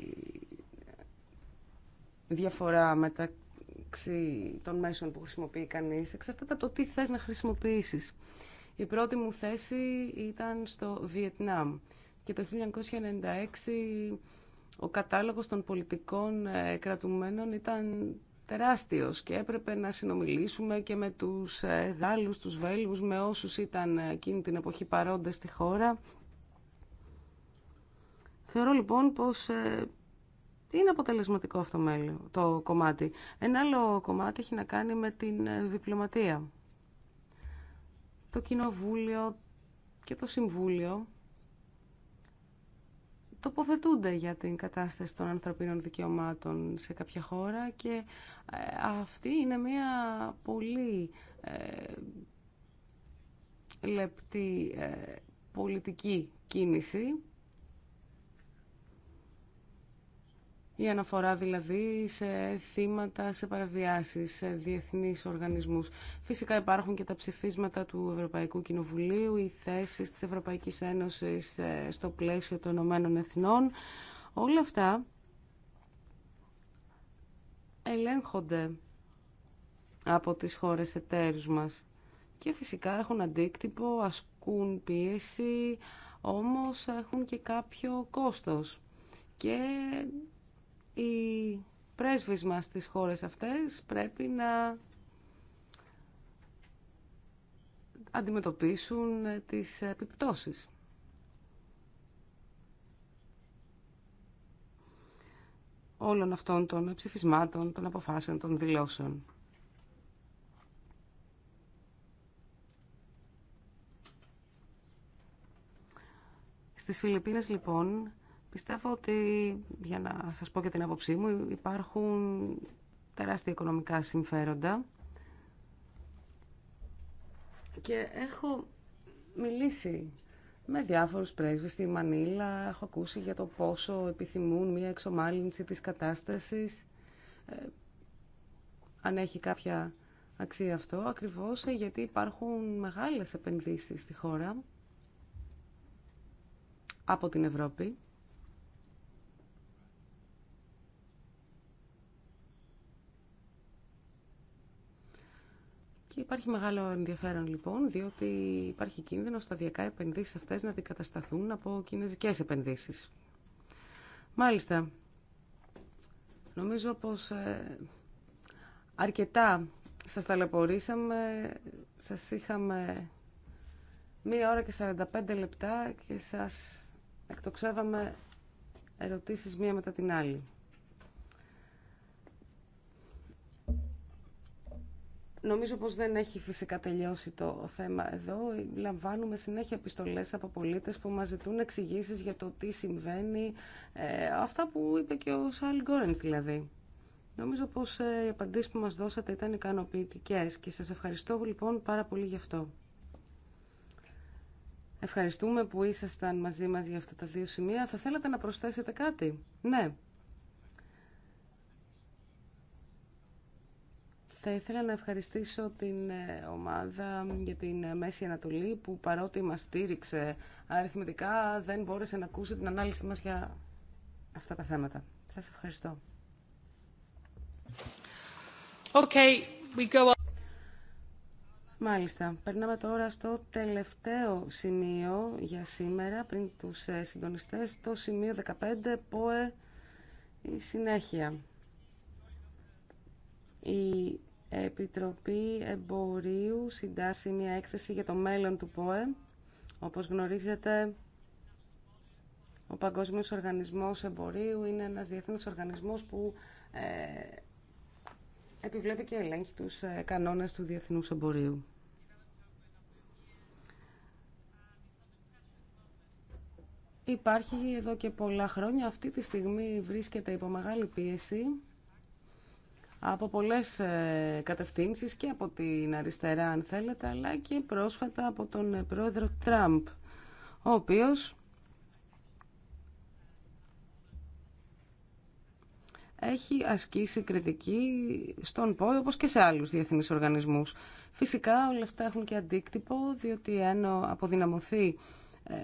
διαφορά μεταξύ των μέσων που χρησιμοποιεί κανείς. Εξαρτάται από το τι θες να χρησιμοποιήσεις. Η πρώτη μου θέση ήταν στο Βιετνάμ και το 1996 ο κατάλογος των πολιτικών ε, κρατουμένων ήταν τεράστιος και έπρεπε να συνομιλήσουμε και με τους ε, Γάλλους, τους Βέλγους, με όσους ήταν εκείνη την εποχή παρόντες στη χώρα. Θεωρώ λοιπόν πως ε, είναι αποτελεσματικό αυτό το κομμάτι. Ένα άλλο κομμάτι έχει να κάνει με την διπλωματία. Το Κοινοβούλιο και το Συμβούλιο τοποθετούνται για την κατάσταση των ανθρωπίνων δικαιωμάτων σε κάποια χώρα και ε, αυτή είναι μια πολύ ε, λεπτή ε, πολιτική κίνηση Η αναφορά δηλαδή σε θύματα, σε παραβιάσεις, σε διεθνείς οργανισμούς. Φυσικά υπάρχουν και τα ψηφίσματα του Ευρωπαϊκού Κοινοβουλίου, οι θέσεις της Ευρωπαϊκής Ένωσης ε, στο πλαίσιο των Ηνωμένων Εθνών. Όλα αυτά ελέγχονται από τις χώρες εταίρους μας και φυσικά έχουν αντίκτυπο, ασκούν πίεση, όμως έχουν και κάποιο κόστος οι πρέσβεις μας στις χώρες αυτές πρέπει να αντιμετωπίσουν τις επιπτώσεις. όλων αυτών των ψηφισμάτων, των αποφάσεων, των δηλώσεων. Στις Φιλιππίνες, λοιπόν, Πιστεύω ότι, για να σας πω και την άποψή μου, υπάρχουν τεράστια οικονομικά συμφέροντα και έχω μιλήσει με διάφορους πρέσβες στη Μανίλα, έχω ακούσει για το πόσο επιθυμούν μια εξομάλυνση της κατάστασης, ε, αν έχει κάποια αξία αυτό, ακριβώς ε, γιατί υπάρχουν μεγάλες επενδύσεις στη χώρα από την Ευρώπη. Και υπάρχει μεγάλο ενδιαφέρον λοιπόν, διότι υπάρχει κίνδυνο σταδιακά επενδύσεις αυτές να αντικατασταθούν από κινέζικες επενδύσεις. Μάλιστα, νομίζω πως ε, αρκετά σας ταλαιπωρήσαμε, σας είχαμε μία ώρα και 45 λεπτά και σας εκτοξεύαμε ερωτήσεις μία μετά την άλλη. Νομίζω πως δεν έχει φυσικά τελειώσει το θέμα εδώ. Λαμβάνουμε συνέχεια επιστολές από πολίτες που μας ζητούν εξηγήσει για το τι συμβαίνει. Ε, αυτά που είπε και ο Σάλ Γκόρενς δηλαδή. Νομίζω πως ε, οι απαντήσεις που μας δώσατε ήταν ικανοποιητικέ και σας ευχαριστώ λοιπόν πάρα πολύ γι' αυτό. Ευχαριστούμε που ήσασταν μαζί μας για αυτά τα δύο σημεία. Θα θέλατε να προσθέσετε κάτι. Ναι. Θα ήθελα να ευχαριστήσω την ε, ομάδα για την ε, Μέση Ανατολή που παρότι μας στήριξε αριθμητικά δεν μπόρεσε να ακούσει την ανάλυση μας για αυτά τα θέματα. Σας ευχαριστώ. Okay, we go on. Μάλιστα. Περνάμε τώρα στο τελευταίο σημείο για σήμερα, πριν τους ε, συντονιστές, το σημείο 15, ΠΟΕ, η συνέχεια. Η Επιτροπή Εμπορίου συντάσσει μια έκθεση για το μέλλον του ΠΟΕ. Όπως γνωρίζετε, ο Παγκόσμιος Οργανισμός Εμπορίου είναι ένας διεθνής οργανισμός που ε, επιβλέπει και ελέγχει τους ε, κανόνες του διεθνούς εμπορίου. Υπάρχει εδώ και πολλά χρόνια. Αυτή τη στιγμή βρίσκεται υπό μεγάλη πίεση από πολλές ε, κατευθύνσεις και από την αριστερά αν θέλετε αλλά και πρόσφατα από τον ε, πρόεδρο Τραμπ ο οποίος έχει ασκήσει κριτική στον ΠΟΕ όπως και σε άλλους διεθνείς οργανισμούς. Φυσικά όλα αυτά έχουν και αντίκτυπο διότι ενώ αποδυναμωθεί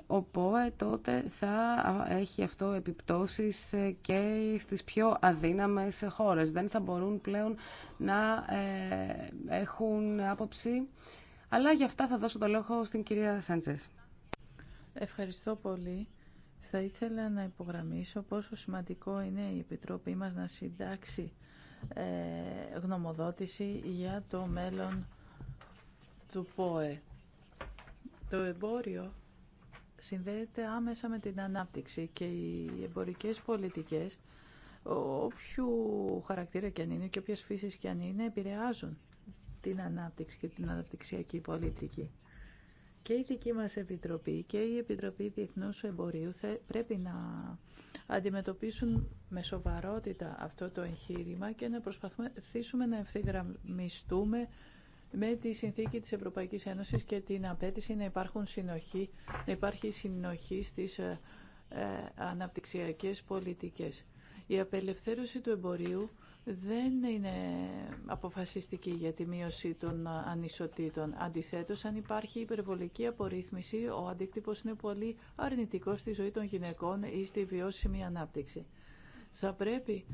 ο ΠΟΕ τότε θα έχει αυτό επιπτώσεις και στις πιο αδύναμες χώρες. Δεν θα μπορούν πλέον να ε, έχουν άποψη. Αλλά για αυτά θα δώσω το λόγο στην κυρία Σάντζες. Ευχαριστώ πολύ. Θα ήθελα να υπογραμμίσω πόσο σημαντικό είναι η Επιτροπή μας να συντάξει ε, γνωμοδότηση για το μέλλον του ΠΟΕ. Το εμπόριο συνδέεται άμεσα με την ανάπτυξη και οι εμπορικές πολιτικές όποιου χαρακτήρα και αν είναι και όποιες φύσεις και αν είναι επηρεάζουν την ανάπτυξη και την αναπτυξιακή πολιτική. Και η δική μας Επιτροπή και η Επιτροπή Διεθνούς Εμπορίου θα, πρέπει να αντιμετωπίσουν με σοβαρότητα αυτό το εγχείρημα και να προσπαθήσουμε να ευθυγραμμιστούμε με τη συνθήκη της Ευρωπαϊκής Ένωσης και την απέτηση να, υπάρχουν συνοχή, να υπάρχει συνοχή στις ε, ε αναπτυξιακές πολιτικές. Η απελευθέρωση του εμπορίου δεν είναι αποφασιστική για τη μείωση των ε, ανισοτήτων. Αντιθέτως, αν υπάρχει υπερβολική απορρίθμιση, ο αντίκτυπος είναι πολύ αρνητικός στη ζωή των γυναικών ή στη βιώσιμη ανάπτυξη. Θα πρέπει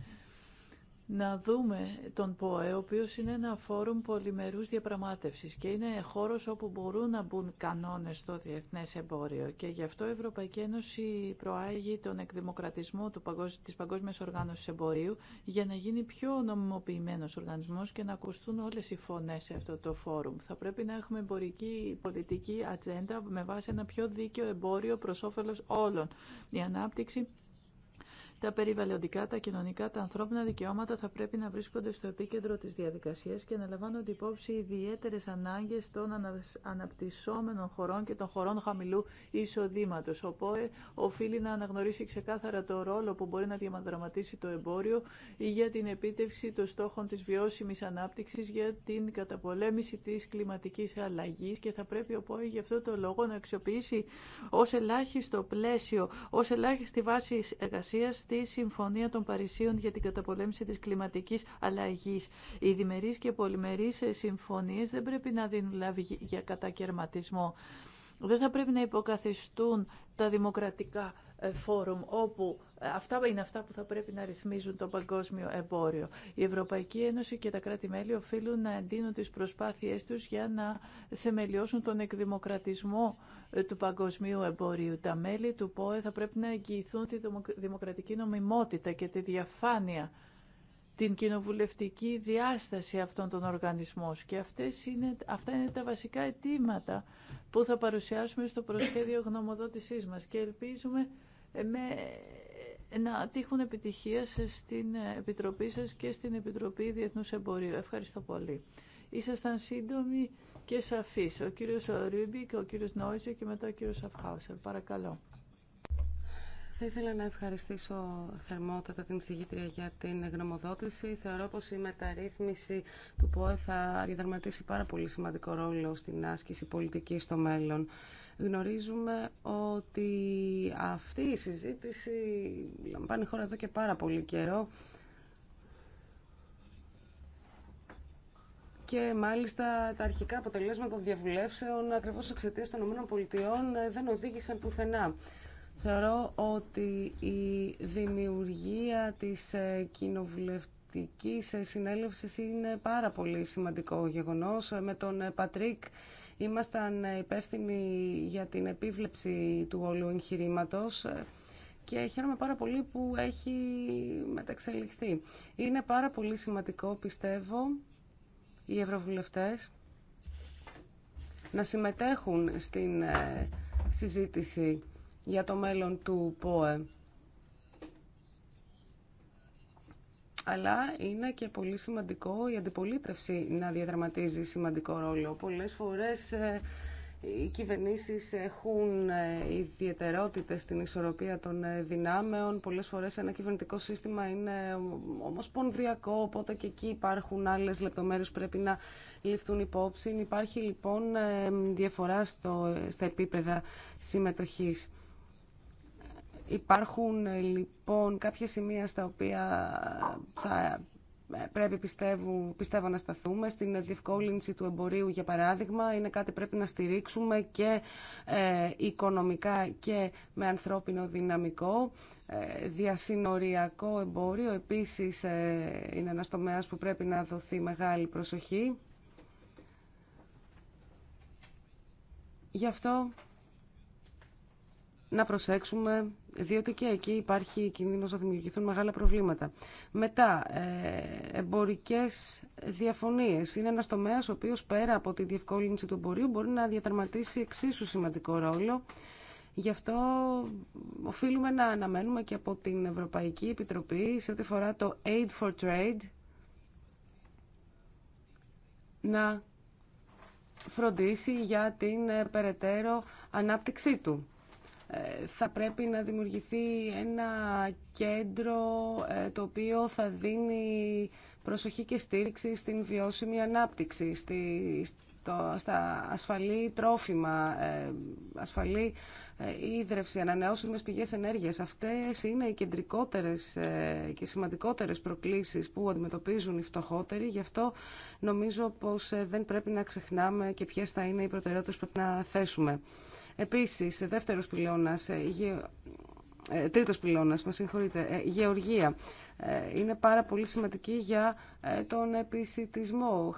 να δούμε τον ΠΟΕ, ο οποίο είναι ένα φόρουμ πολυμερούς διαπραγμάτευσης και είναι χώρος όπου μπορούν να μπουν κανόνες στο διεθνές εμπόριο και γι' αυτό η Ευρωπαϊκή Ένωση προάγει τον εκδημοκρατισμό του Παγκόσμια της Παγκόσμιας Οργάνωσης Εμπορίου για να γίνει πιο νομιμοποιημένος οργανισμός και να ακουστούν όλες οι φωνές σε αυτό το φόρουμ. Θα πρέπει να έχουμε εμπορική πολιτική ατζέντα με βάση ένα πιο δίκαιο εμπόριο προς όφελος όλων. Η ανάπτυξη τα περιβαλλοντικά, τα κοινωνικά, τα ανθρώπινα δικαιώματα θα πρέπει να βρίσκονται στο επίκεντρο της διαδικασίας και να λαμβάνονται υπόψη ιδιαίτερες ανάγκες των αναπτυσσόμενων χωρών και των χωρών χαμηλού εισοδήματος. ΠΟΕ οφείλει να αναγνωρίσει ξεκάθαρα το ρόλο που μπορεί να διαμαδραματίσει το εμπόριο για την επίτευξη των στόχων της βιώσιμης ανάπτυξης για την καταπολέμηση της κλιματικής αλλαγής και θα πρέπει ο ΠΟΕ γι' αυτό το λόγο να αξιοποιήσει ω ελάχιστο πλαίσιο, ω ελάχιστη βάση εργασία τη Συμφωνία των Παρισίων για την καταπολέμηση της κλιματικής αλλαγής. Οι διμερείς και πολυμερείς συμφωνίες δεν πρέπει να δίνουν λάβη για κατακαιρματισμό. Δεν θα πρέπει να υποκαθιστούν τα δημοκρατικά ε, φόρουμ όπου ε, αυτά είναι αυτά που θα πρέπει να ρυθμίζουν το παγκόσμιο εμπόριο. Η Ευρωπαϊκή Ένωση και τα κράτη-μέλη οφείλουν να εντείνουν τις προσπάθειές τους για να θεμελιώσουν τον εκδημοκρατισμό ε, του παγκοσμίου εμπορίου. Τα μέλη του ΠΟΕ θα πρέπει να εγγυηθούν τη δημοκρατική νομιμότητα και τη διαφάνεια την κοινοβουλευτική διάσταση αυτών των οργανισμών και αυτές είναι, αυτά είναι τα βασικά αιτήματα που θα παρουσιάσουμε στο προσχέδιο γνωμοδότησής μας και ελπίζουμε με να τύχουν επιτυχία στην Επιτροπή σας και στην Επιτροπή Διεθνούς Εμπορίου. Ευχαριστώ πολύ. Ήσασταν σύντομοι και σαφείς. Ο κύριος και ο κύριος Νόιζε και μετά ο κύριος Αφχάουσερ. Παρακαλώ. Θα ήθελα να ευχαριστήσω θερμότατα την συγγήτρια για την γνωμοδότηση. Θεωρώ πως η μεταρρύθμιση του ΠΟΕ θα διαδραματίσει πάρα πολύ σημαντικό ρόλο στην άσκηση πολιτικής στο μέλλον γνωρίζουμε ότι αυτή η συζήτηση λαμβάνει χώρα εδώ και πάρα πολύ καιρό και μάλιστα τα αρχικά αποτελέσματα των διαβουλεύσεων ακριβώς εξαιτία των ΗΠΑ δεν οδήγησαν πουθενά. Θεωρώ ότι η δημιουργία της ε, κοινοβουλευτικής ε, συνέλευσης είναι πάρα πολύ σημαντικό γεγονός. Ε, με τον Πατρίκ Ήμασταν υπεύθυνοι για την επίβλεψη του όλου εγχειρήματο και χαίρομαι πάρα πολύ που έχει μεταξελιχθεί. Είναι πάρα πολύ σημαντικό, πιστεύω, οι ευρωβουλευτές να συμμετέχουν στην ε, συζήτηση για το μέλλον του ΠΟΕ. αλλά είναι και πολύ σημαντικό η αντιπολίτευση να διαδραματίζει σημαντικό ρόλο. Πολλές φορές ε, οι κυβερνήσεις έχουν ε, ιδιαιτερότητες στην ισορροπία των ε, δυνάμεων. Πολλές φορές ένα κυβερνητικό σύστημα είναι όμως πονδιακό, οπότε και εκεί υπάρχουν άλλες λεπτομέρειες που πρέπει να ληφθούν υπόψη. Υπάρχει λοιπόν διαφορά στο, στα επίπεδα συμμετοχής. Υπάρχουν ε, λοιπόν κάποια σημεία στα οποία θα ε, πρέπει πιστεύω, πιστεύω να σταθούμε. Στην διευκόλυνση του εμπορίου, για παράδειγμα, είναι κάτι πρέπει να στηρίξουμε και ε, οικονομικά και με ανθρώπινο δυναμικό. Ε, διασυνοριακό εμπόριο επίσης είναι ένας τομέας που πρέπει να δοθεί μεγάλη προσοχή. Γι' αυτό να προσέξουμε, διότι και εκεί υπάρχει κίνδυνος να δημιουργηθούν μεγάλα προβλήματα. Μετά, ε, εμπορικές διαφωνίες. Είναι ένα τομέα ο οποίο πέρα από τη διευκόλυνση του εμπορίου μπορεί να διαταρματίσει εξίσου σημαντικό ρόλο. Γι' αυτό οφείλουμε να αναμένουμε και από την Ευρωπαϊκή Επιτροπή σε ό,τι αφορά το Aid for Trade να φροντίσει για την ε, περαιτέρω ανάπτυξή του θα πρέπει να δημιουργηθεί ένα κέντρο ε, το οποίο θα δίνει προσοχή και στήριξη στην βιώσιμη ανάπτυξη, στη, στα ασφαλή τρόφιμα, ε, ασφαλή ε, ίδρυυση, ανανεώσιμες πηγές ενέργειας. Αυτές είναι οι κεντρικότερες και σημαντικότερες προκλήσεις που αντιμετωπίζουν οι φτωχότεροι. Γι' αυτό νομίζω πως δεν πρέπει να ξεχνάμε και ποιες θα είναι οι προτεραιότητες που πρέπει να θέσουμε. Επίσης, δεύτερος πυλώνας, ε, ε, τρίτος πυλώνας, μας συγχωρείτε, ε, γεωργία. Είναι πάρα πολύ σημαντική για τον επισητισμό.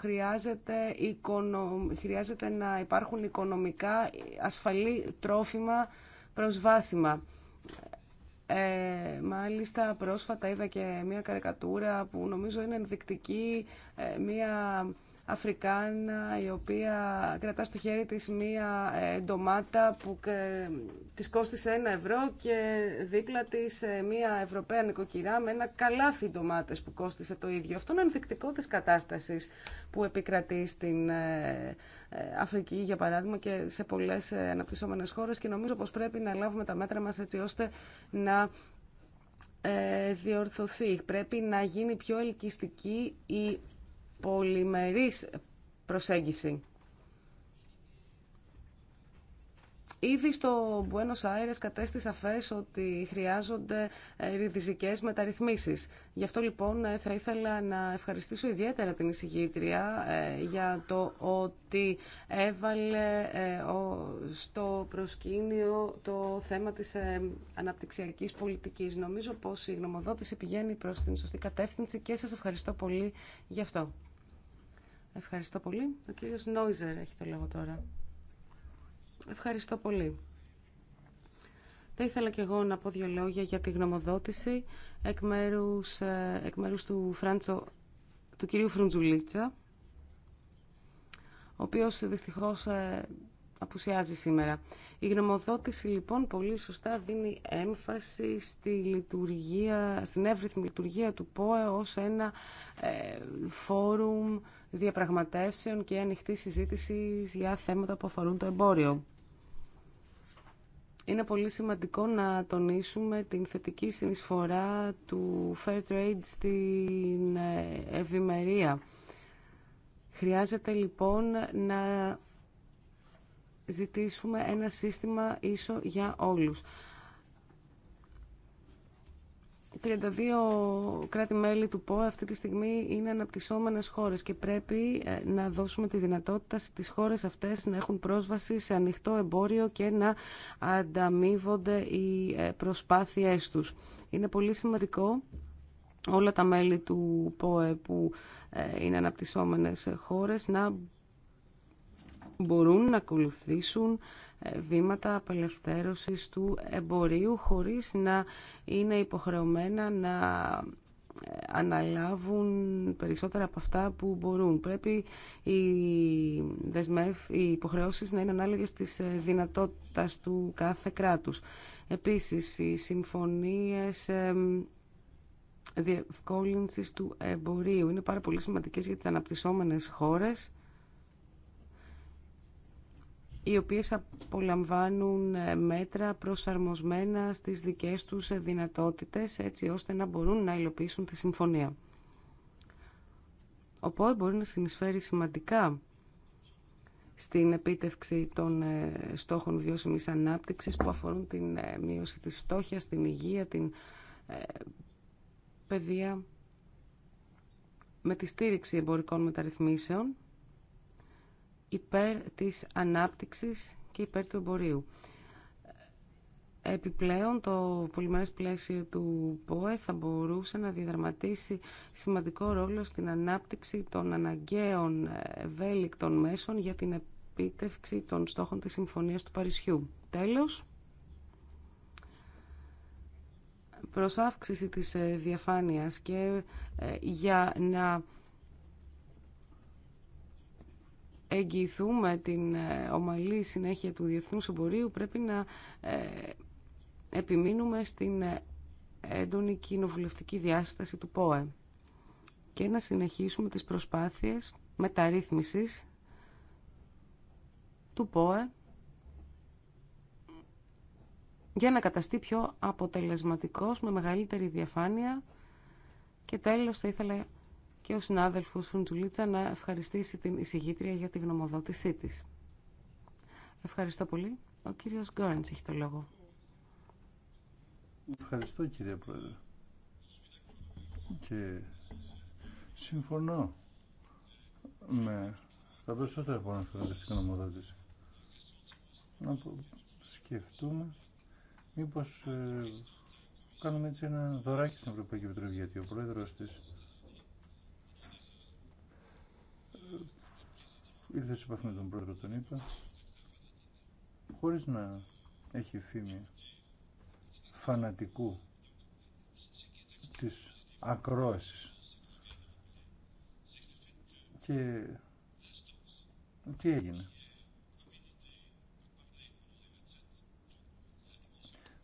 Χρειάζεται, να υπάρχουν οικονομικά ασφαλή τρόφιμα προσβάσιμα. Ε, μάλιστα πρόσφατα είδα και μια καρικατούρα που νομίζω είναι ενδεικτική, μια Αφρικάνα η οποία κρατά στο χέρι της μία ε, ντομάτα που της κόστησε ένα ευρώ και δίπλα της ε, μία Ευρωπαία νοικοκυρά με ένα καλάθι ντομάτες που κόστησε το ίδιο. Αυτό είναι ενδεικτικό της κατάστασης που επικρατεί στην ε, Αφρική για παράδειγμα και σε πολλές αναπτυσσόμενες χώρες και νομίζω πως πρέπει να λάβουμε τα μέτρα μας έτσι ώστε να διορθωθεί. Πρέπει να γίνει πιο ελκυστική η πολυμερής προσέγγιση. Ήδη στο Buenos Aires κατέστησα φες ότι χρειάζονται ε, ριζικές μεταρρυθμίσεις. Γι' αυτό λοιπόν ε, θα ήθελα να ευχαριστήσω ιδιαίτερα την εισηγήτρια ε, για το ότι έβαλε στο προσκήνιο το θέμα της αναπτυξιακής πολιτικής. Νομίζω πως η γνωμοδότηση πηγαίνει προς την σωστή κατεύθυνση και σας ευχαριστώ πολύ γι' αυτό. Ευχαριστώ πολύ. Ο κύριος Νόιζερ έχει το λόγο τώρα. Ευχαριστώ πολύ. Θα ήθελα και εγώ να πω δύο λόγια για τη γνωμοδότηση εκ μέρους, ε, του, Φράντσο, του κυρίου Φρουντζουλίτσα, ο οποίος δυστυχώς ε, απουσιάζει σήμερα. Η γνωμοδότηση λοιπόν πολύ σωστά δίνει έμφαση στη λειτουργία, στην εύρυθμη λειτουργία του ΠΟΕ ως ένα ε, φόρουμ διαπραγματεύσεων και ανοιχτή συζήτηση για θέματα που αφορούν το εμπόριο. Είναι πολύ σημαντικό να τονίσουμε την θετική συνεισφορά του Fair Trade στην ε, ευημερία. Χρειάζεται λοιπόν να ζητήσουμε ένα σύστημα ίσο για όλους. 32 κράτη-μέλη του ΠΟΕ αυτή τη στιγμή είναι αναπτυσσόμενες χώρες και πρέπει ε, να δώσουμε τη δυνατότητα στις χώρες αυτές να έχουν πρόσβαση σε ανοιχτό εμπόριο και να ανταμείβονται οι ε, προσπάθειές τους. Είναι πολύ σημαντικό όλα τα μέλη του ΠΟΕ που ε, είναι αναπτυσσόμενες χώρες να μπορούν να ακολουθήσουν βήματα απελευθέρωσης του εμπορίου χωρίς να είναι υποχρεωμένα να ε, αναλάβουν περισσότερα από αυτά που μπορούν. Πρέπει οι, δεσμεύ, οι υποχρεώσεις να είναι ανάλογες της ε, δυνατότητας του κάθε κράτους. Επίσης, οι συμφωνίες διευκόλυνσης του εμπορίου είναι πάρα πολύ σημαντικές για τις αναπτυσσόμενες χώρες οι οποίες απολαμβάνουν ε, μέτρα προσαρμοσμένα στις δικές τους ε, δυνατότητες έτσι ώστε να μπορούν να υλοποιήσουν τη συμφωνία. Ο ΠΟΕ μπορεί να συνεισφέρει σημαντικά στην επίτευξη των ε, στόχων βιώσιμης ανάπτυξης που αφορούν την μείωση της φτώχειας, την υγεία, την παιδεία με τη στήριξη εμπορικών μεταρρυθμίσεων υπέρ της ανάπτυξης και υπέρ του εμπορίου. Επιπλέον, το πολυμερές πλαίσιο του ΠΟΕ θα μπορούσε να διαδραματίσει σημαντικό ρόλο στην ανάπτυξη των αναγκαίων ευέλικτων μέσων για την επίτευξη των στόχων της Συμφωνίας του Παρισιού. Τέλος, προς αύξηση της ε, διαφάνειας και ε, για να εγγυηθούμε την ε, ομαλή συνέχεια του διεθνούς εμπορίου πρέπει να ε, επιμείνουμε στην ε, έντονη κοινοβουλευτική διάσταση του ΠΟΕ και να συνεχίσουμε τις προσπάθειες μεταρρύθμισης του ΠΟΕ για να καταστεί πιο αποτελεσματικός με μεγαλύτερη διαφάνεια και τέλος θα ήθελα και ο συνάδελφος Φουντζουλίτσα να ευχαριστήσει την εισηγήτρια για τη γνωμοδότησή της. Ευχαριστώ πολύ. Ο κύριος Γκόρντς έχει το λόγο. Ευχαριστώ κύριε Πρόεδρε. Και συμφωνώ με τα περισσότερα που αναφέρονται στην γνωμοδότηση. Να σκεφτούμε μήπως ε, κάνουμε έτσι ένα δωράκι στην Ευρωπαϊκή Επιτροπή γιατί ο πρόεδρος της ήρθε σε επαφή με τον πρόεδρο τον είπα χωρίς να έχει φήμη φανατικού της ακρόασης και τι έγινε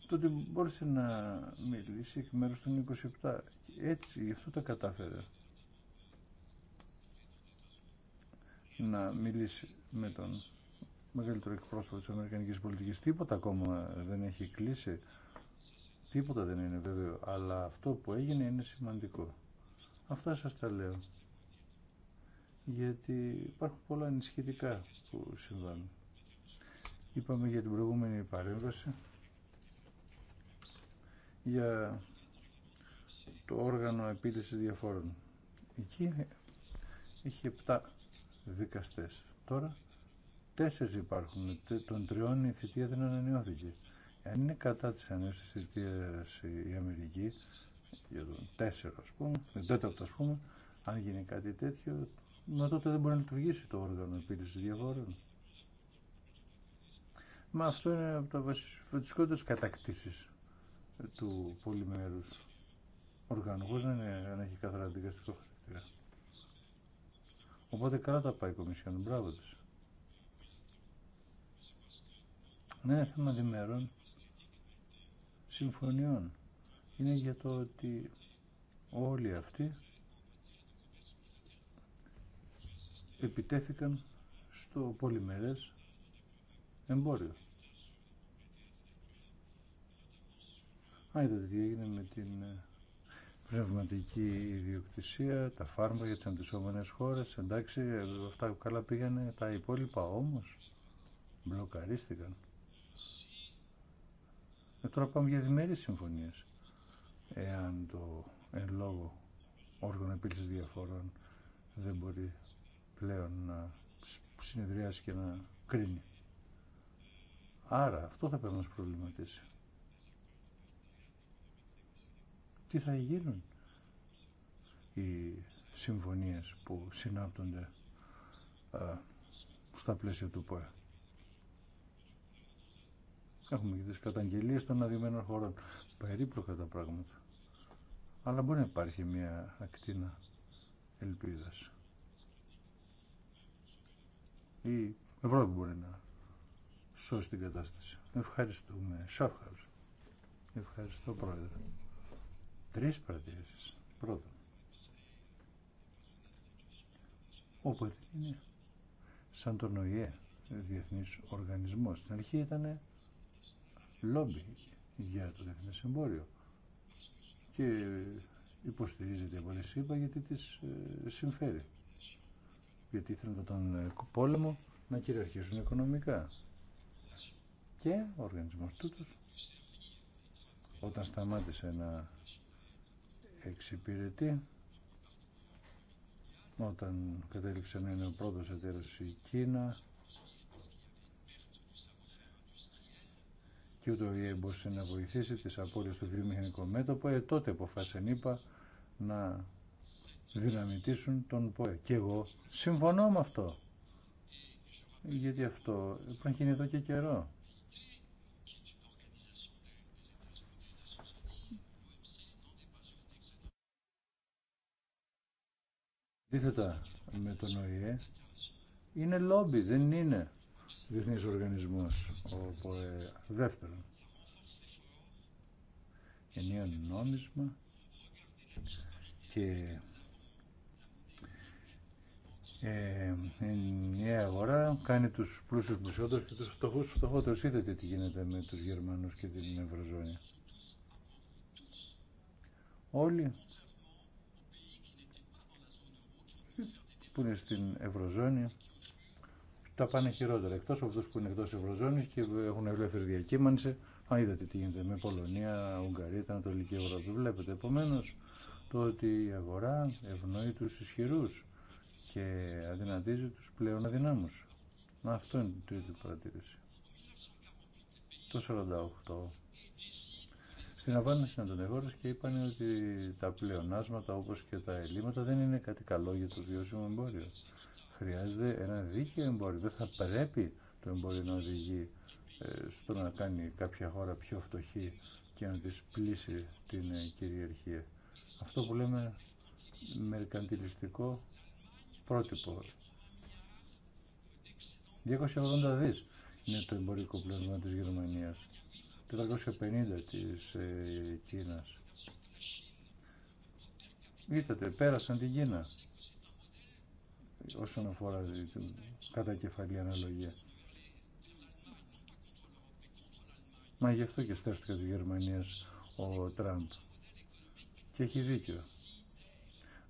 τότε μπόρεσε να μιλήσει εκ μέρους των 27 έτσι γι' αυτό τα κατάφερε να μιλήσει με τον μεγαλύτερο εκπρόσωπο της Αμερικανικής πολιτικής. Τίποτα ακόμα δεν έχει κλείσει, τίποτα δεν είναι βέβαιο, αλλά αυτό που έγινε είναι σημαντικό. Αυτά σας τα λέω, γιατί υπάρχουν πολλά ενισχυτικά που συμβάνουν. Είπαμε για την προηγούμενη παρέμβαση, για το όργανο επίλυσης διαφόρων. Εκεί έχει επτά δικαστές. Τώρα τέσσερις υπάρχουν, των τριών η θητεία δεν ανανεώθηκε. Αν είναι κατά της ανέωσης θητείας η Αμερική, για τον τέσσερο ας πούμε, τον τέταρτο ας πούμε, αν γίνει κάτι τέτοιο, μα τότε δεν μπορεί να λειτουργήσει το όργανο επίλυσης διαφόρων. Μα αυτό είναι από τα βασικότερες κατακτήσεις του πολυμέρους οργανού, να, έχει καθαρά δικαστικό χαρακτήρα. Οπότε καλά τα πάει η Κομισιόν. Μπράβο της. Δεν ναι, είναι θέμα διμερών συμφωνιών. Είναι για το ότι όλοι αυτοί επιτέθηκαν στο πολυμερές εμπόριο. Α, είδατε τι έγινε με την ε, πνευματική ιδιοκτησία, τα φάρμακα για τις αντισώμενες χώρες, εντάξει, αυτά καλά πήγανε, τα υπόλοιπα όμως μπλοκαρίστηκαν. Ε, τώρα πάμε για διμερεί συμφωνίες. Εάν το εν λόγω όργανο επίλυσης διαφορών δεν μπορεί πλέον να συνεδριάσει και να κρίνει. Άρα αυτό θα πρέπει να μας προβληματίσει. τι θα γίνουν οι συμφωνίες που συνάπτονται α, ε, στα πλαίσια του ΠΟΕ. Έχουμε και τις καταγγελίες των αδειωμένων χωρών. Περίπλοκα τα πράγματα. Αλλά μπορεί να υπάρχει μια ακτίνα ελπίδας. Η Ευρώπη μπορεί να σώσει την κατάσταση. Ευχαριστούμε. Σαφχάζ. Ευχαριστώ πρόεδρε. Τρεις παρατηρήσεις. Πρώτον, όποτε είναι σαν τον ΟΗΕ, διεθνής οργανισμός. Στην αρχή ήταν λόμπι για το διεθνές εμπόριο και υποστηρίζεται από είπα γιατί της ε, συμφέρει. Γιατί ήθελαν τον ε, πόλεμο να κυριαρχήσουν οικονομικά. Και ο οργανισμός τούτος όταν σταμάτησε να εξυπηρετεί όταν κατέληξε να είναι ο πρώτος εταίρος η Κίνα και ούτω η ΙΕ να βοηθήσει τις απώλειες του βιομηχανικού μέτωπο, ε, τότε αποφάσισαν είπα να δυναμητήσουν τον ΠΟΕ. Και εγώ συμφωνώ με αυτό. Γιατί αυτό πρέπει να γίνει εδώ και καιρό. αντίθετα με τον ΟΗΕ είναι λόμπι, δεν είναι διεθνής οργανισμός ο ΠΟΕ. Δεύτερον, ενίον νόμισμα και ε, η αγορά κάνει τους πλούσιους πλουσιότερους και τους φτωχούς φτωχότερους. Είδατε τι γίνεται με τους Γερμανούς και την Ευρωζώνη. Όλοι που είναι στην Ευρωζώνη τα πάνε χειρότερα. εκτό από αυτού που είναι εκτό Ευρωζώνη, και έχουν ελεύθερη διακύμανση. Αν είδατε τι γίνεται με Πολωνία, Ουγγαρία, την Ανατολική Ευρώπη. Βλέπετε επομένω το ότι η αγορά ευνοεί του ισχυρού και αδυνατίζει τους πλέον αδυνάμου. Αυτό είναι η τρίτη παρατήρηση. Το 48 την απάντησαν τον εγώρος και είπαν ότι τα πλεονάσματα όπως και τα ελλείμματα δεν είναι κάτι καλό για το βιώσιμο εμπόριο. Χρειάζεται ένα δίκαιο εμπόριο. Δεν θα πρέπει το εμπόριο να οδηγεί ε, στο να κάνει κάποια χώρα πιο φτωχή και να τη πλήσει την ε, κυριαρχία. Αυτό που λέμε μερκαντιλιστικό πρότυπο. 280 δις είναι το εμπορικό πλεονάσμα της Γερμανίας. 450 της ε, Κίνας. Είδατε, πέρασαν την Κίνα όσον αφορά την κατακεφαλή αναλογία. Μα γι' αυτό και στέφτηκα τη Γερμανία ο Τραμπ. Και έχει δίκιο.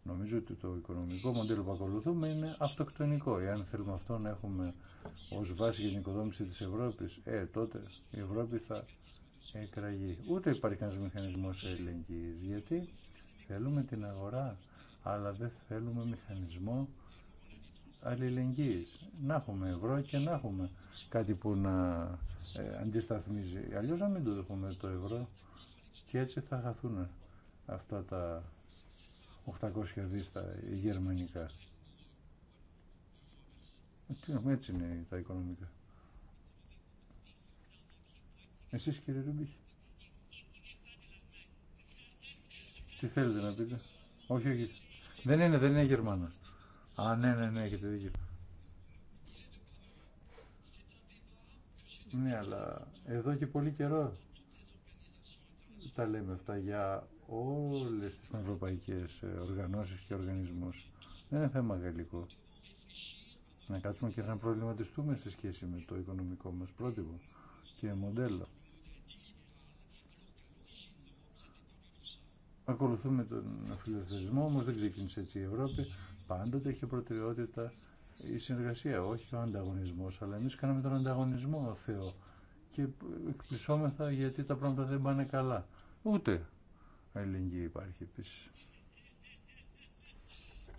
Νομίζω ότι το οικονομικό μοντέλο που ακολουθούμε είναι αυτοκτονικό. Εάν θέλουμε αυτό να έχουμε ως βάση για την οικοδόμηση της Ευρώπης, ε, τότε η Ευρώπη θα εκραγεί. Ούτε υπάρχει κανένας μηχανισμός ελεγγύης, γιατί θέλουμε την αγορά, αλλά δεν θέλουμε μηχανισμό αλληλεγγύης. Να έχουμε ευρώ και να έχουμε κάτι που να ε, αντισταθμίζει. Αλλιώς να μην το έχουμε το ευρώ και έτσι θα χαθούν αυτά τα 800 δίστα γερμανικά. Έτσι είναι τα οικονομικά. Εσείς κύριε Ρουμπίχη. Τι θέλετε να πείτε. Όχι, όχι. Δεν είναι, δεν είναι Γερμανός. Α, ναι, ναι, ναι, έχετε δίκιο. Ναι, αλλά εδώ και πολύ καιρό τα λέμε αυτά για όλες τις ευρωπαϊκές ε, οργανώσεις και οργανισμούς. Δεν είναι θέμα γαλλικό να κάτσουμε και να προβληματιστούμε σε σχέση με το οικονομικό μας πρότυπο και μοντέλο. Ακολουθούμε τον φιλελευθερισμό, όμως δεν ξεκίνησε έτσι η Ευρώπη. Πάντοτε έχει προτεραιότητα η συνεργασία, όχι ο ανταγωνισμός, αλλά εμείς κάναμε τον ανταγωνισμό Θεό και εκπλησόμεθα γιατί τα πράγματα δεν πάνε καλά. Ούτε αλληλεγγύη υπάρχει επίσης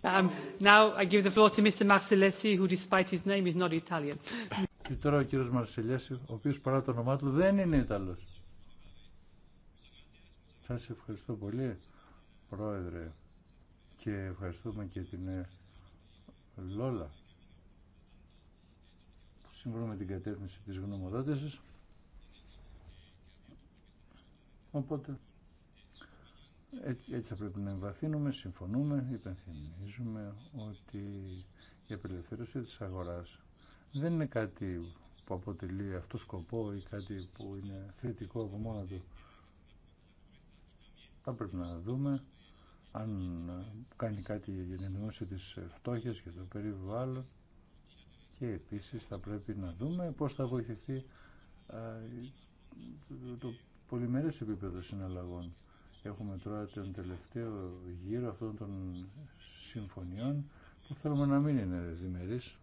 now Και τώρα ο κύριος Μαρσελέση, ο οποίος παρά το όνομά του δεν είναι Ιταλός. Σας ευχαριστώ πολύ, Πρόεδρε, και ευχαριστούμε και την ε, Λόλα που σύμφωνα με την κατεύθυνση της γνωμοδότησης. Οπότε έτσι θα πρέπει να εμβαθύνουμε, συμφωνούμε, υπενθυμίζουμε ότι η απελευθέρωση της αγοράς δεν είναι κάτι που αποτελεί αυτό σκοπό ή κάτι που είναι θετικό από μόνο του. Θα πρέπει να δούμε αν κάνει κάτι για την ενημέρωση της φτώχειας και το περιβάλλον και επίσης θα πρέπει να δούμε πώς θα βοηθηθεί το πολυμερές επίπεδο συναλλαγών. Έχουμε τώρα τον τελευταίο γύρο αυτών των συμφωνιών που θέλουμε να μην είναι διμερείς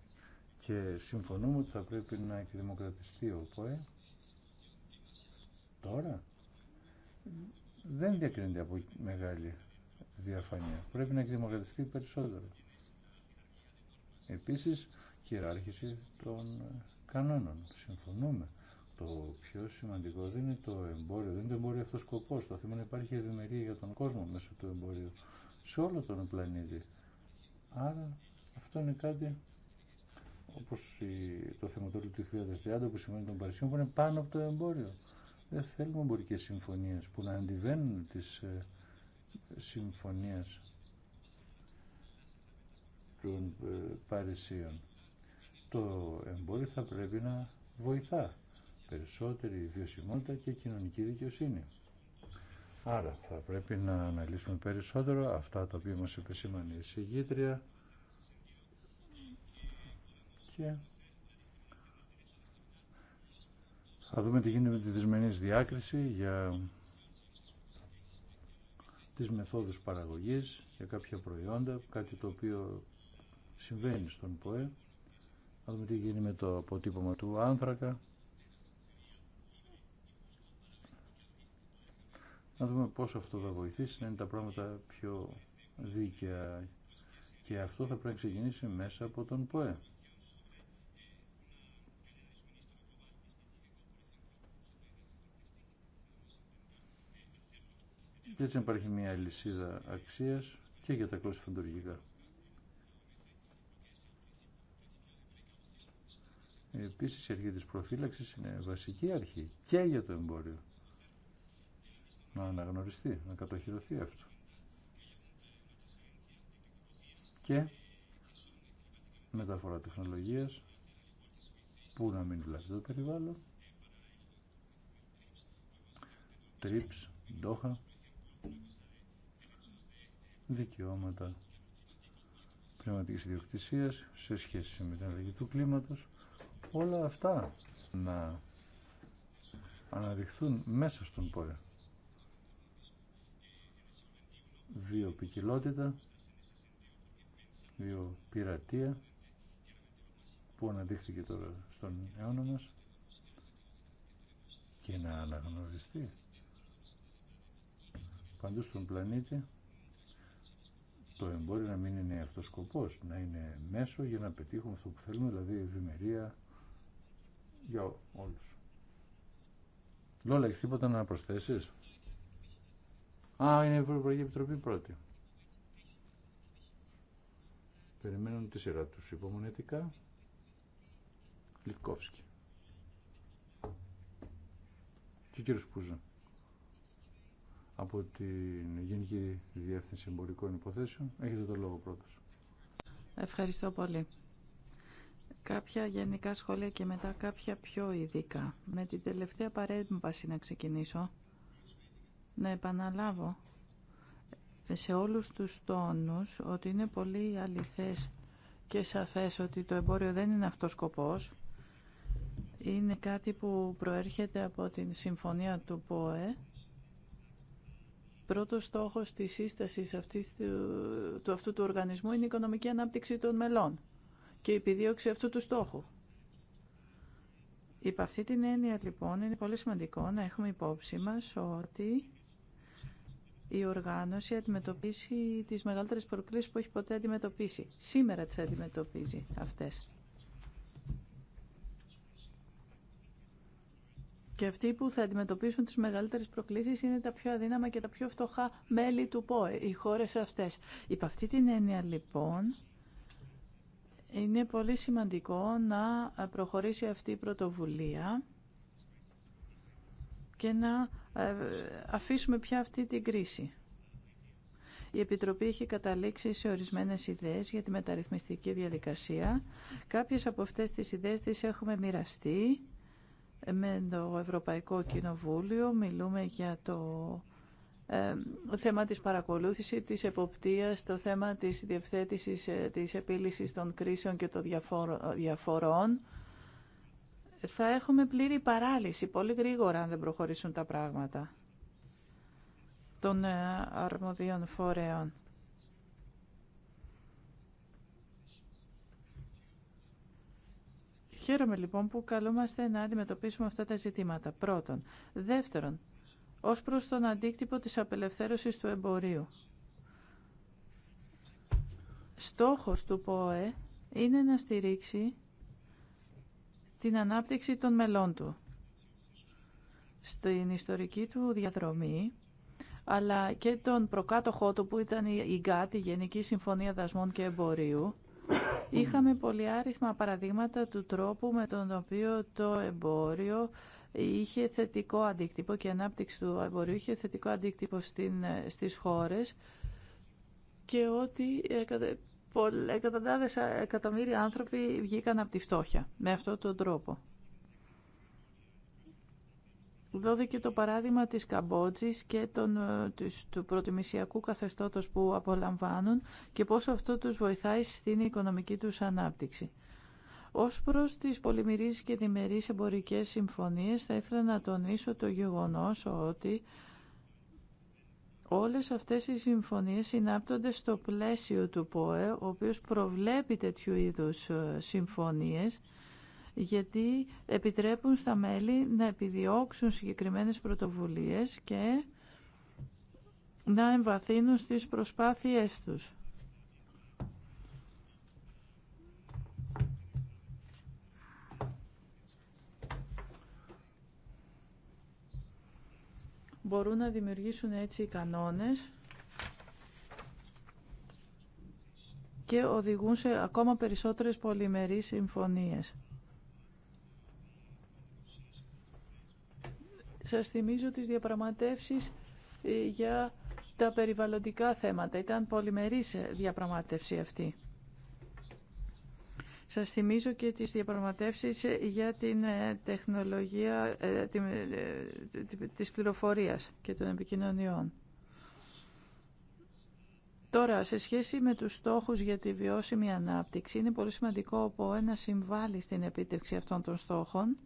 και συμφωνούμε ότι θα πρέπει να εκδημοκρατιστεί ο ΠΟΕ. Τώρα δεν διακρίνεται από μεγάλη διαφάνεια. Πρέπει να εκδημοκρατιστεί περισσότερο. Επίσης, κυράρχηση των κανόνων. Συμφωνούμε. Το πιο σημαντικό δεν είναι το εμπόριο, δεν είναι το εμπόριο αυτός σκοπός. Το θέμα είναι υπάρχει ευημερία για τον κόσμο μέσω του εμπόριου σε όλο τον πλανήτη. Άρα αυτό είναι κάτι όπως το θεματολόγιο του 2030 που σημαίνει τον Παρισιών που είναι πάνω από το εμπόριο. Δεν θέλουμε εμπορικέ συμφωνίες που να αντιβαίνουν τι ε, συμφωνίες των ε, Παρισίων. Το εμπόριο θα πρέπει να βοηθά περισσότερη βιωσιμότητα και κοινωνική δικαιοσύνη. Άρα θα πρέπει να αναλύσουμε περισσότερο αυτά τα οποία μας επισήμανε η συγγήτρια και θα δούμε τι γίνεται με τη δυσμενής διάκριση για τις μεθόδους παραγωγής, για κάποια προϊόντα, κάτι το οποίο συμβαίνει στον ΠΟΕ. Θα δούμε τι γίνεται με το αποτύπωμα του άνθρακα, να δούμε πώς αυτό θα βοηθήσει να είναι τα πράγματα πιο δίκαια και αυτό θα πρέπει να ξεκινήσει μέσα από τον ΠΟΕ. Και έτσι υπάρχει μια λυσίδα αξίας και για τα κλώσσα φαντουργικά. Επίσης η αρχή της προφύλαξης είναι βασική αρχή και για το εμπόριο να αναγνωριστεί, να κατοχυρωθεί αυτό. Και μεταφορά τεχνολογίας, που να μην βλάβει το περιβάλλον, τρίψ, ντόχα, δικαιώματα πνευματικής ιδιοκτησίας σε σχέση με την αλλαγή του κλίματος, όλα αυτά να αναδειχθούν μέσα στον πόλεμο. βιοπικιλότητα, βιοπειρατεία που αναδείχθηκε τώρα στον αιώνα μας και να αναγνωριστεί παντού στον πλανήτη το εμπόριο να μην είναι αυτός σκοπός, να είναι μέσο για να πετύχουμε αυτό που θέλουμε, δηλαδή ευημερία για όλους. Λόλα, έχεις τίποτα να προσθέσεις? Α, είναι η Ευρωπαϊκή Επιτροπή πρώτη. Περιμένουν τη σειρά τους υπομονετικά. Λιτκόφσκι. Και ο κύριος Πούζα. Από την Γενική Διεύθυνση Εμπορικών Υποθέσεων. Έχετε το λόγο πρώτος. Ευχαριστώ πολύ. Κάποια γενικά σχόλια και μετά κάποια πιο ειδικά. Με την τελευταία παρέμβαση να ξεκινήσω να επαναλάβω σε όλους τους τόνους ότι είναι πολύ αληθές και σαφές ότι το εμπόριο δεν είναι αυτός σκοπός. Είναι κάτι που προέρχεται από την συμφωνία του ΠΟΕ. Πρώτος στόχος της σύστασης αυτής του, αυτού του οργανισμού είναι η οικονομική ανάπτυξη των μελών και η επιδίωξη αυτού του στόχου. Υπ' αυτή την έννοια λοιπόν είναι πολύ σημαντικό να έχουμε υπόψη μας ότι η οργάνωση αντιμετωπίσει τις μεγαλύτερες προκλήσεις που έχει ποτέ αντιμετωπίσει. Σήμερα τις αντιμετωπίζει αυτές. Και αυτοί που θα αντιμετωπίσουν τις μεγαλύτερες προκλήσεις είναι τα πιο αδύναμα και τα πιο φτωχά μέλη του ΠΟΕ, οι χώρες αυτές. Υπ' αυτή την έννοια λοιπόν, είναι πολύ σημαντικό να προχωρήσει αυτή η πρωτοβουλία και να ε, αφήσουμε πια αυτή την κρίση. Η Επιτροπή έχει καταλήξει σε ορισμένες ιδέες για τη μεταρρυθμιστική διαδικασία. Κάποιες από αυτές τις ιδέες τις έχουμε μοιραστεί με το Ευρωπαϊκό Κοινοβούλιο. Μιλούμε για το ε, θέμα της παρακολούθησης, της εποπτείας, το θέμα της διευθέτησης, ε, της επίλυσης των κρίσεων και των διαφορών θα έχουμε πλήρη παράλυση πολύ γρήγορα αν δεν προχωρήσουν τα πράγματα των ε, αρμοδίων φορέων. Χαίρομαι λοιπόν που καλούμαστε να αντιμετωπίσουμε αυτά τα ζητήματα. Πρώτον. Δεύτερον, ως προς τον αντίκτυπο της απελευθέρωσης του εμπορίου. Στόχος του ΠΟΕ είναι να στηρίξει την ανάπτυξη των μελών του στην ιστορική του διαδρομή αλλά και τον προκάτοχό του που ήταν η ΓΚΑΤ, η Γενική Συμφωνία Δασμών και Εμπορίου, είχαμε άριθμα παραδείγματα του τρόπου με τον οποίο το εμπόριο είχε θετικό αντίκτυπο και η ανάπτυξη του εμπορίου είχε θετικό αντίκτυπο στην, στις χώρες και ότι ε, εκατοντάδες εκατομμύρια άνθρωποι βγήκαν από τη φτώχεια με αυτόν τον τρόπο. Δόθηκε το παράδειγμα της Καμπότζης και των, ε, του προτιμησιακού καθεστώτος που απολαμβάνουν και πώς αυτό τους βοηθάει στην οικονομική τους ανάπτυξη. Ως προς τις πολυμερείς και διμερείς εμπορικές συμφωνίες θα ήθελα να τονίσω το γεγονός ότι Όλες αυτές οι συμφωνίες συνάπτονται στο πλαίσιο του ΠΟΕ, ο οποίος προβλέπει τέτοιου είδους ε, συμφωνίες, γιατί επιτρέπουν στα μέλη να επιδιώξουν συγκεκριμένες πρωτοβουλίες και να εμβαθύνουν στις προσπάθειές τους. Μπορούν να δημιουργήσουν έτσι οι κανόνες και οδηγούν σε ακόμα περισσότερες πολυμερείς συμφωνίες. Σας θυμίζω τις διαπραγματεύσεις ε, για τα περιβαλλοντικά θέματα. Ήταν πολυμερής ε, διαπραγμάτευση αυτή. Σας θυμίζω και τις διαπραγματεύσεις για την ε, τεχνολογία ε, ε, της πληροφορίας και των επικοινωνιών. Τώρα, σε σχέση με τους στόχους για τη βιώσιμη ανάπτυξη, είναι πολύ σημαντικό που ένα συμβάλλει στην επίτευξη αυτών των στόχων.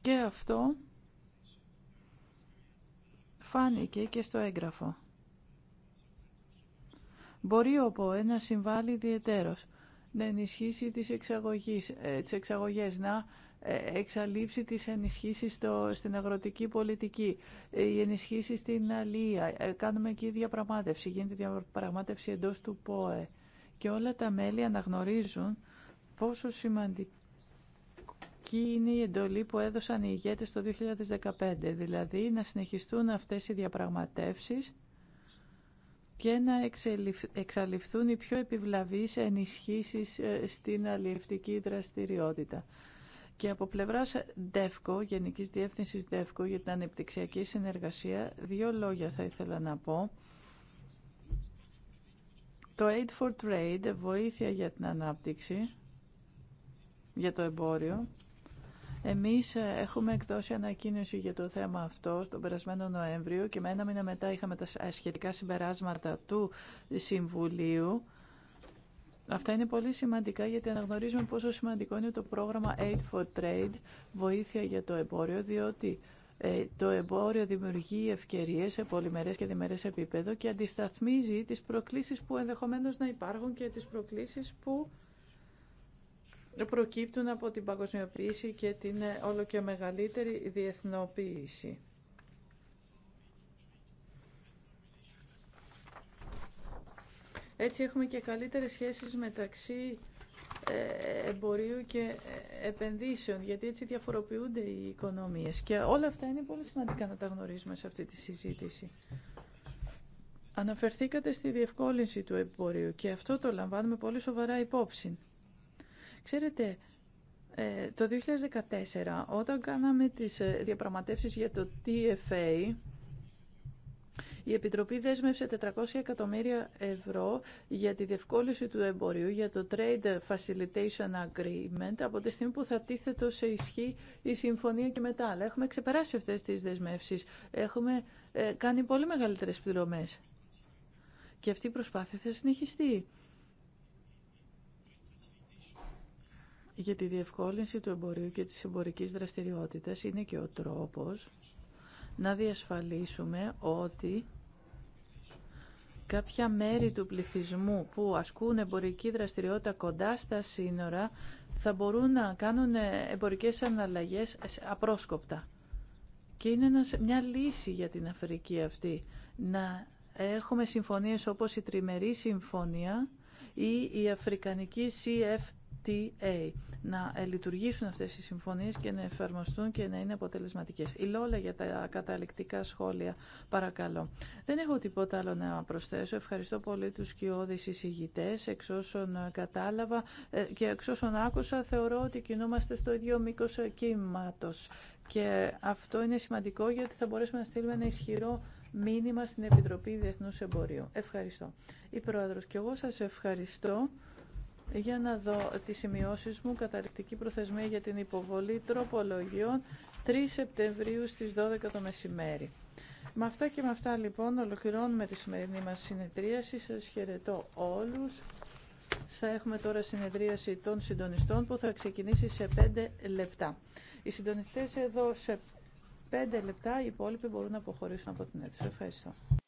Και αυτό φάνηκε και στο έγγραφο. Μπορεί ο ΠΟΕ να συμβάλλει ιδιαιτέρως, να ενισχύσει τις, ε, εξαγωγές, να ε, εξαλείψει τις ενισχύσεις στην αγροτική πολιτική, ε, οι ενισχύσεις στην αλία. Κάνουμε εκεί διαπραγμάτευση, γίνεται διαπραγμάτευση εντός του ΠΟΕ. Και όλα τα μέλη αναγνωρίζουν πόσο σημαντική είναι η εντολή που έδωσαν οι ηγέτες το 2015, δηλαδή να συνεχιστούν αυτές οι διαπραγματεύσεις και να εξαλειφθούν οι πιο επιβλαβείς ενισχύσεις ε, στην αλλιευτική δραστηριότητα. Και από πλευρά ΔΕΦΚΟ, Γενική Διεύθυνση ΔΕΦΚΟ για την Ανεπτυξιακή Συνεργασία, δύο λόγια θα ήθελα να πω. Το Aid for Trade, βοήθεια για την ανάπτυξη, για το εμπόριο, εμείς ε, έχουμε εκδώσει ανακοίνωση για το θέμα αυτό τον περασμένο Νοέμβριο και με ένα μήνα μετά είχαμε τα σχετικά συμπεράσματα του Συμβουλίου. Αυτά είναι πολύ σημαντικά γιατί αναγνωρίζουμε πόσο σημαντικό είναι το πρόγραμμα Aid for Trade, βοήθεια για το εμπόριο, διότι ε, το εμπόριο δημιουργεί ευκαιρίες σε πολυμερές και διμερές επίπεδο και αντισταθμίζει τις προκλήσεις που ενδεχομένως να υπάρχουν και τις προκλήσεις που προκύπτουν από την παγκοσμιοποίηση και την ε, όλο και μεγαλύτερη διεθνοποίηση. Έτσι έχουμε και καλύτερες σχέσεις μεταξύ ε, εμπορίου και ε, επενδύσεων, γιατί έτσι διαφοροποιούνται οι οικονομίες. Και όλα αυτά είναι πολύ σημαντικά να τα γνωρίζουμε σε αυτή τη συζήτηση. Αναφερθήκατε στη διευκόλυνση του εμπορίου και αυτό το λαμβάνουμε πολύ σοβαρά υπόψη. Ξέρετε, ε, το 2014 όταν κάναμε τις ε, διαπραγματεύσεις για το TFA, η Επιτροπή δέσμευσε 400 εκατομμύρια ευρώ για τη διευκόλυνση του εμπορίου, για το Trade Facilitation Agreement, από τη στιγμή που θα τίθετο σε ισχύ η συμφωνία και μετά. Αλλά έχουμε ξεπεράσει αυτές τις δεσμεύσεις. Έχουμε ε, κάνει πολύ μεγαλύτερες πληρωμές. Και αυτή η προσπάθεια θα συνεχιστεί. για τη διευκόλυνση του εμπορίου και της εμπορικής δραστηριότητας είναι και ο τρόπος να διασφαλίσουμε ότι κάποια μέρη του πληθυσμού που ασκούν εμπορική δραστηριότητα κοντά στα σύνορα θα μπορούν να κάνουν εμπορικές αναλλαγές απρόσκοπτα. Και είναι μια λύση για την Αφρική αυτή να έχουμε συμφωνίες όπως η Τριμερή Συμφωνία ή η Αφρικανική CF να ε, λειτουργήσουν αυτές οι συμφωνίες και να εφαρμοστούν και να είναι αποτελεσματικές. Η Λόλα για τα καταληκτικά σχόλια, παρακαλώ. Δεν έχω τίποτα άλλο να προσθέσω. Ευχαριστώ πολύ τους κοιόδης εισηγητές, εξ όσων ε, κατάλαβα ε, και εξ όσων άκουσα, θεωρώ ότι κινούμαστε στο ίδιο μήκος κύματος. Και αυτό είναι σημαντικό γιατί θα μπορέσουμε να στείλουμε ένα ισχυρό μήνυμα στην Επιτροπή Διεθνούς Εμπορίου. Ευχαριστώ. Η Πρόεδρος και εγώ σας ευχαριστώ. Για να δω τις σημειώσεις μου, καταληκτική προθεσμία για την υποβολή τροπολογιών 3 Σεπτεμβρίου στις 12 το μεσημέρι. Με αυτά και με αυτά λοιπόν ολοκληρώνουμε τη σημερινή μας συνεδρίαση. Σας χαιρετώ όλους. Θα έχουμε τώρα συνεδρίαση των συντονιστών που θα ξεκινήσει σε 5 λεπτά. Οι συντονιστές εδώ σε 5 λεπτά, οι υπόλοιποι μπορούν να αποχωρήσουν από την αίθουσα. Ευχαριστώ.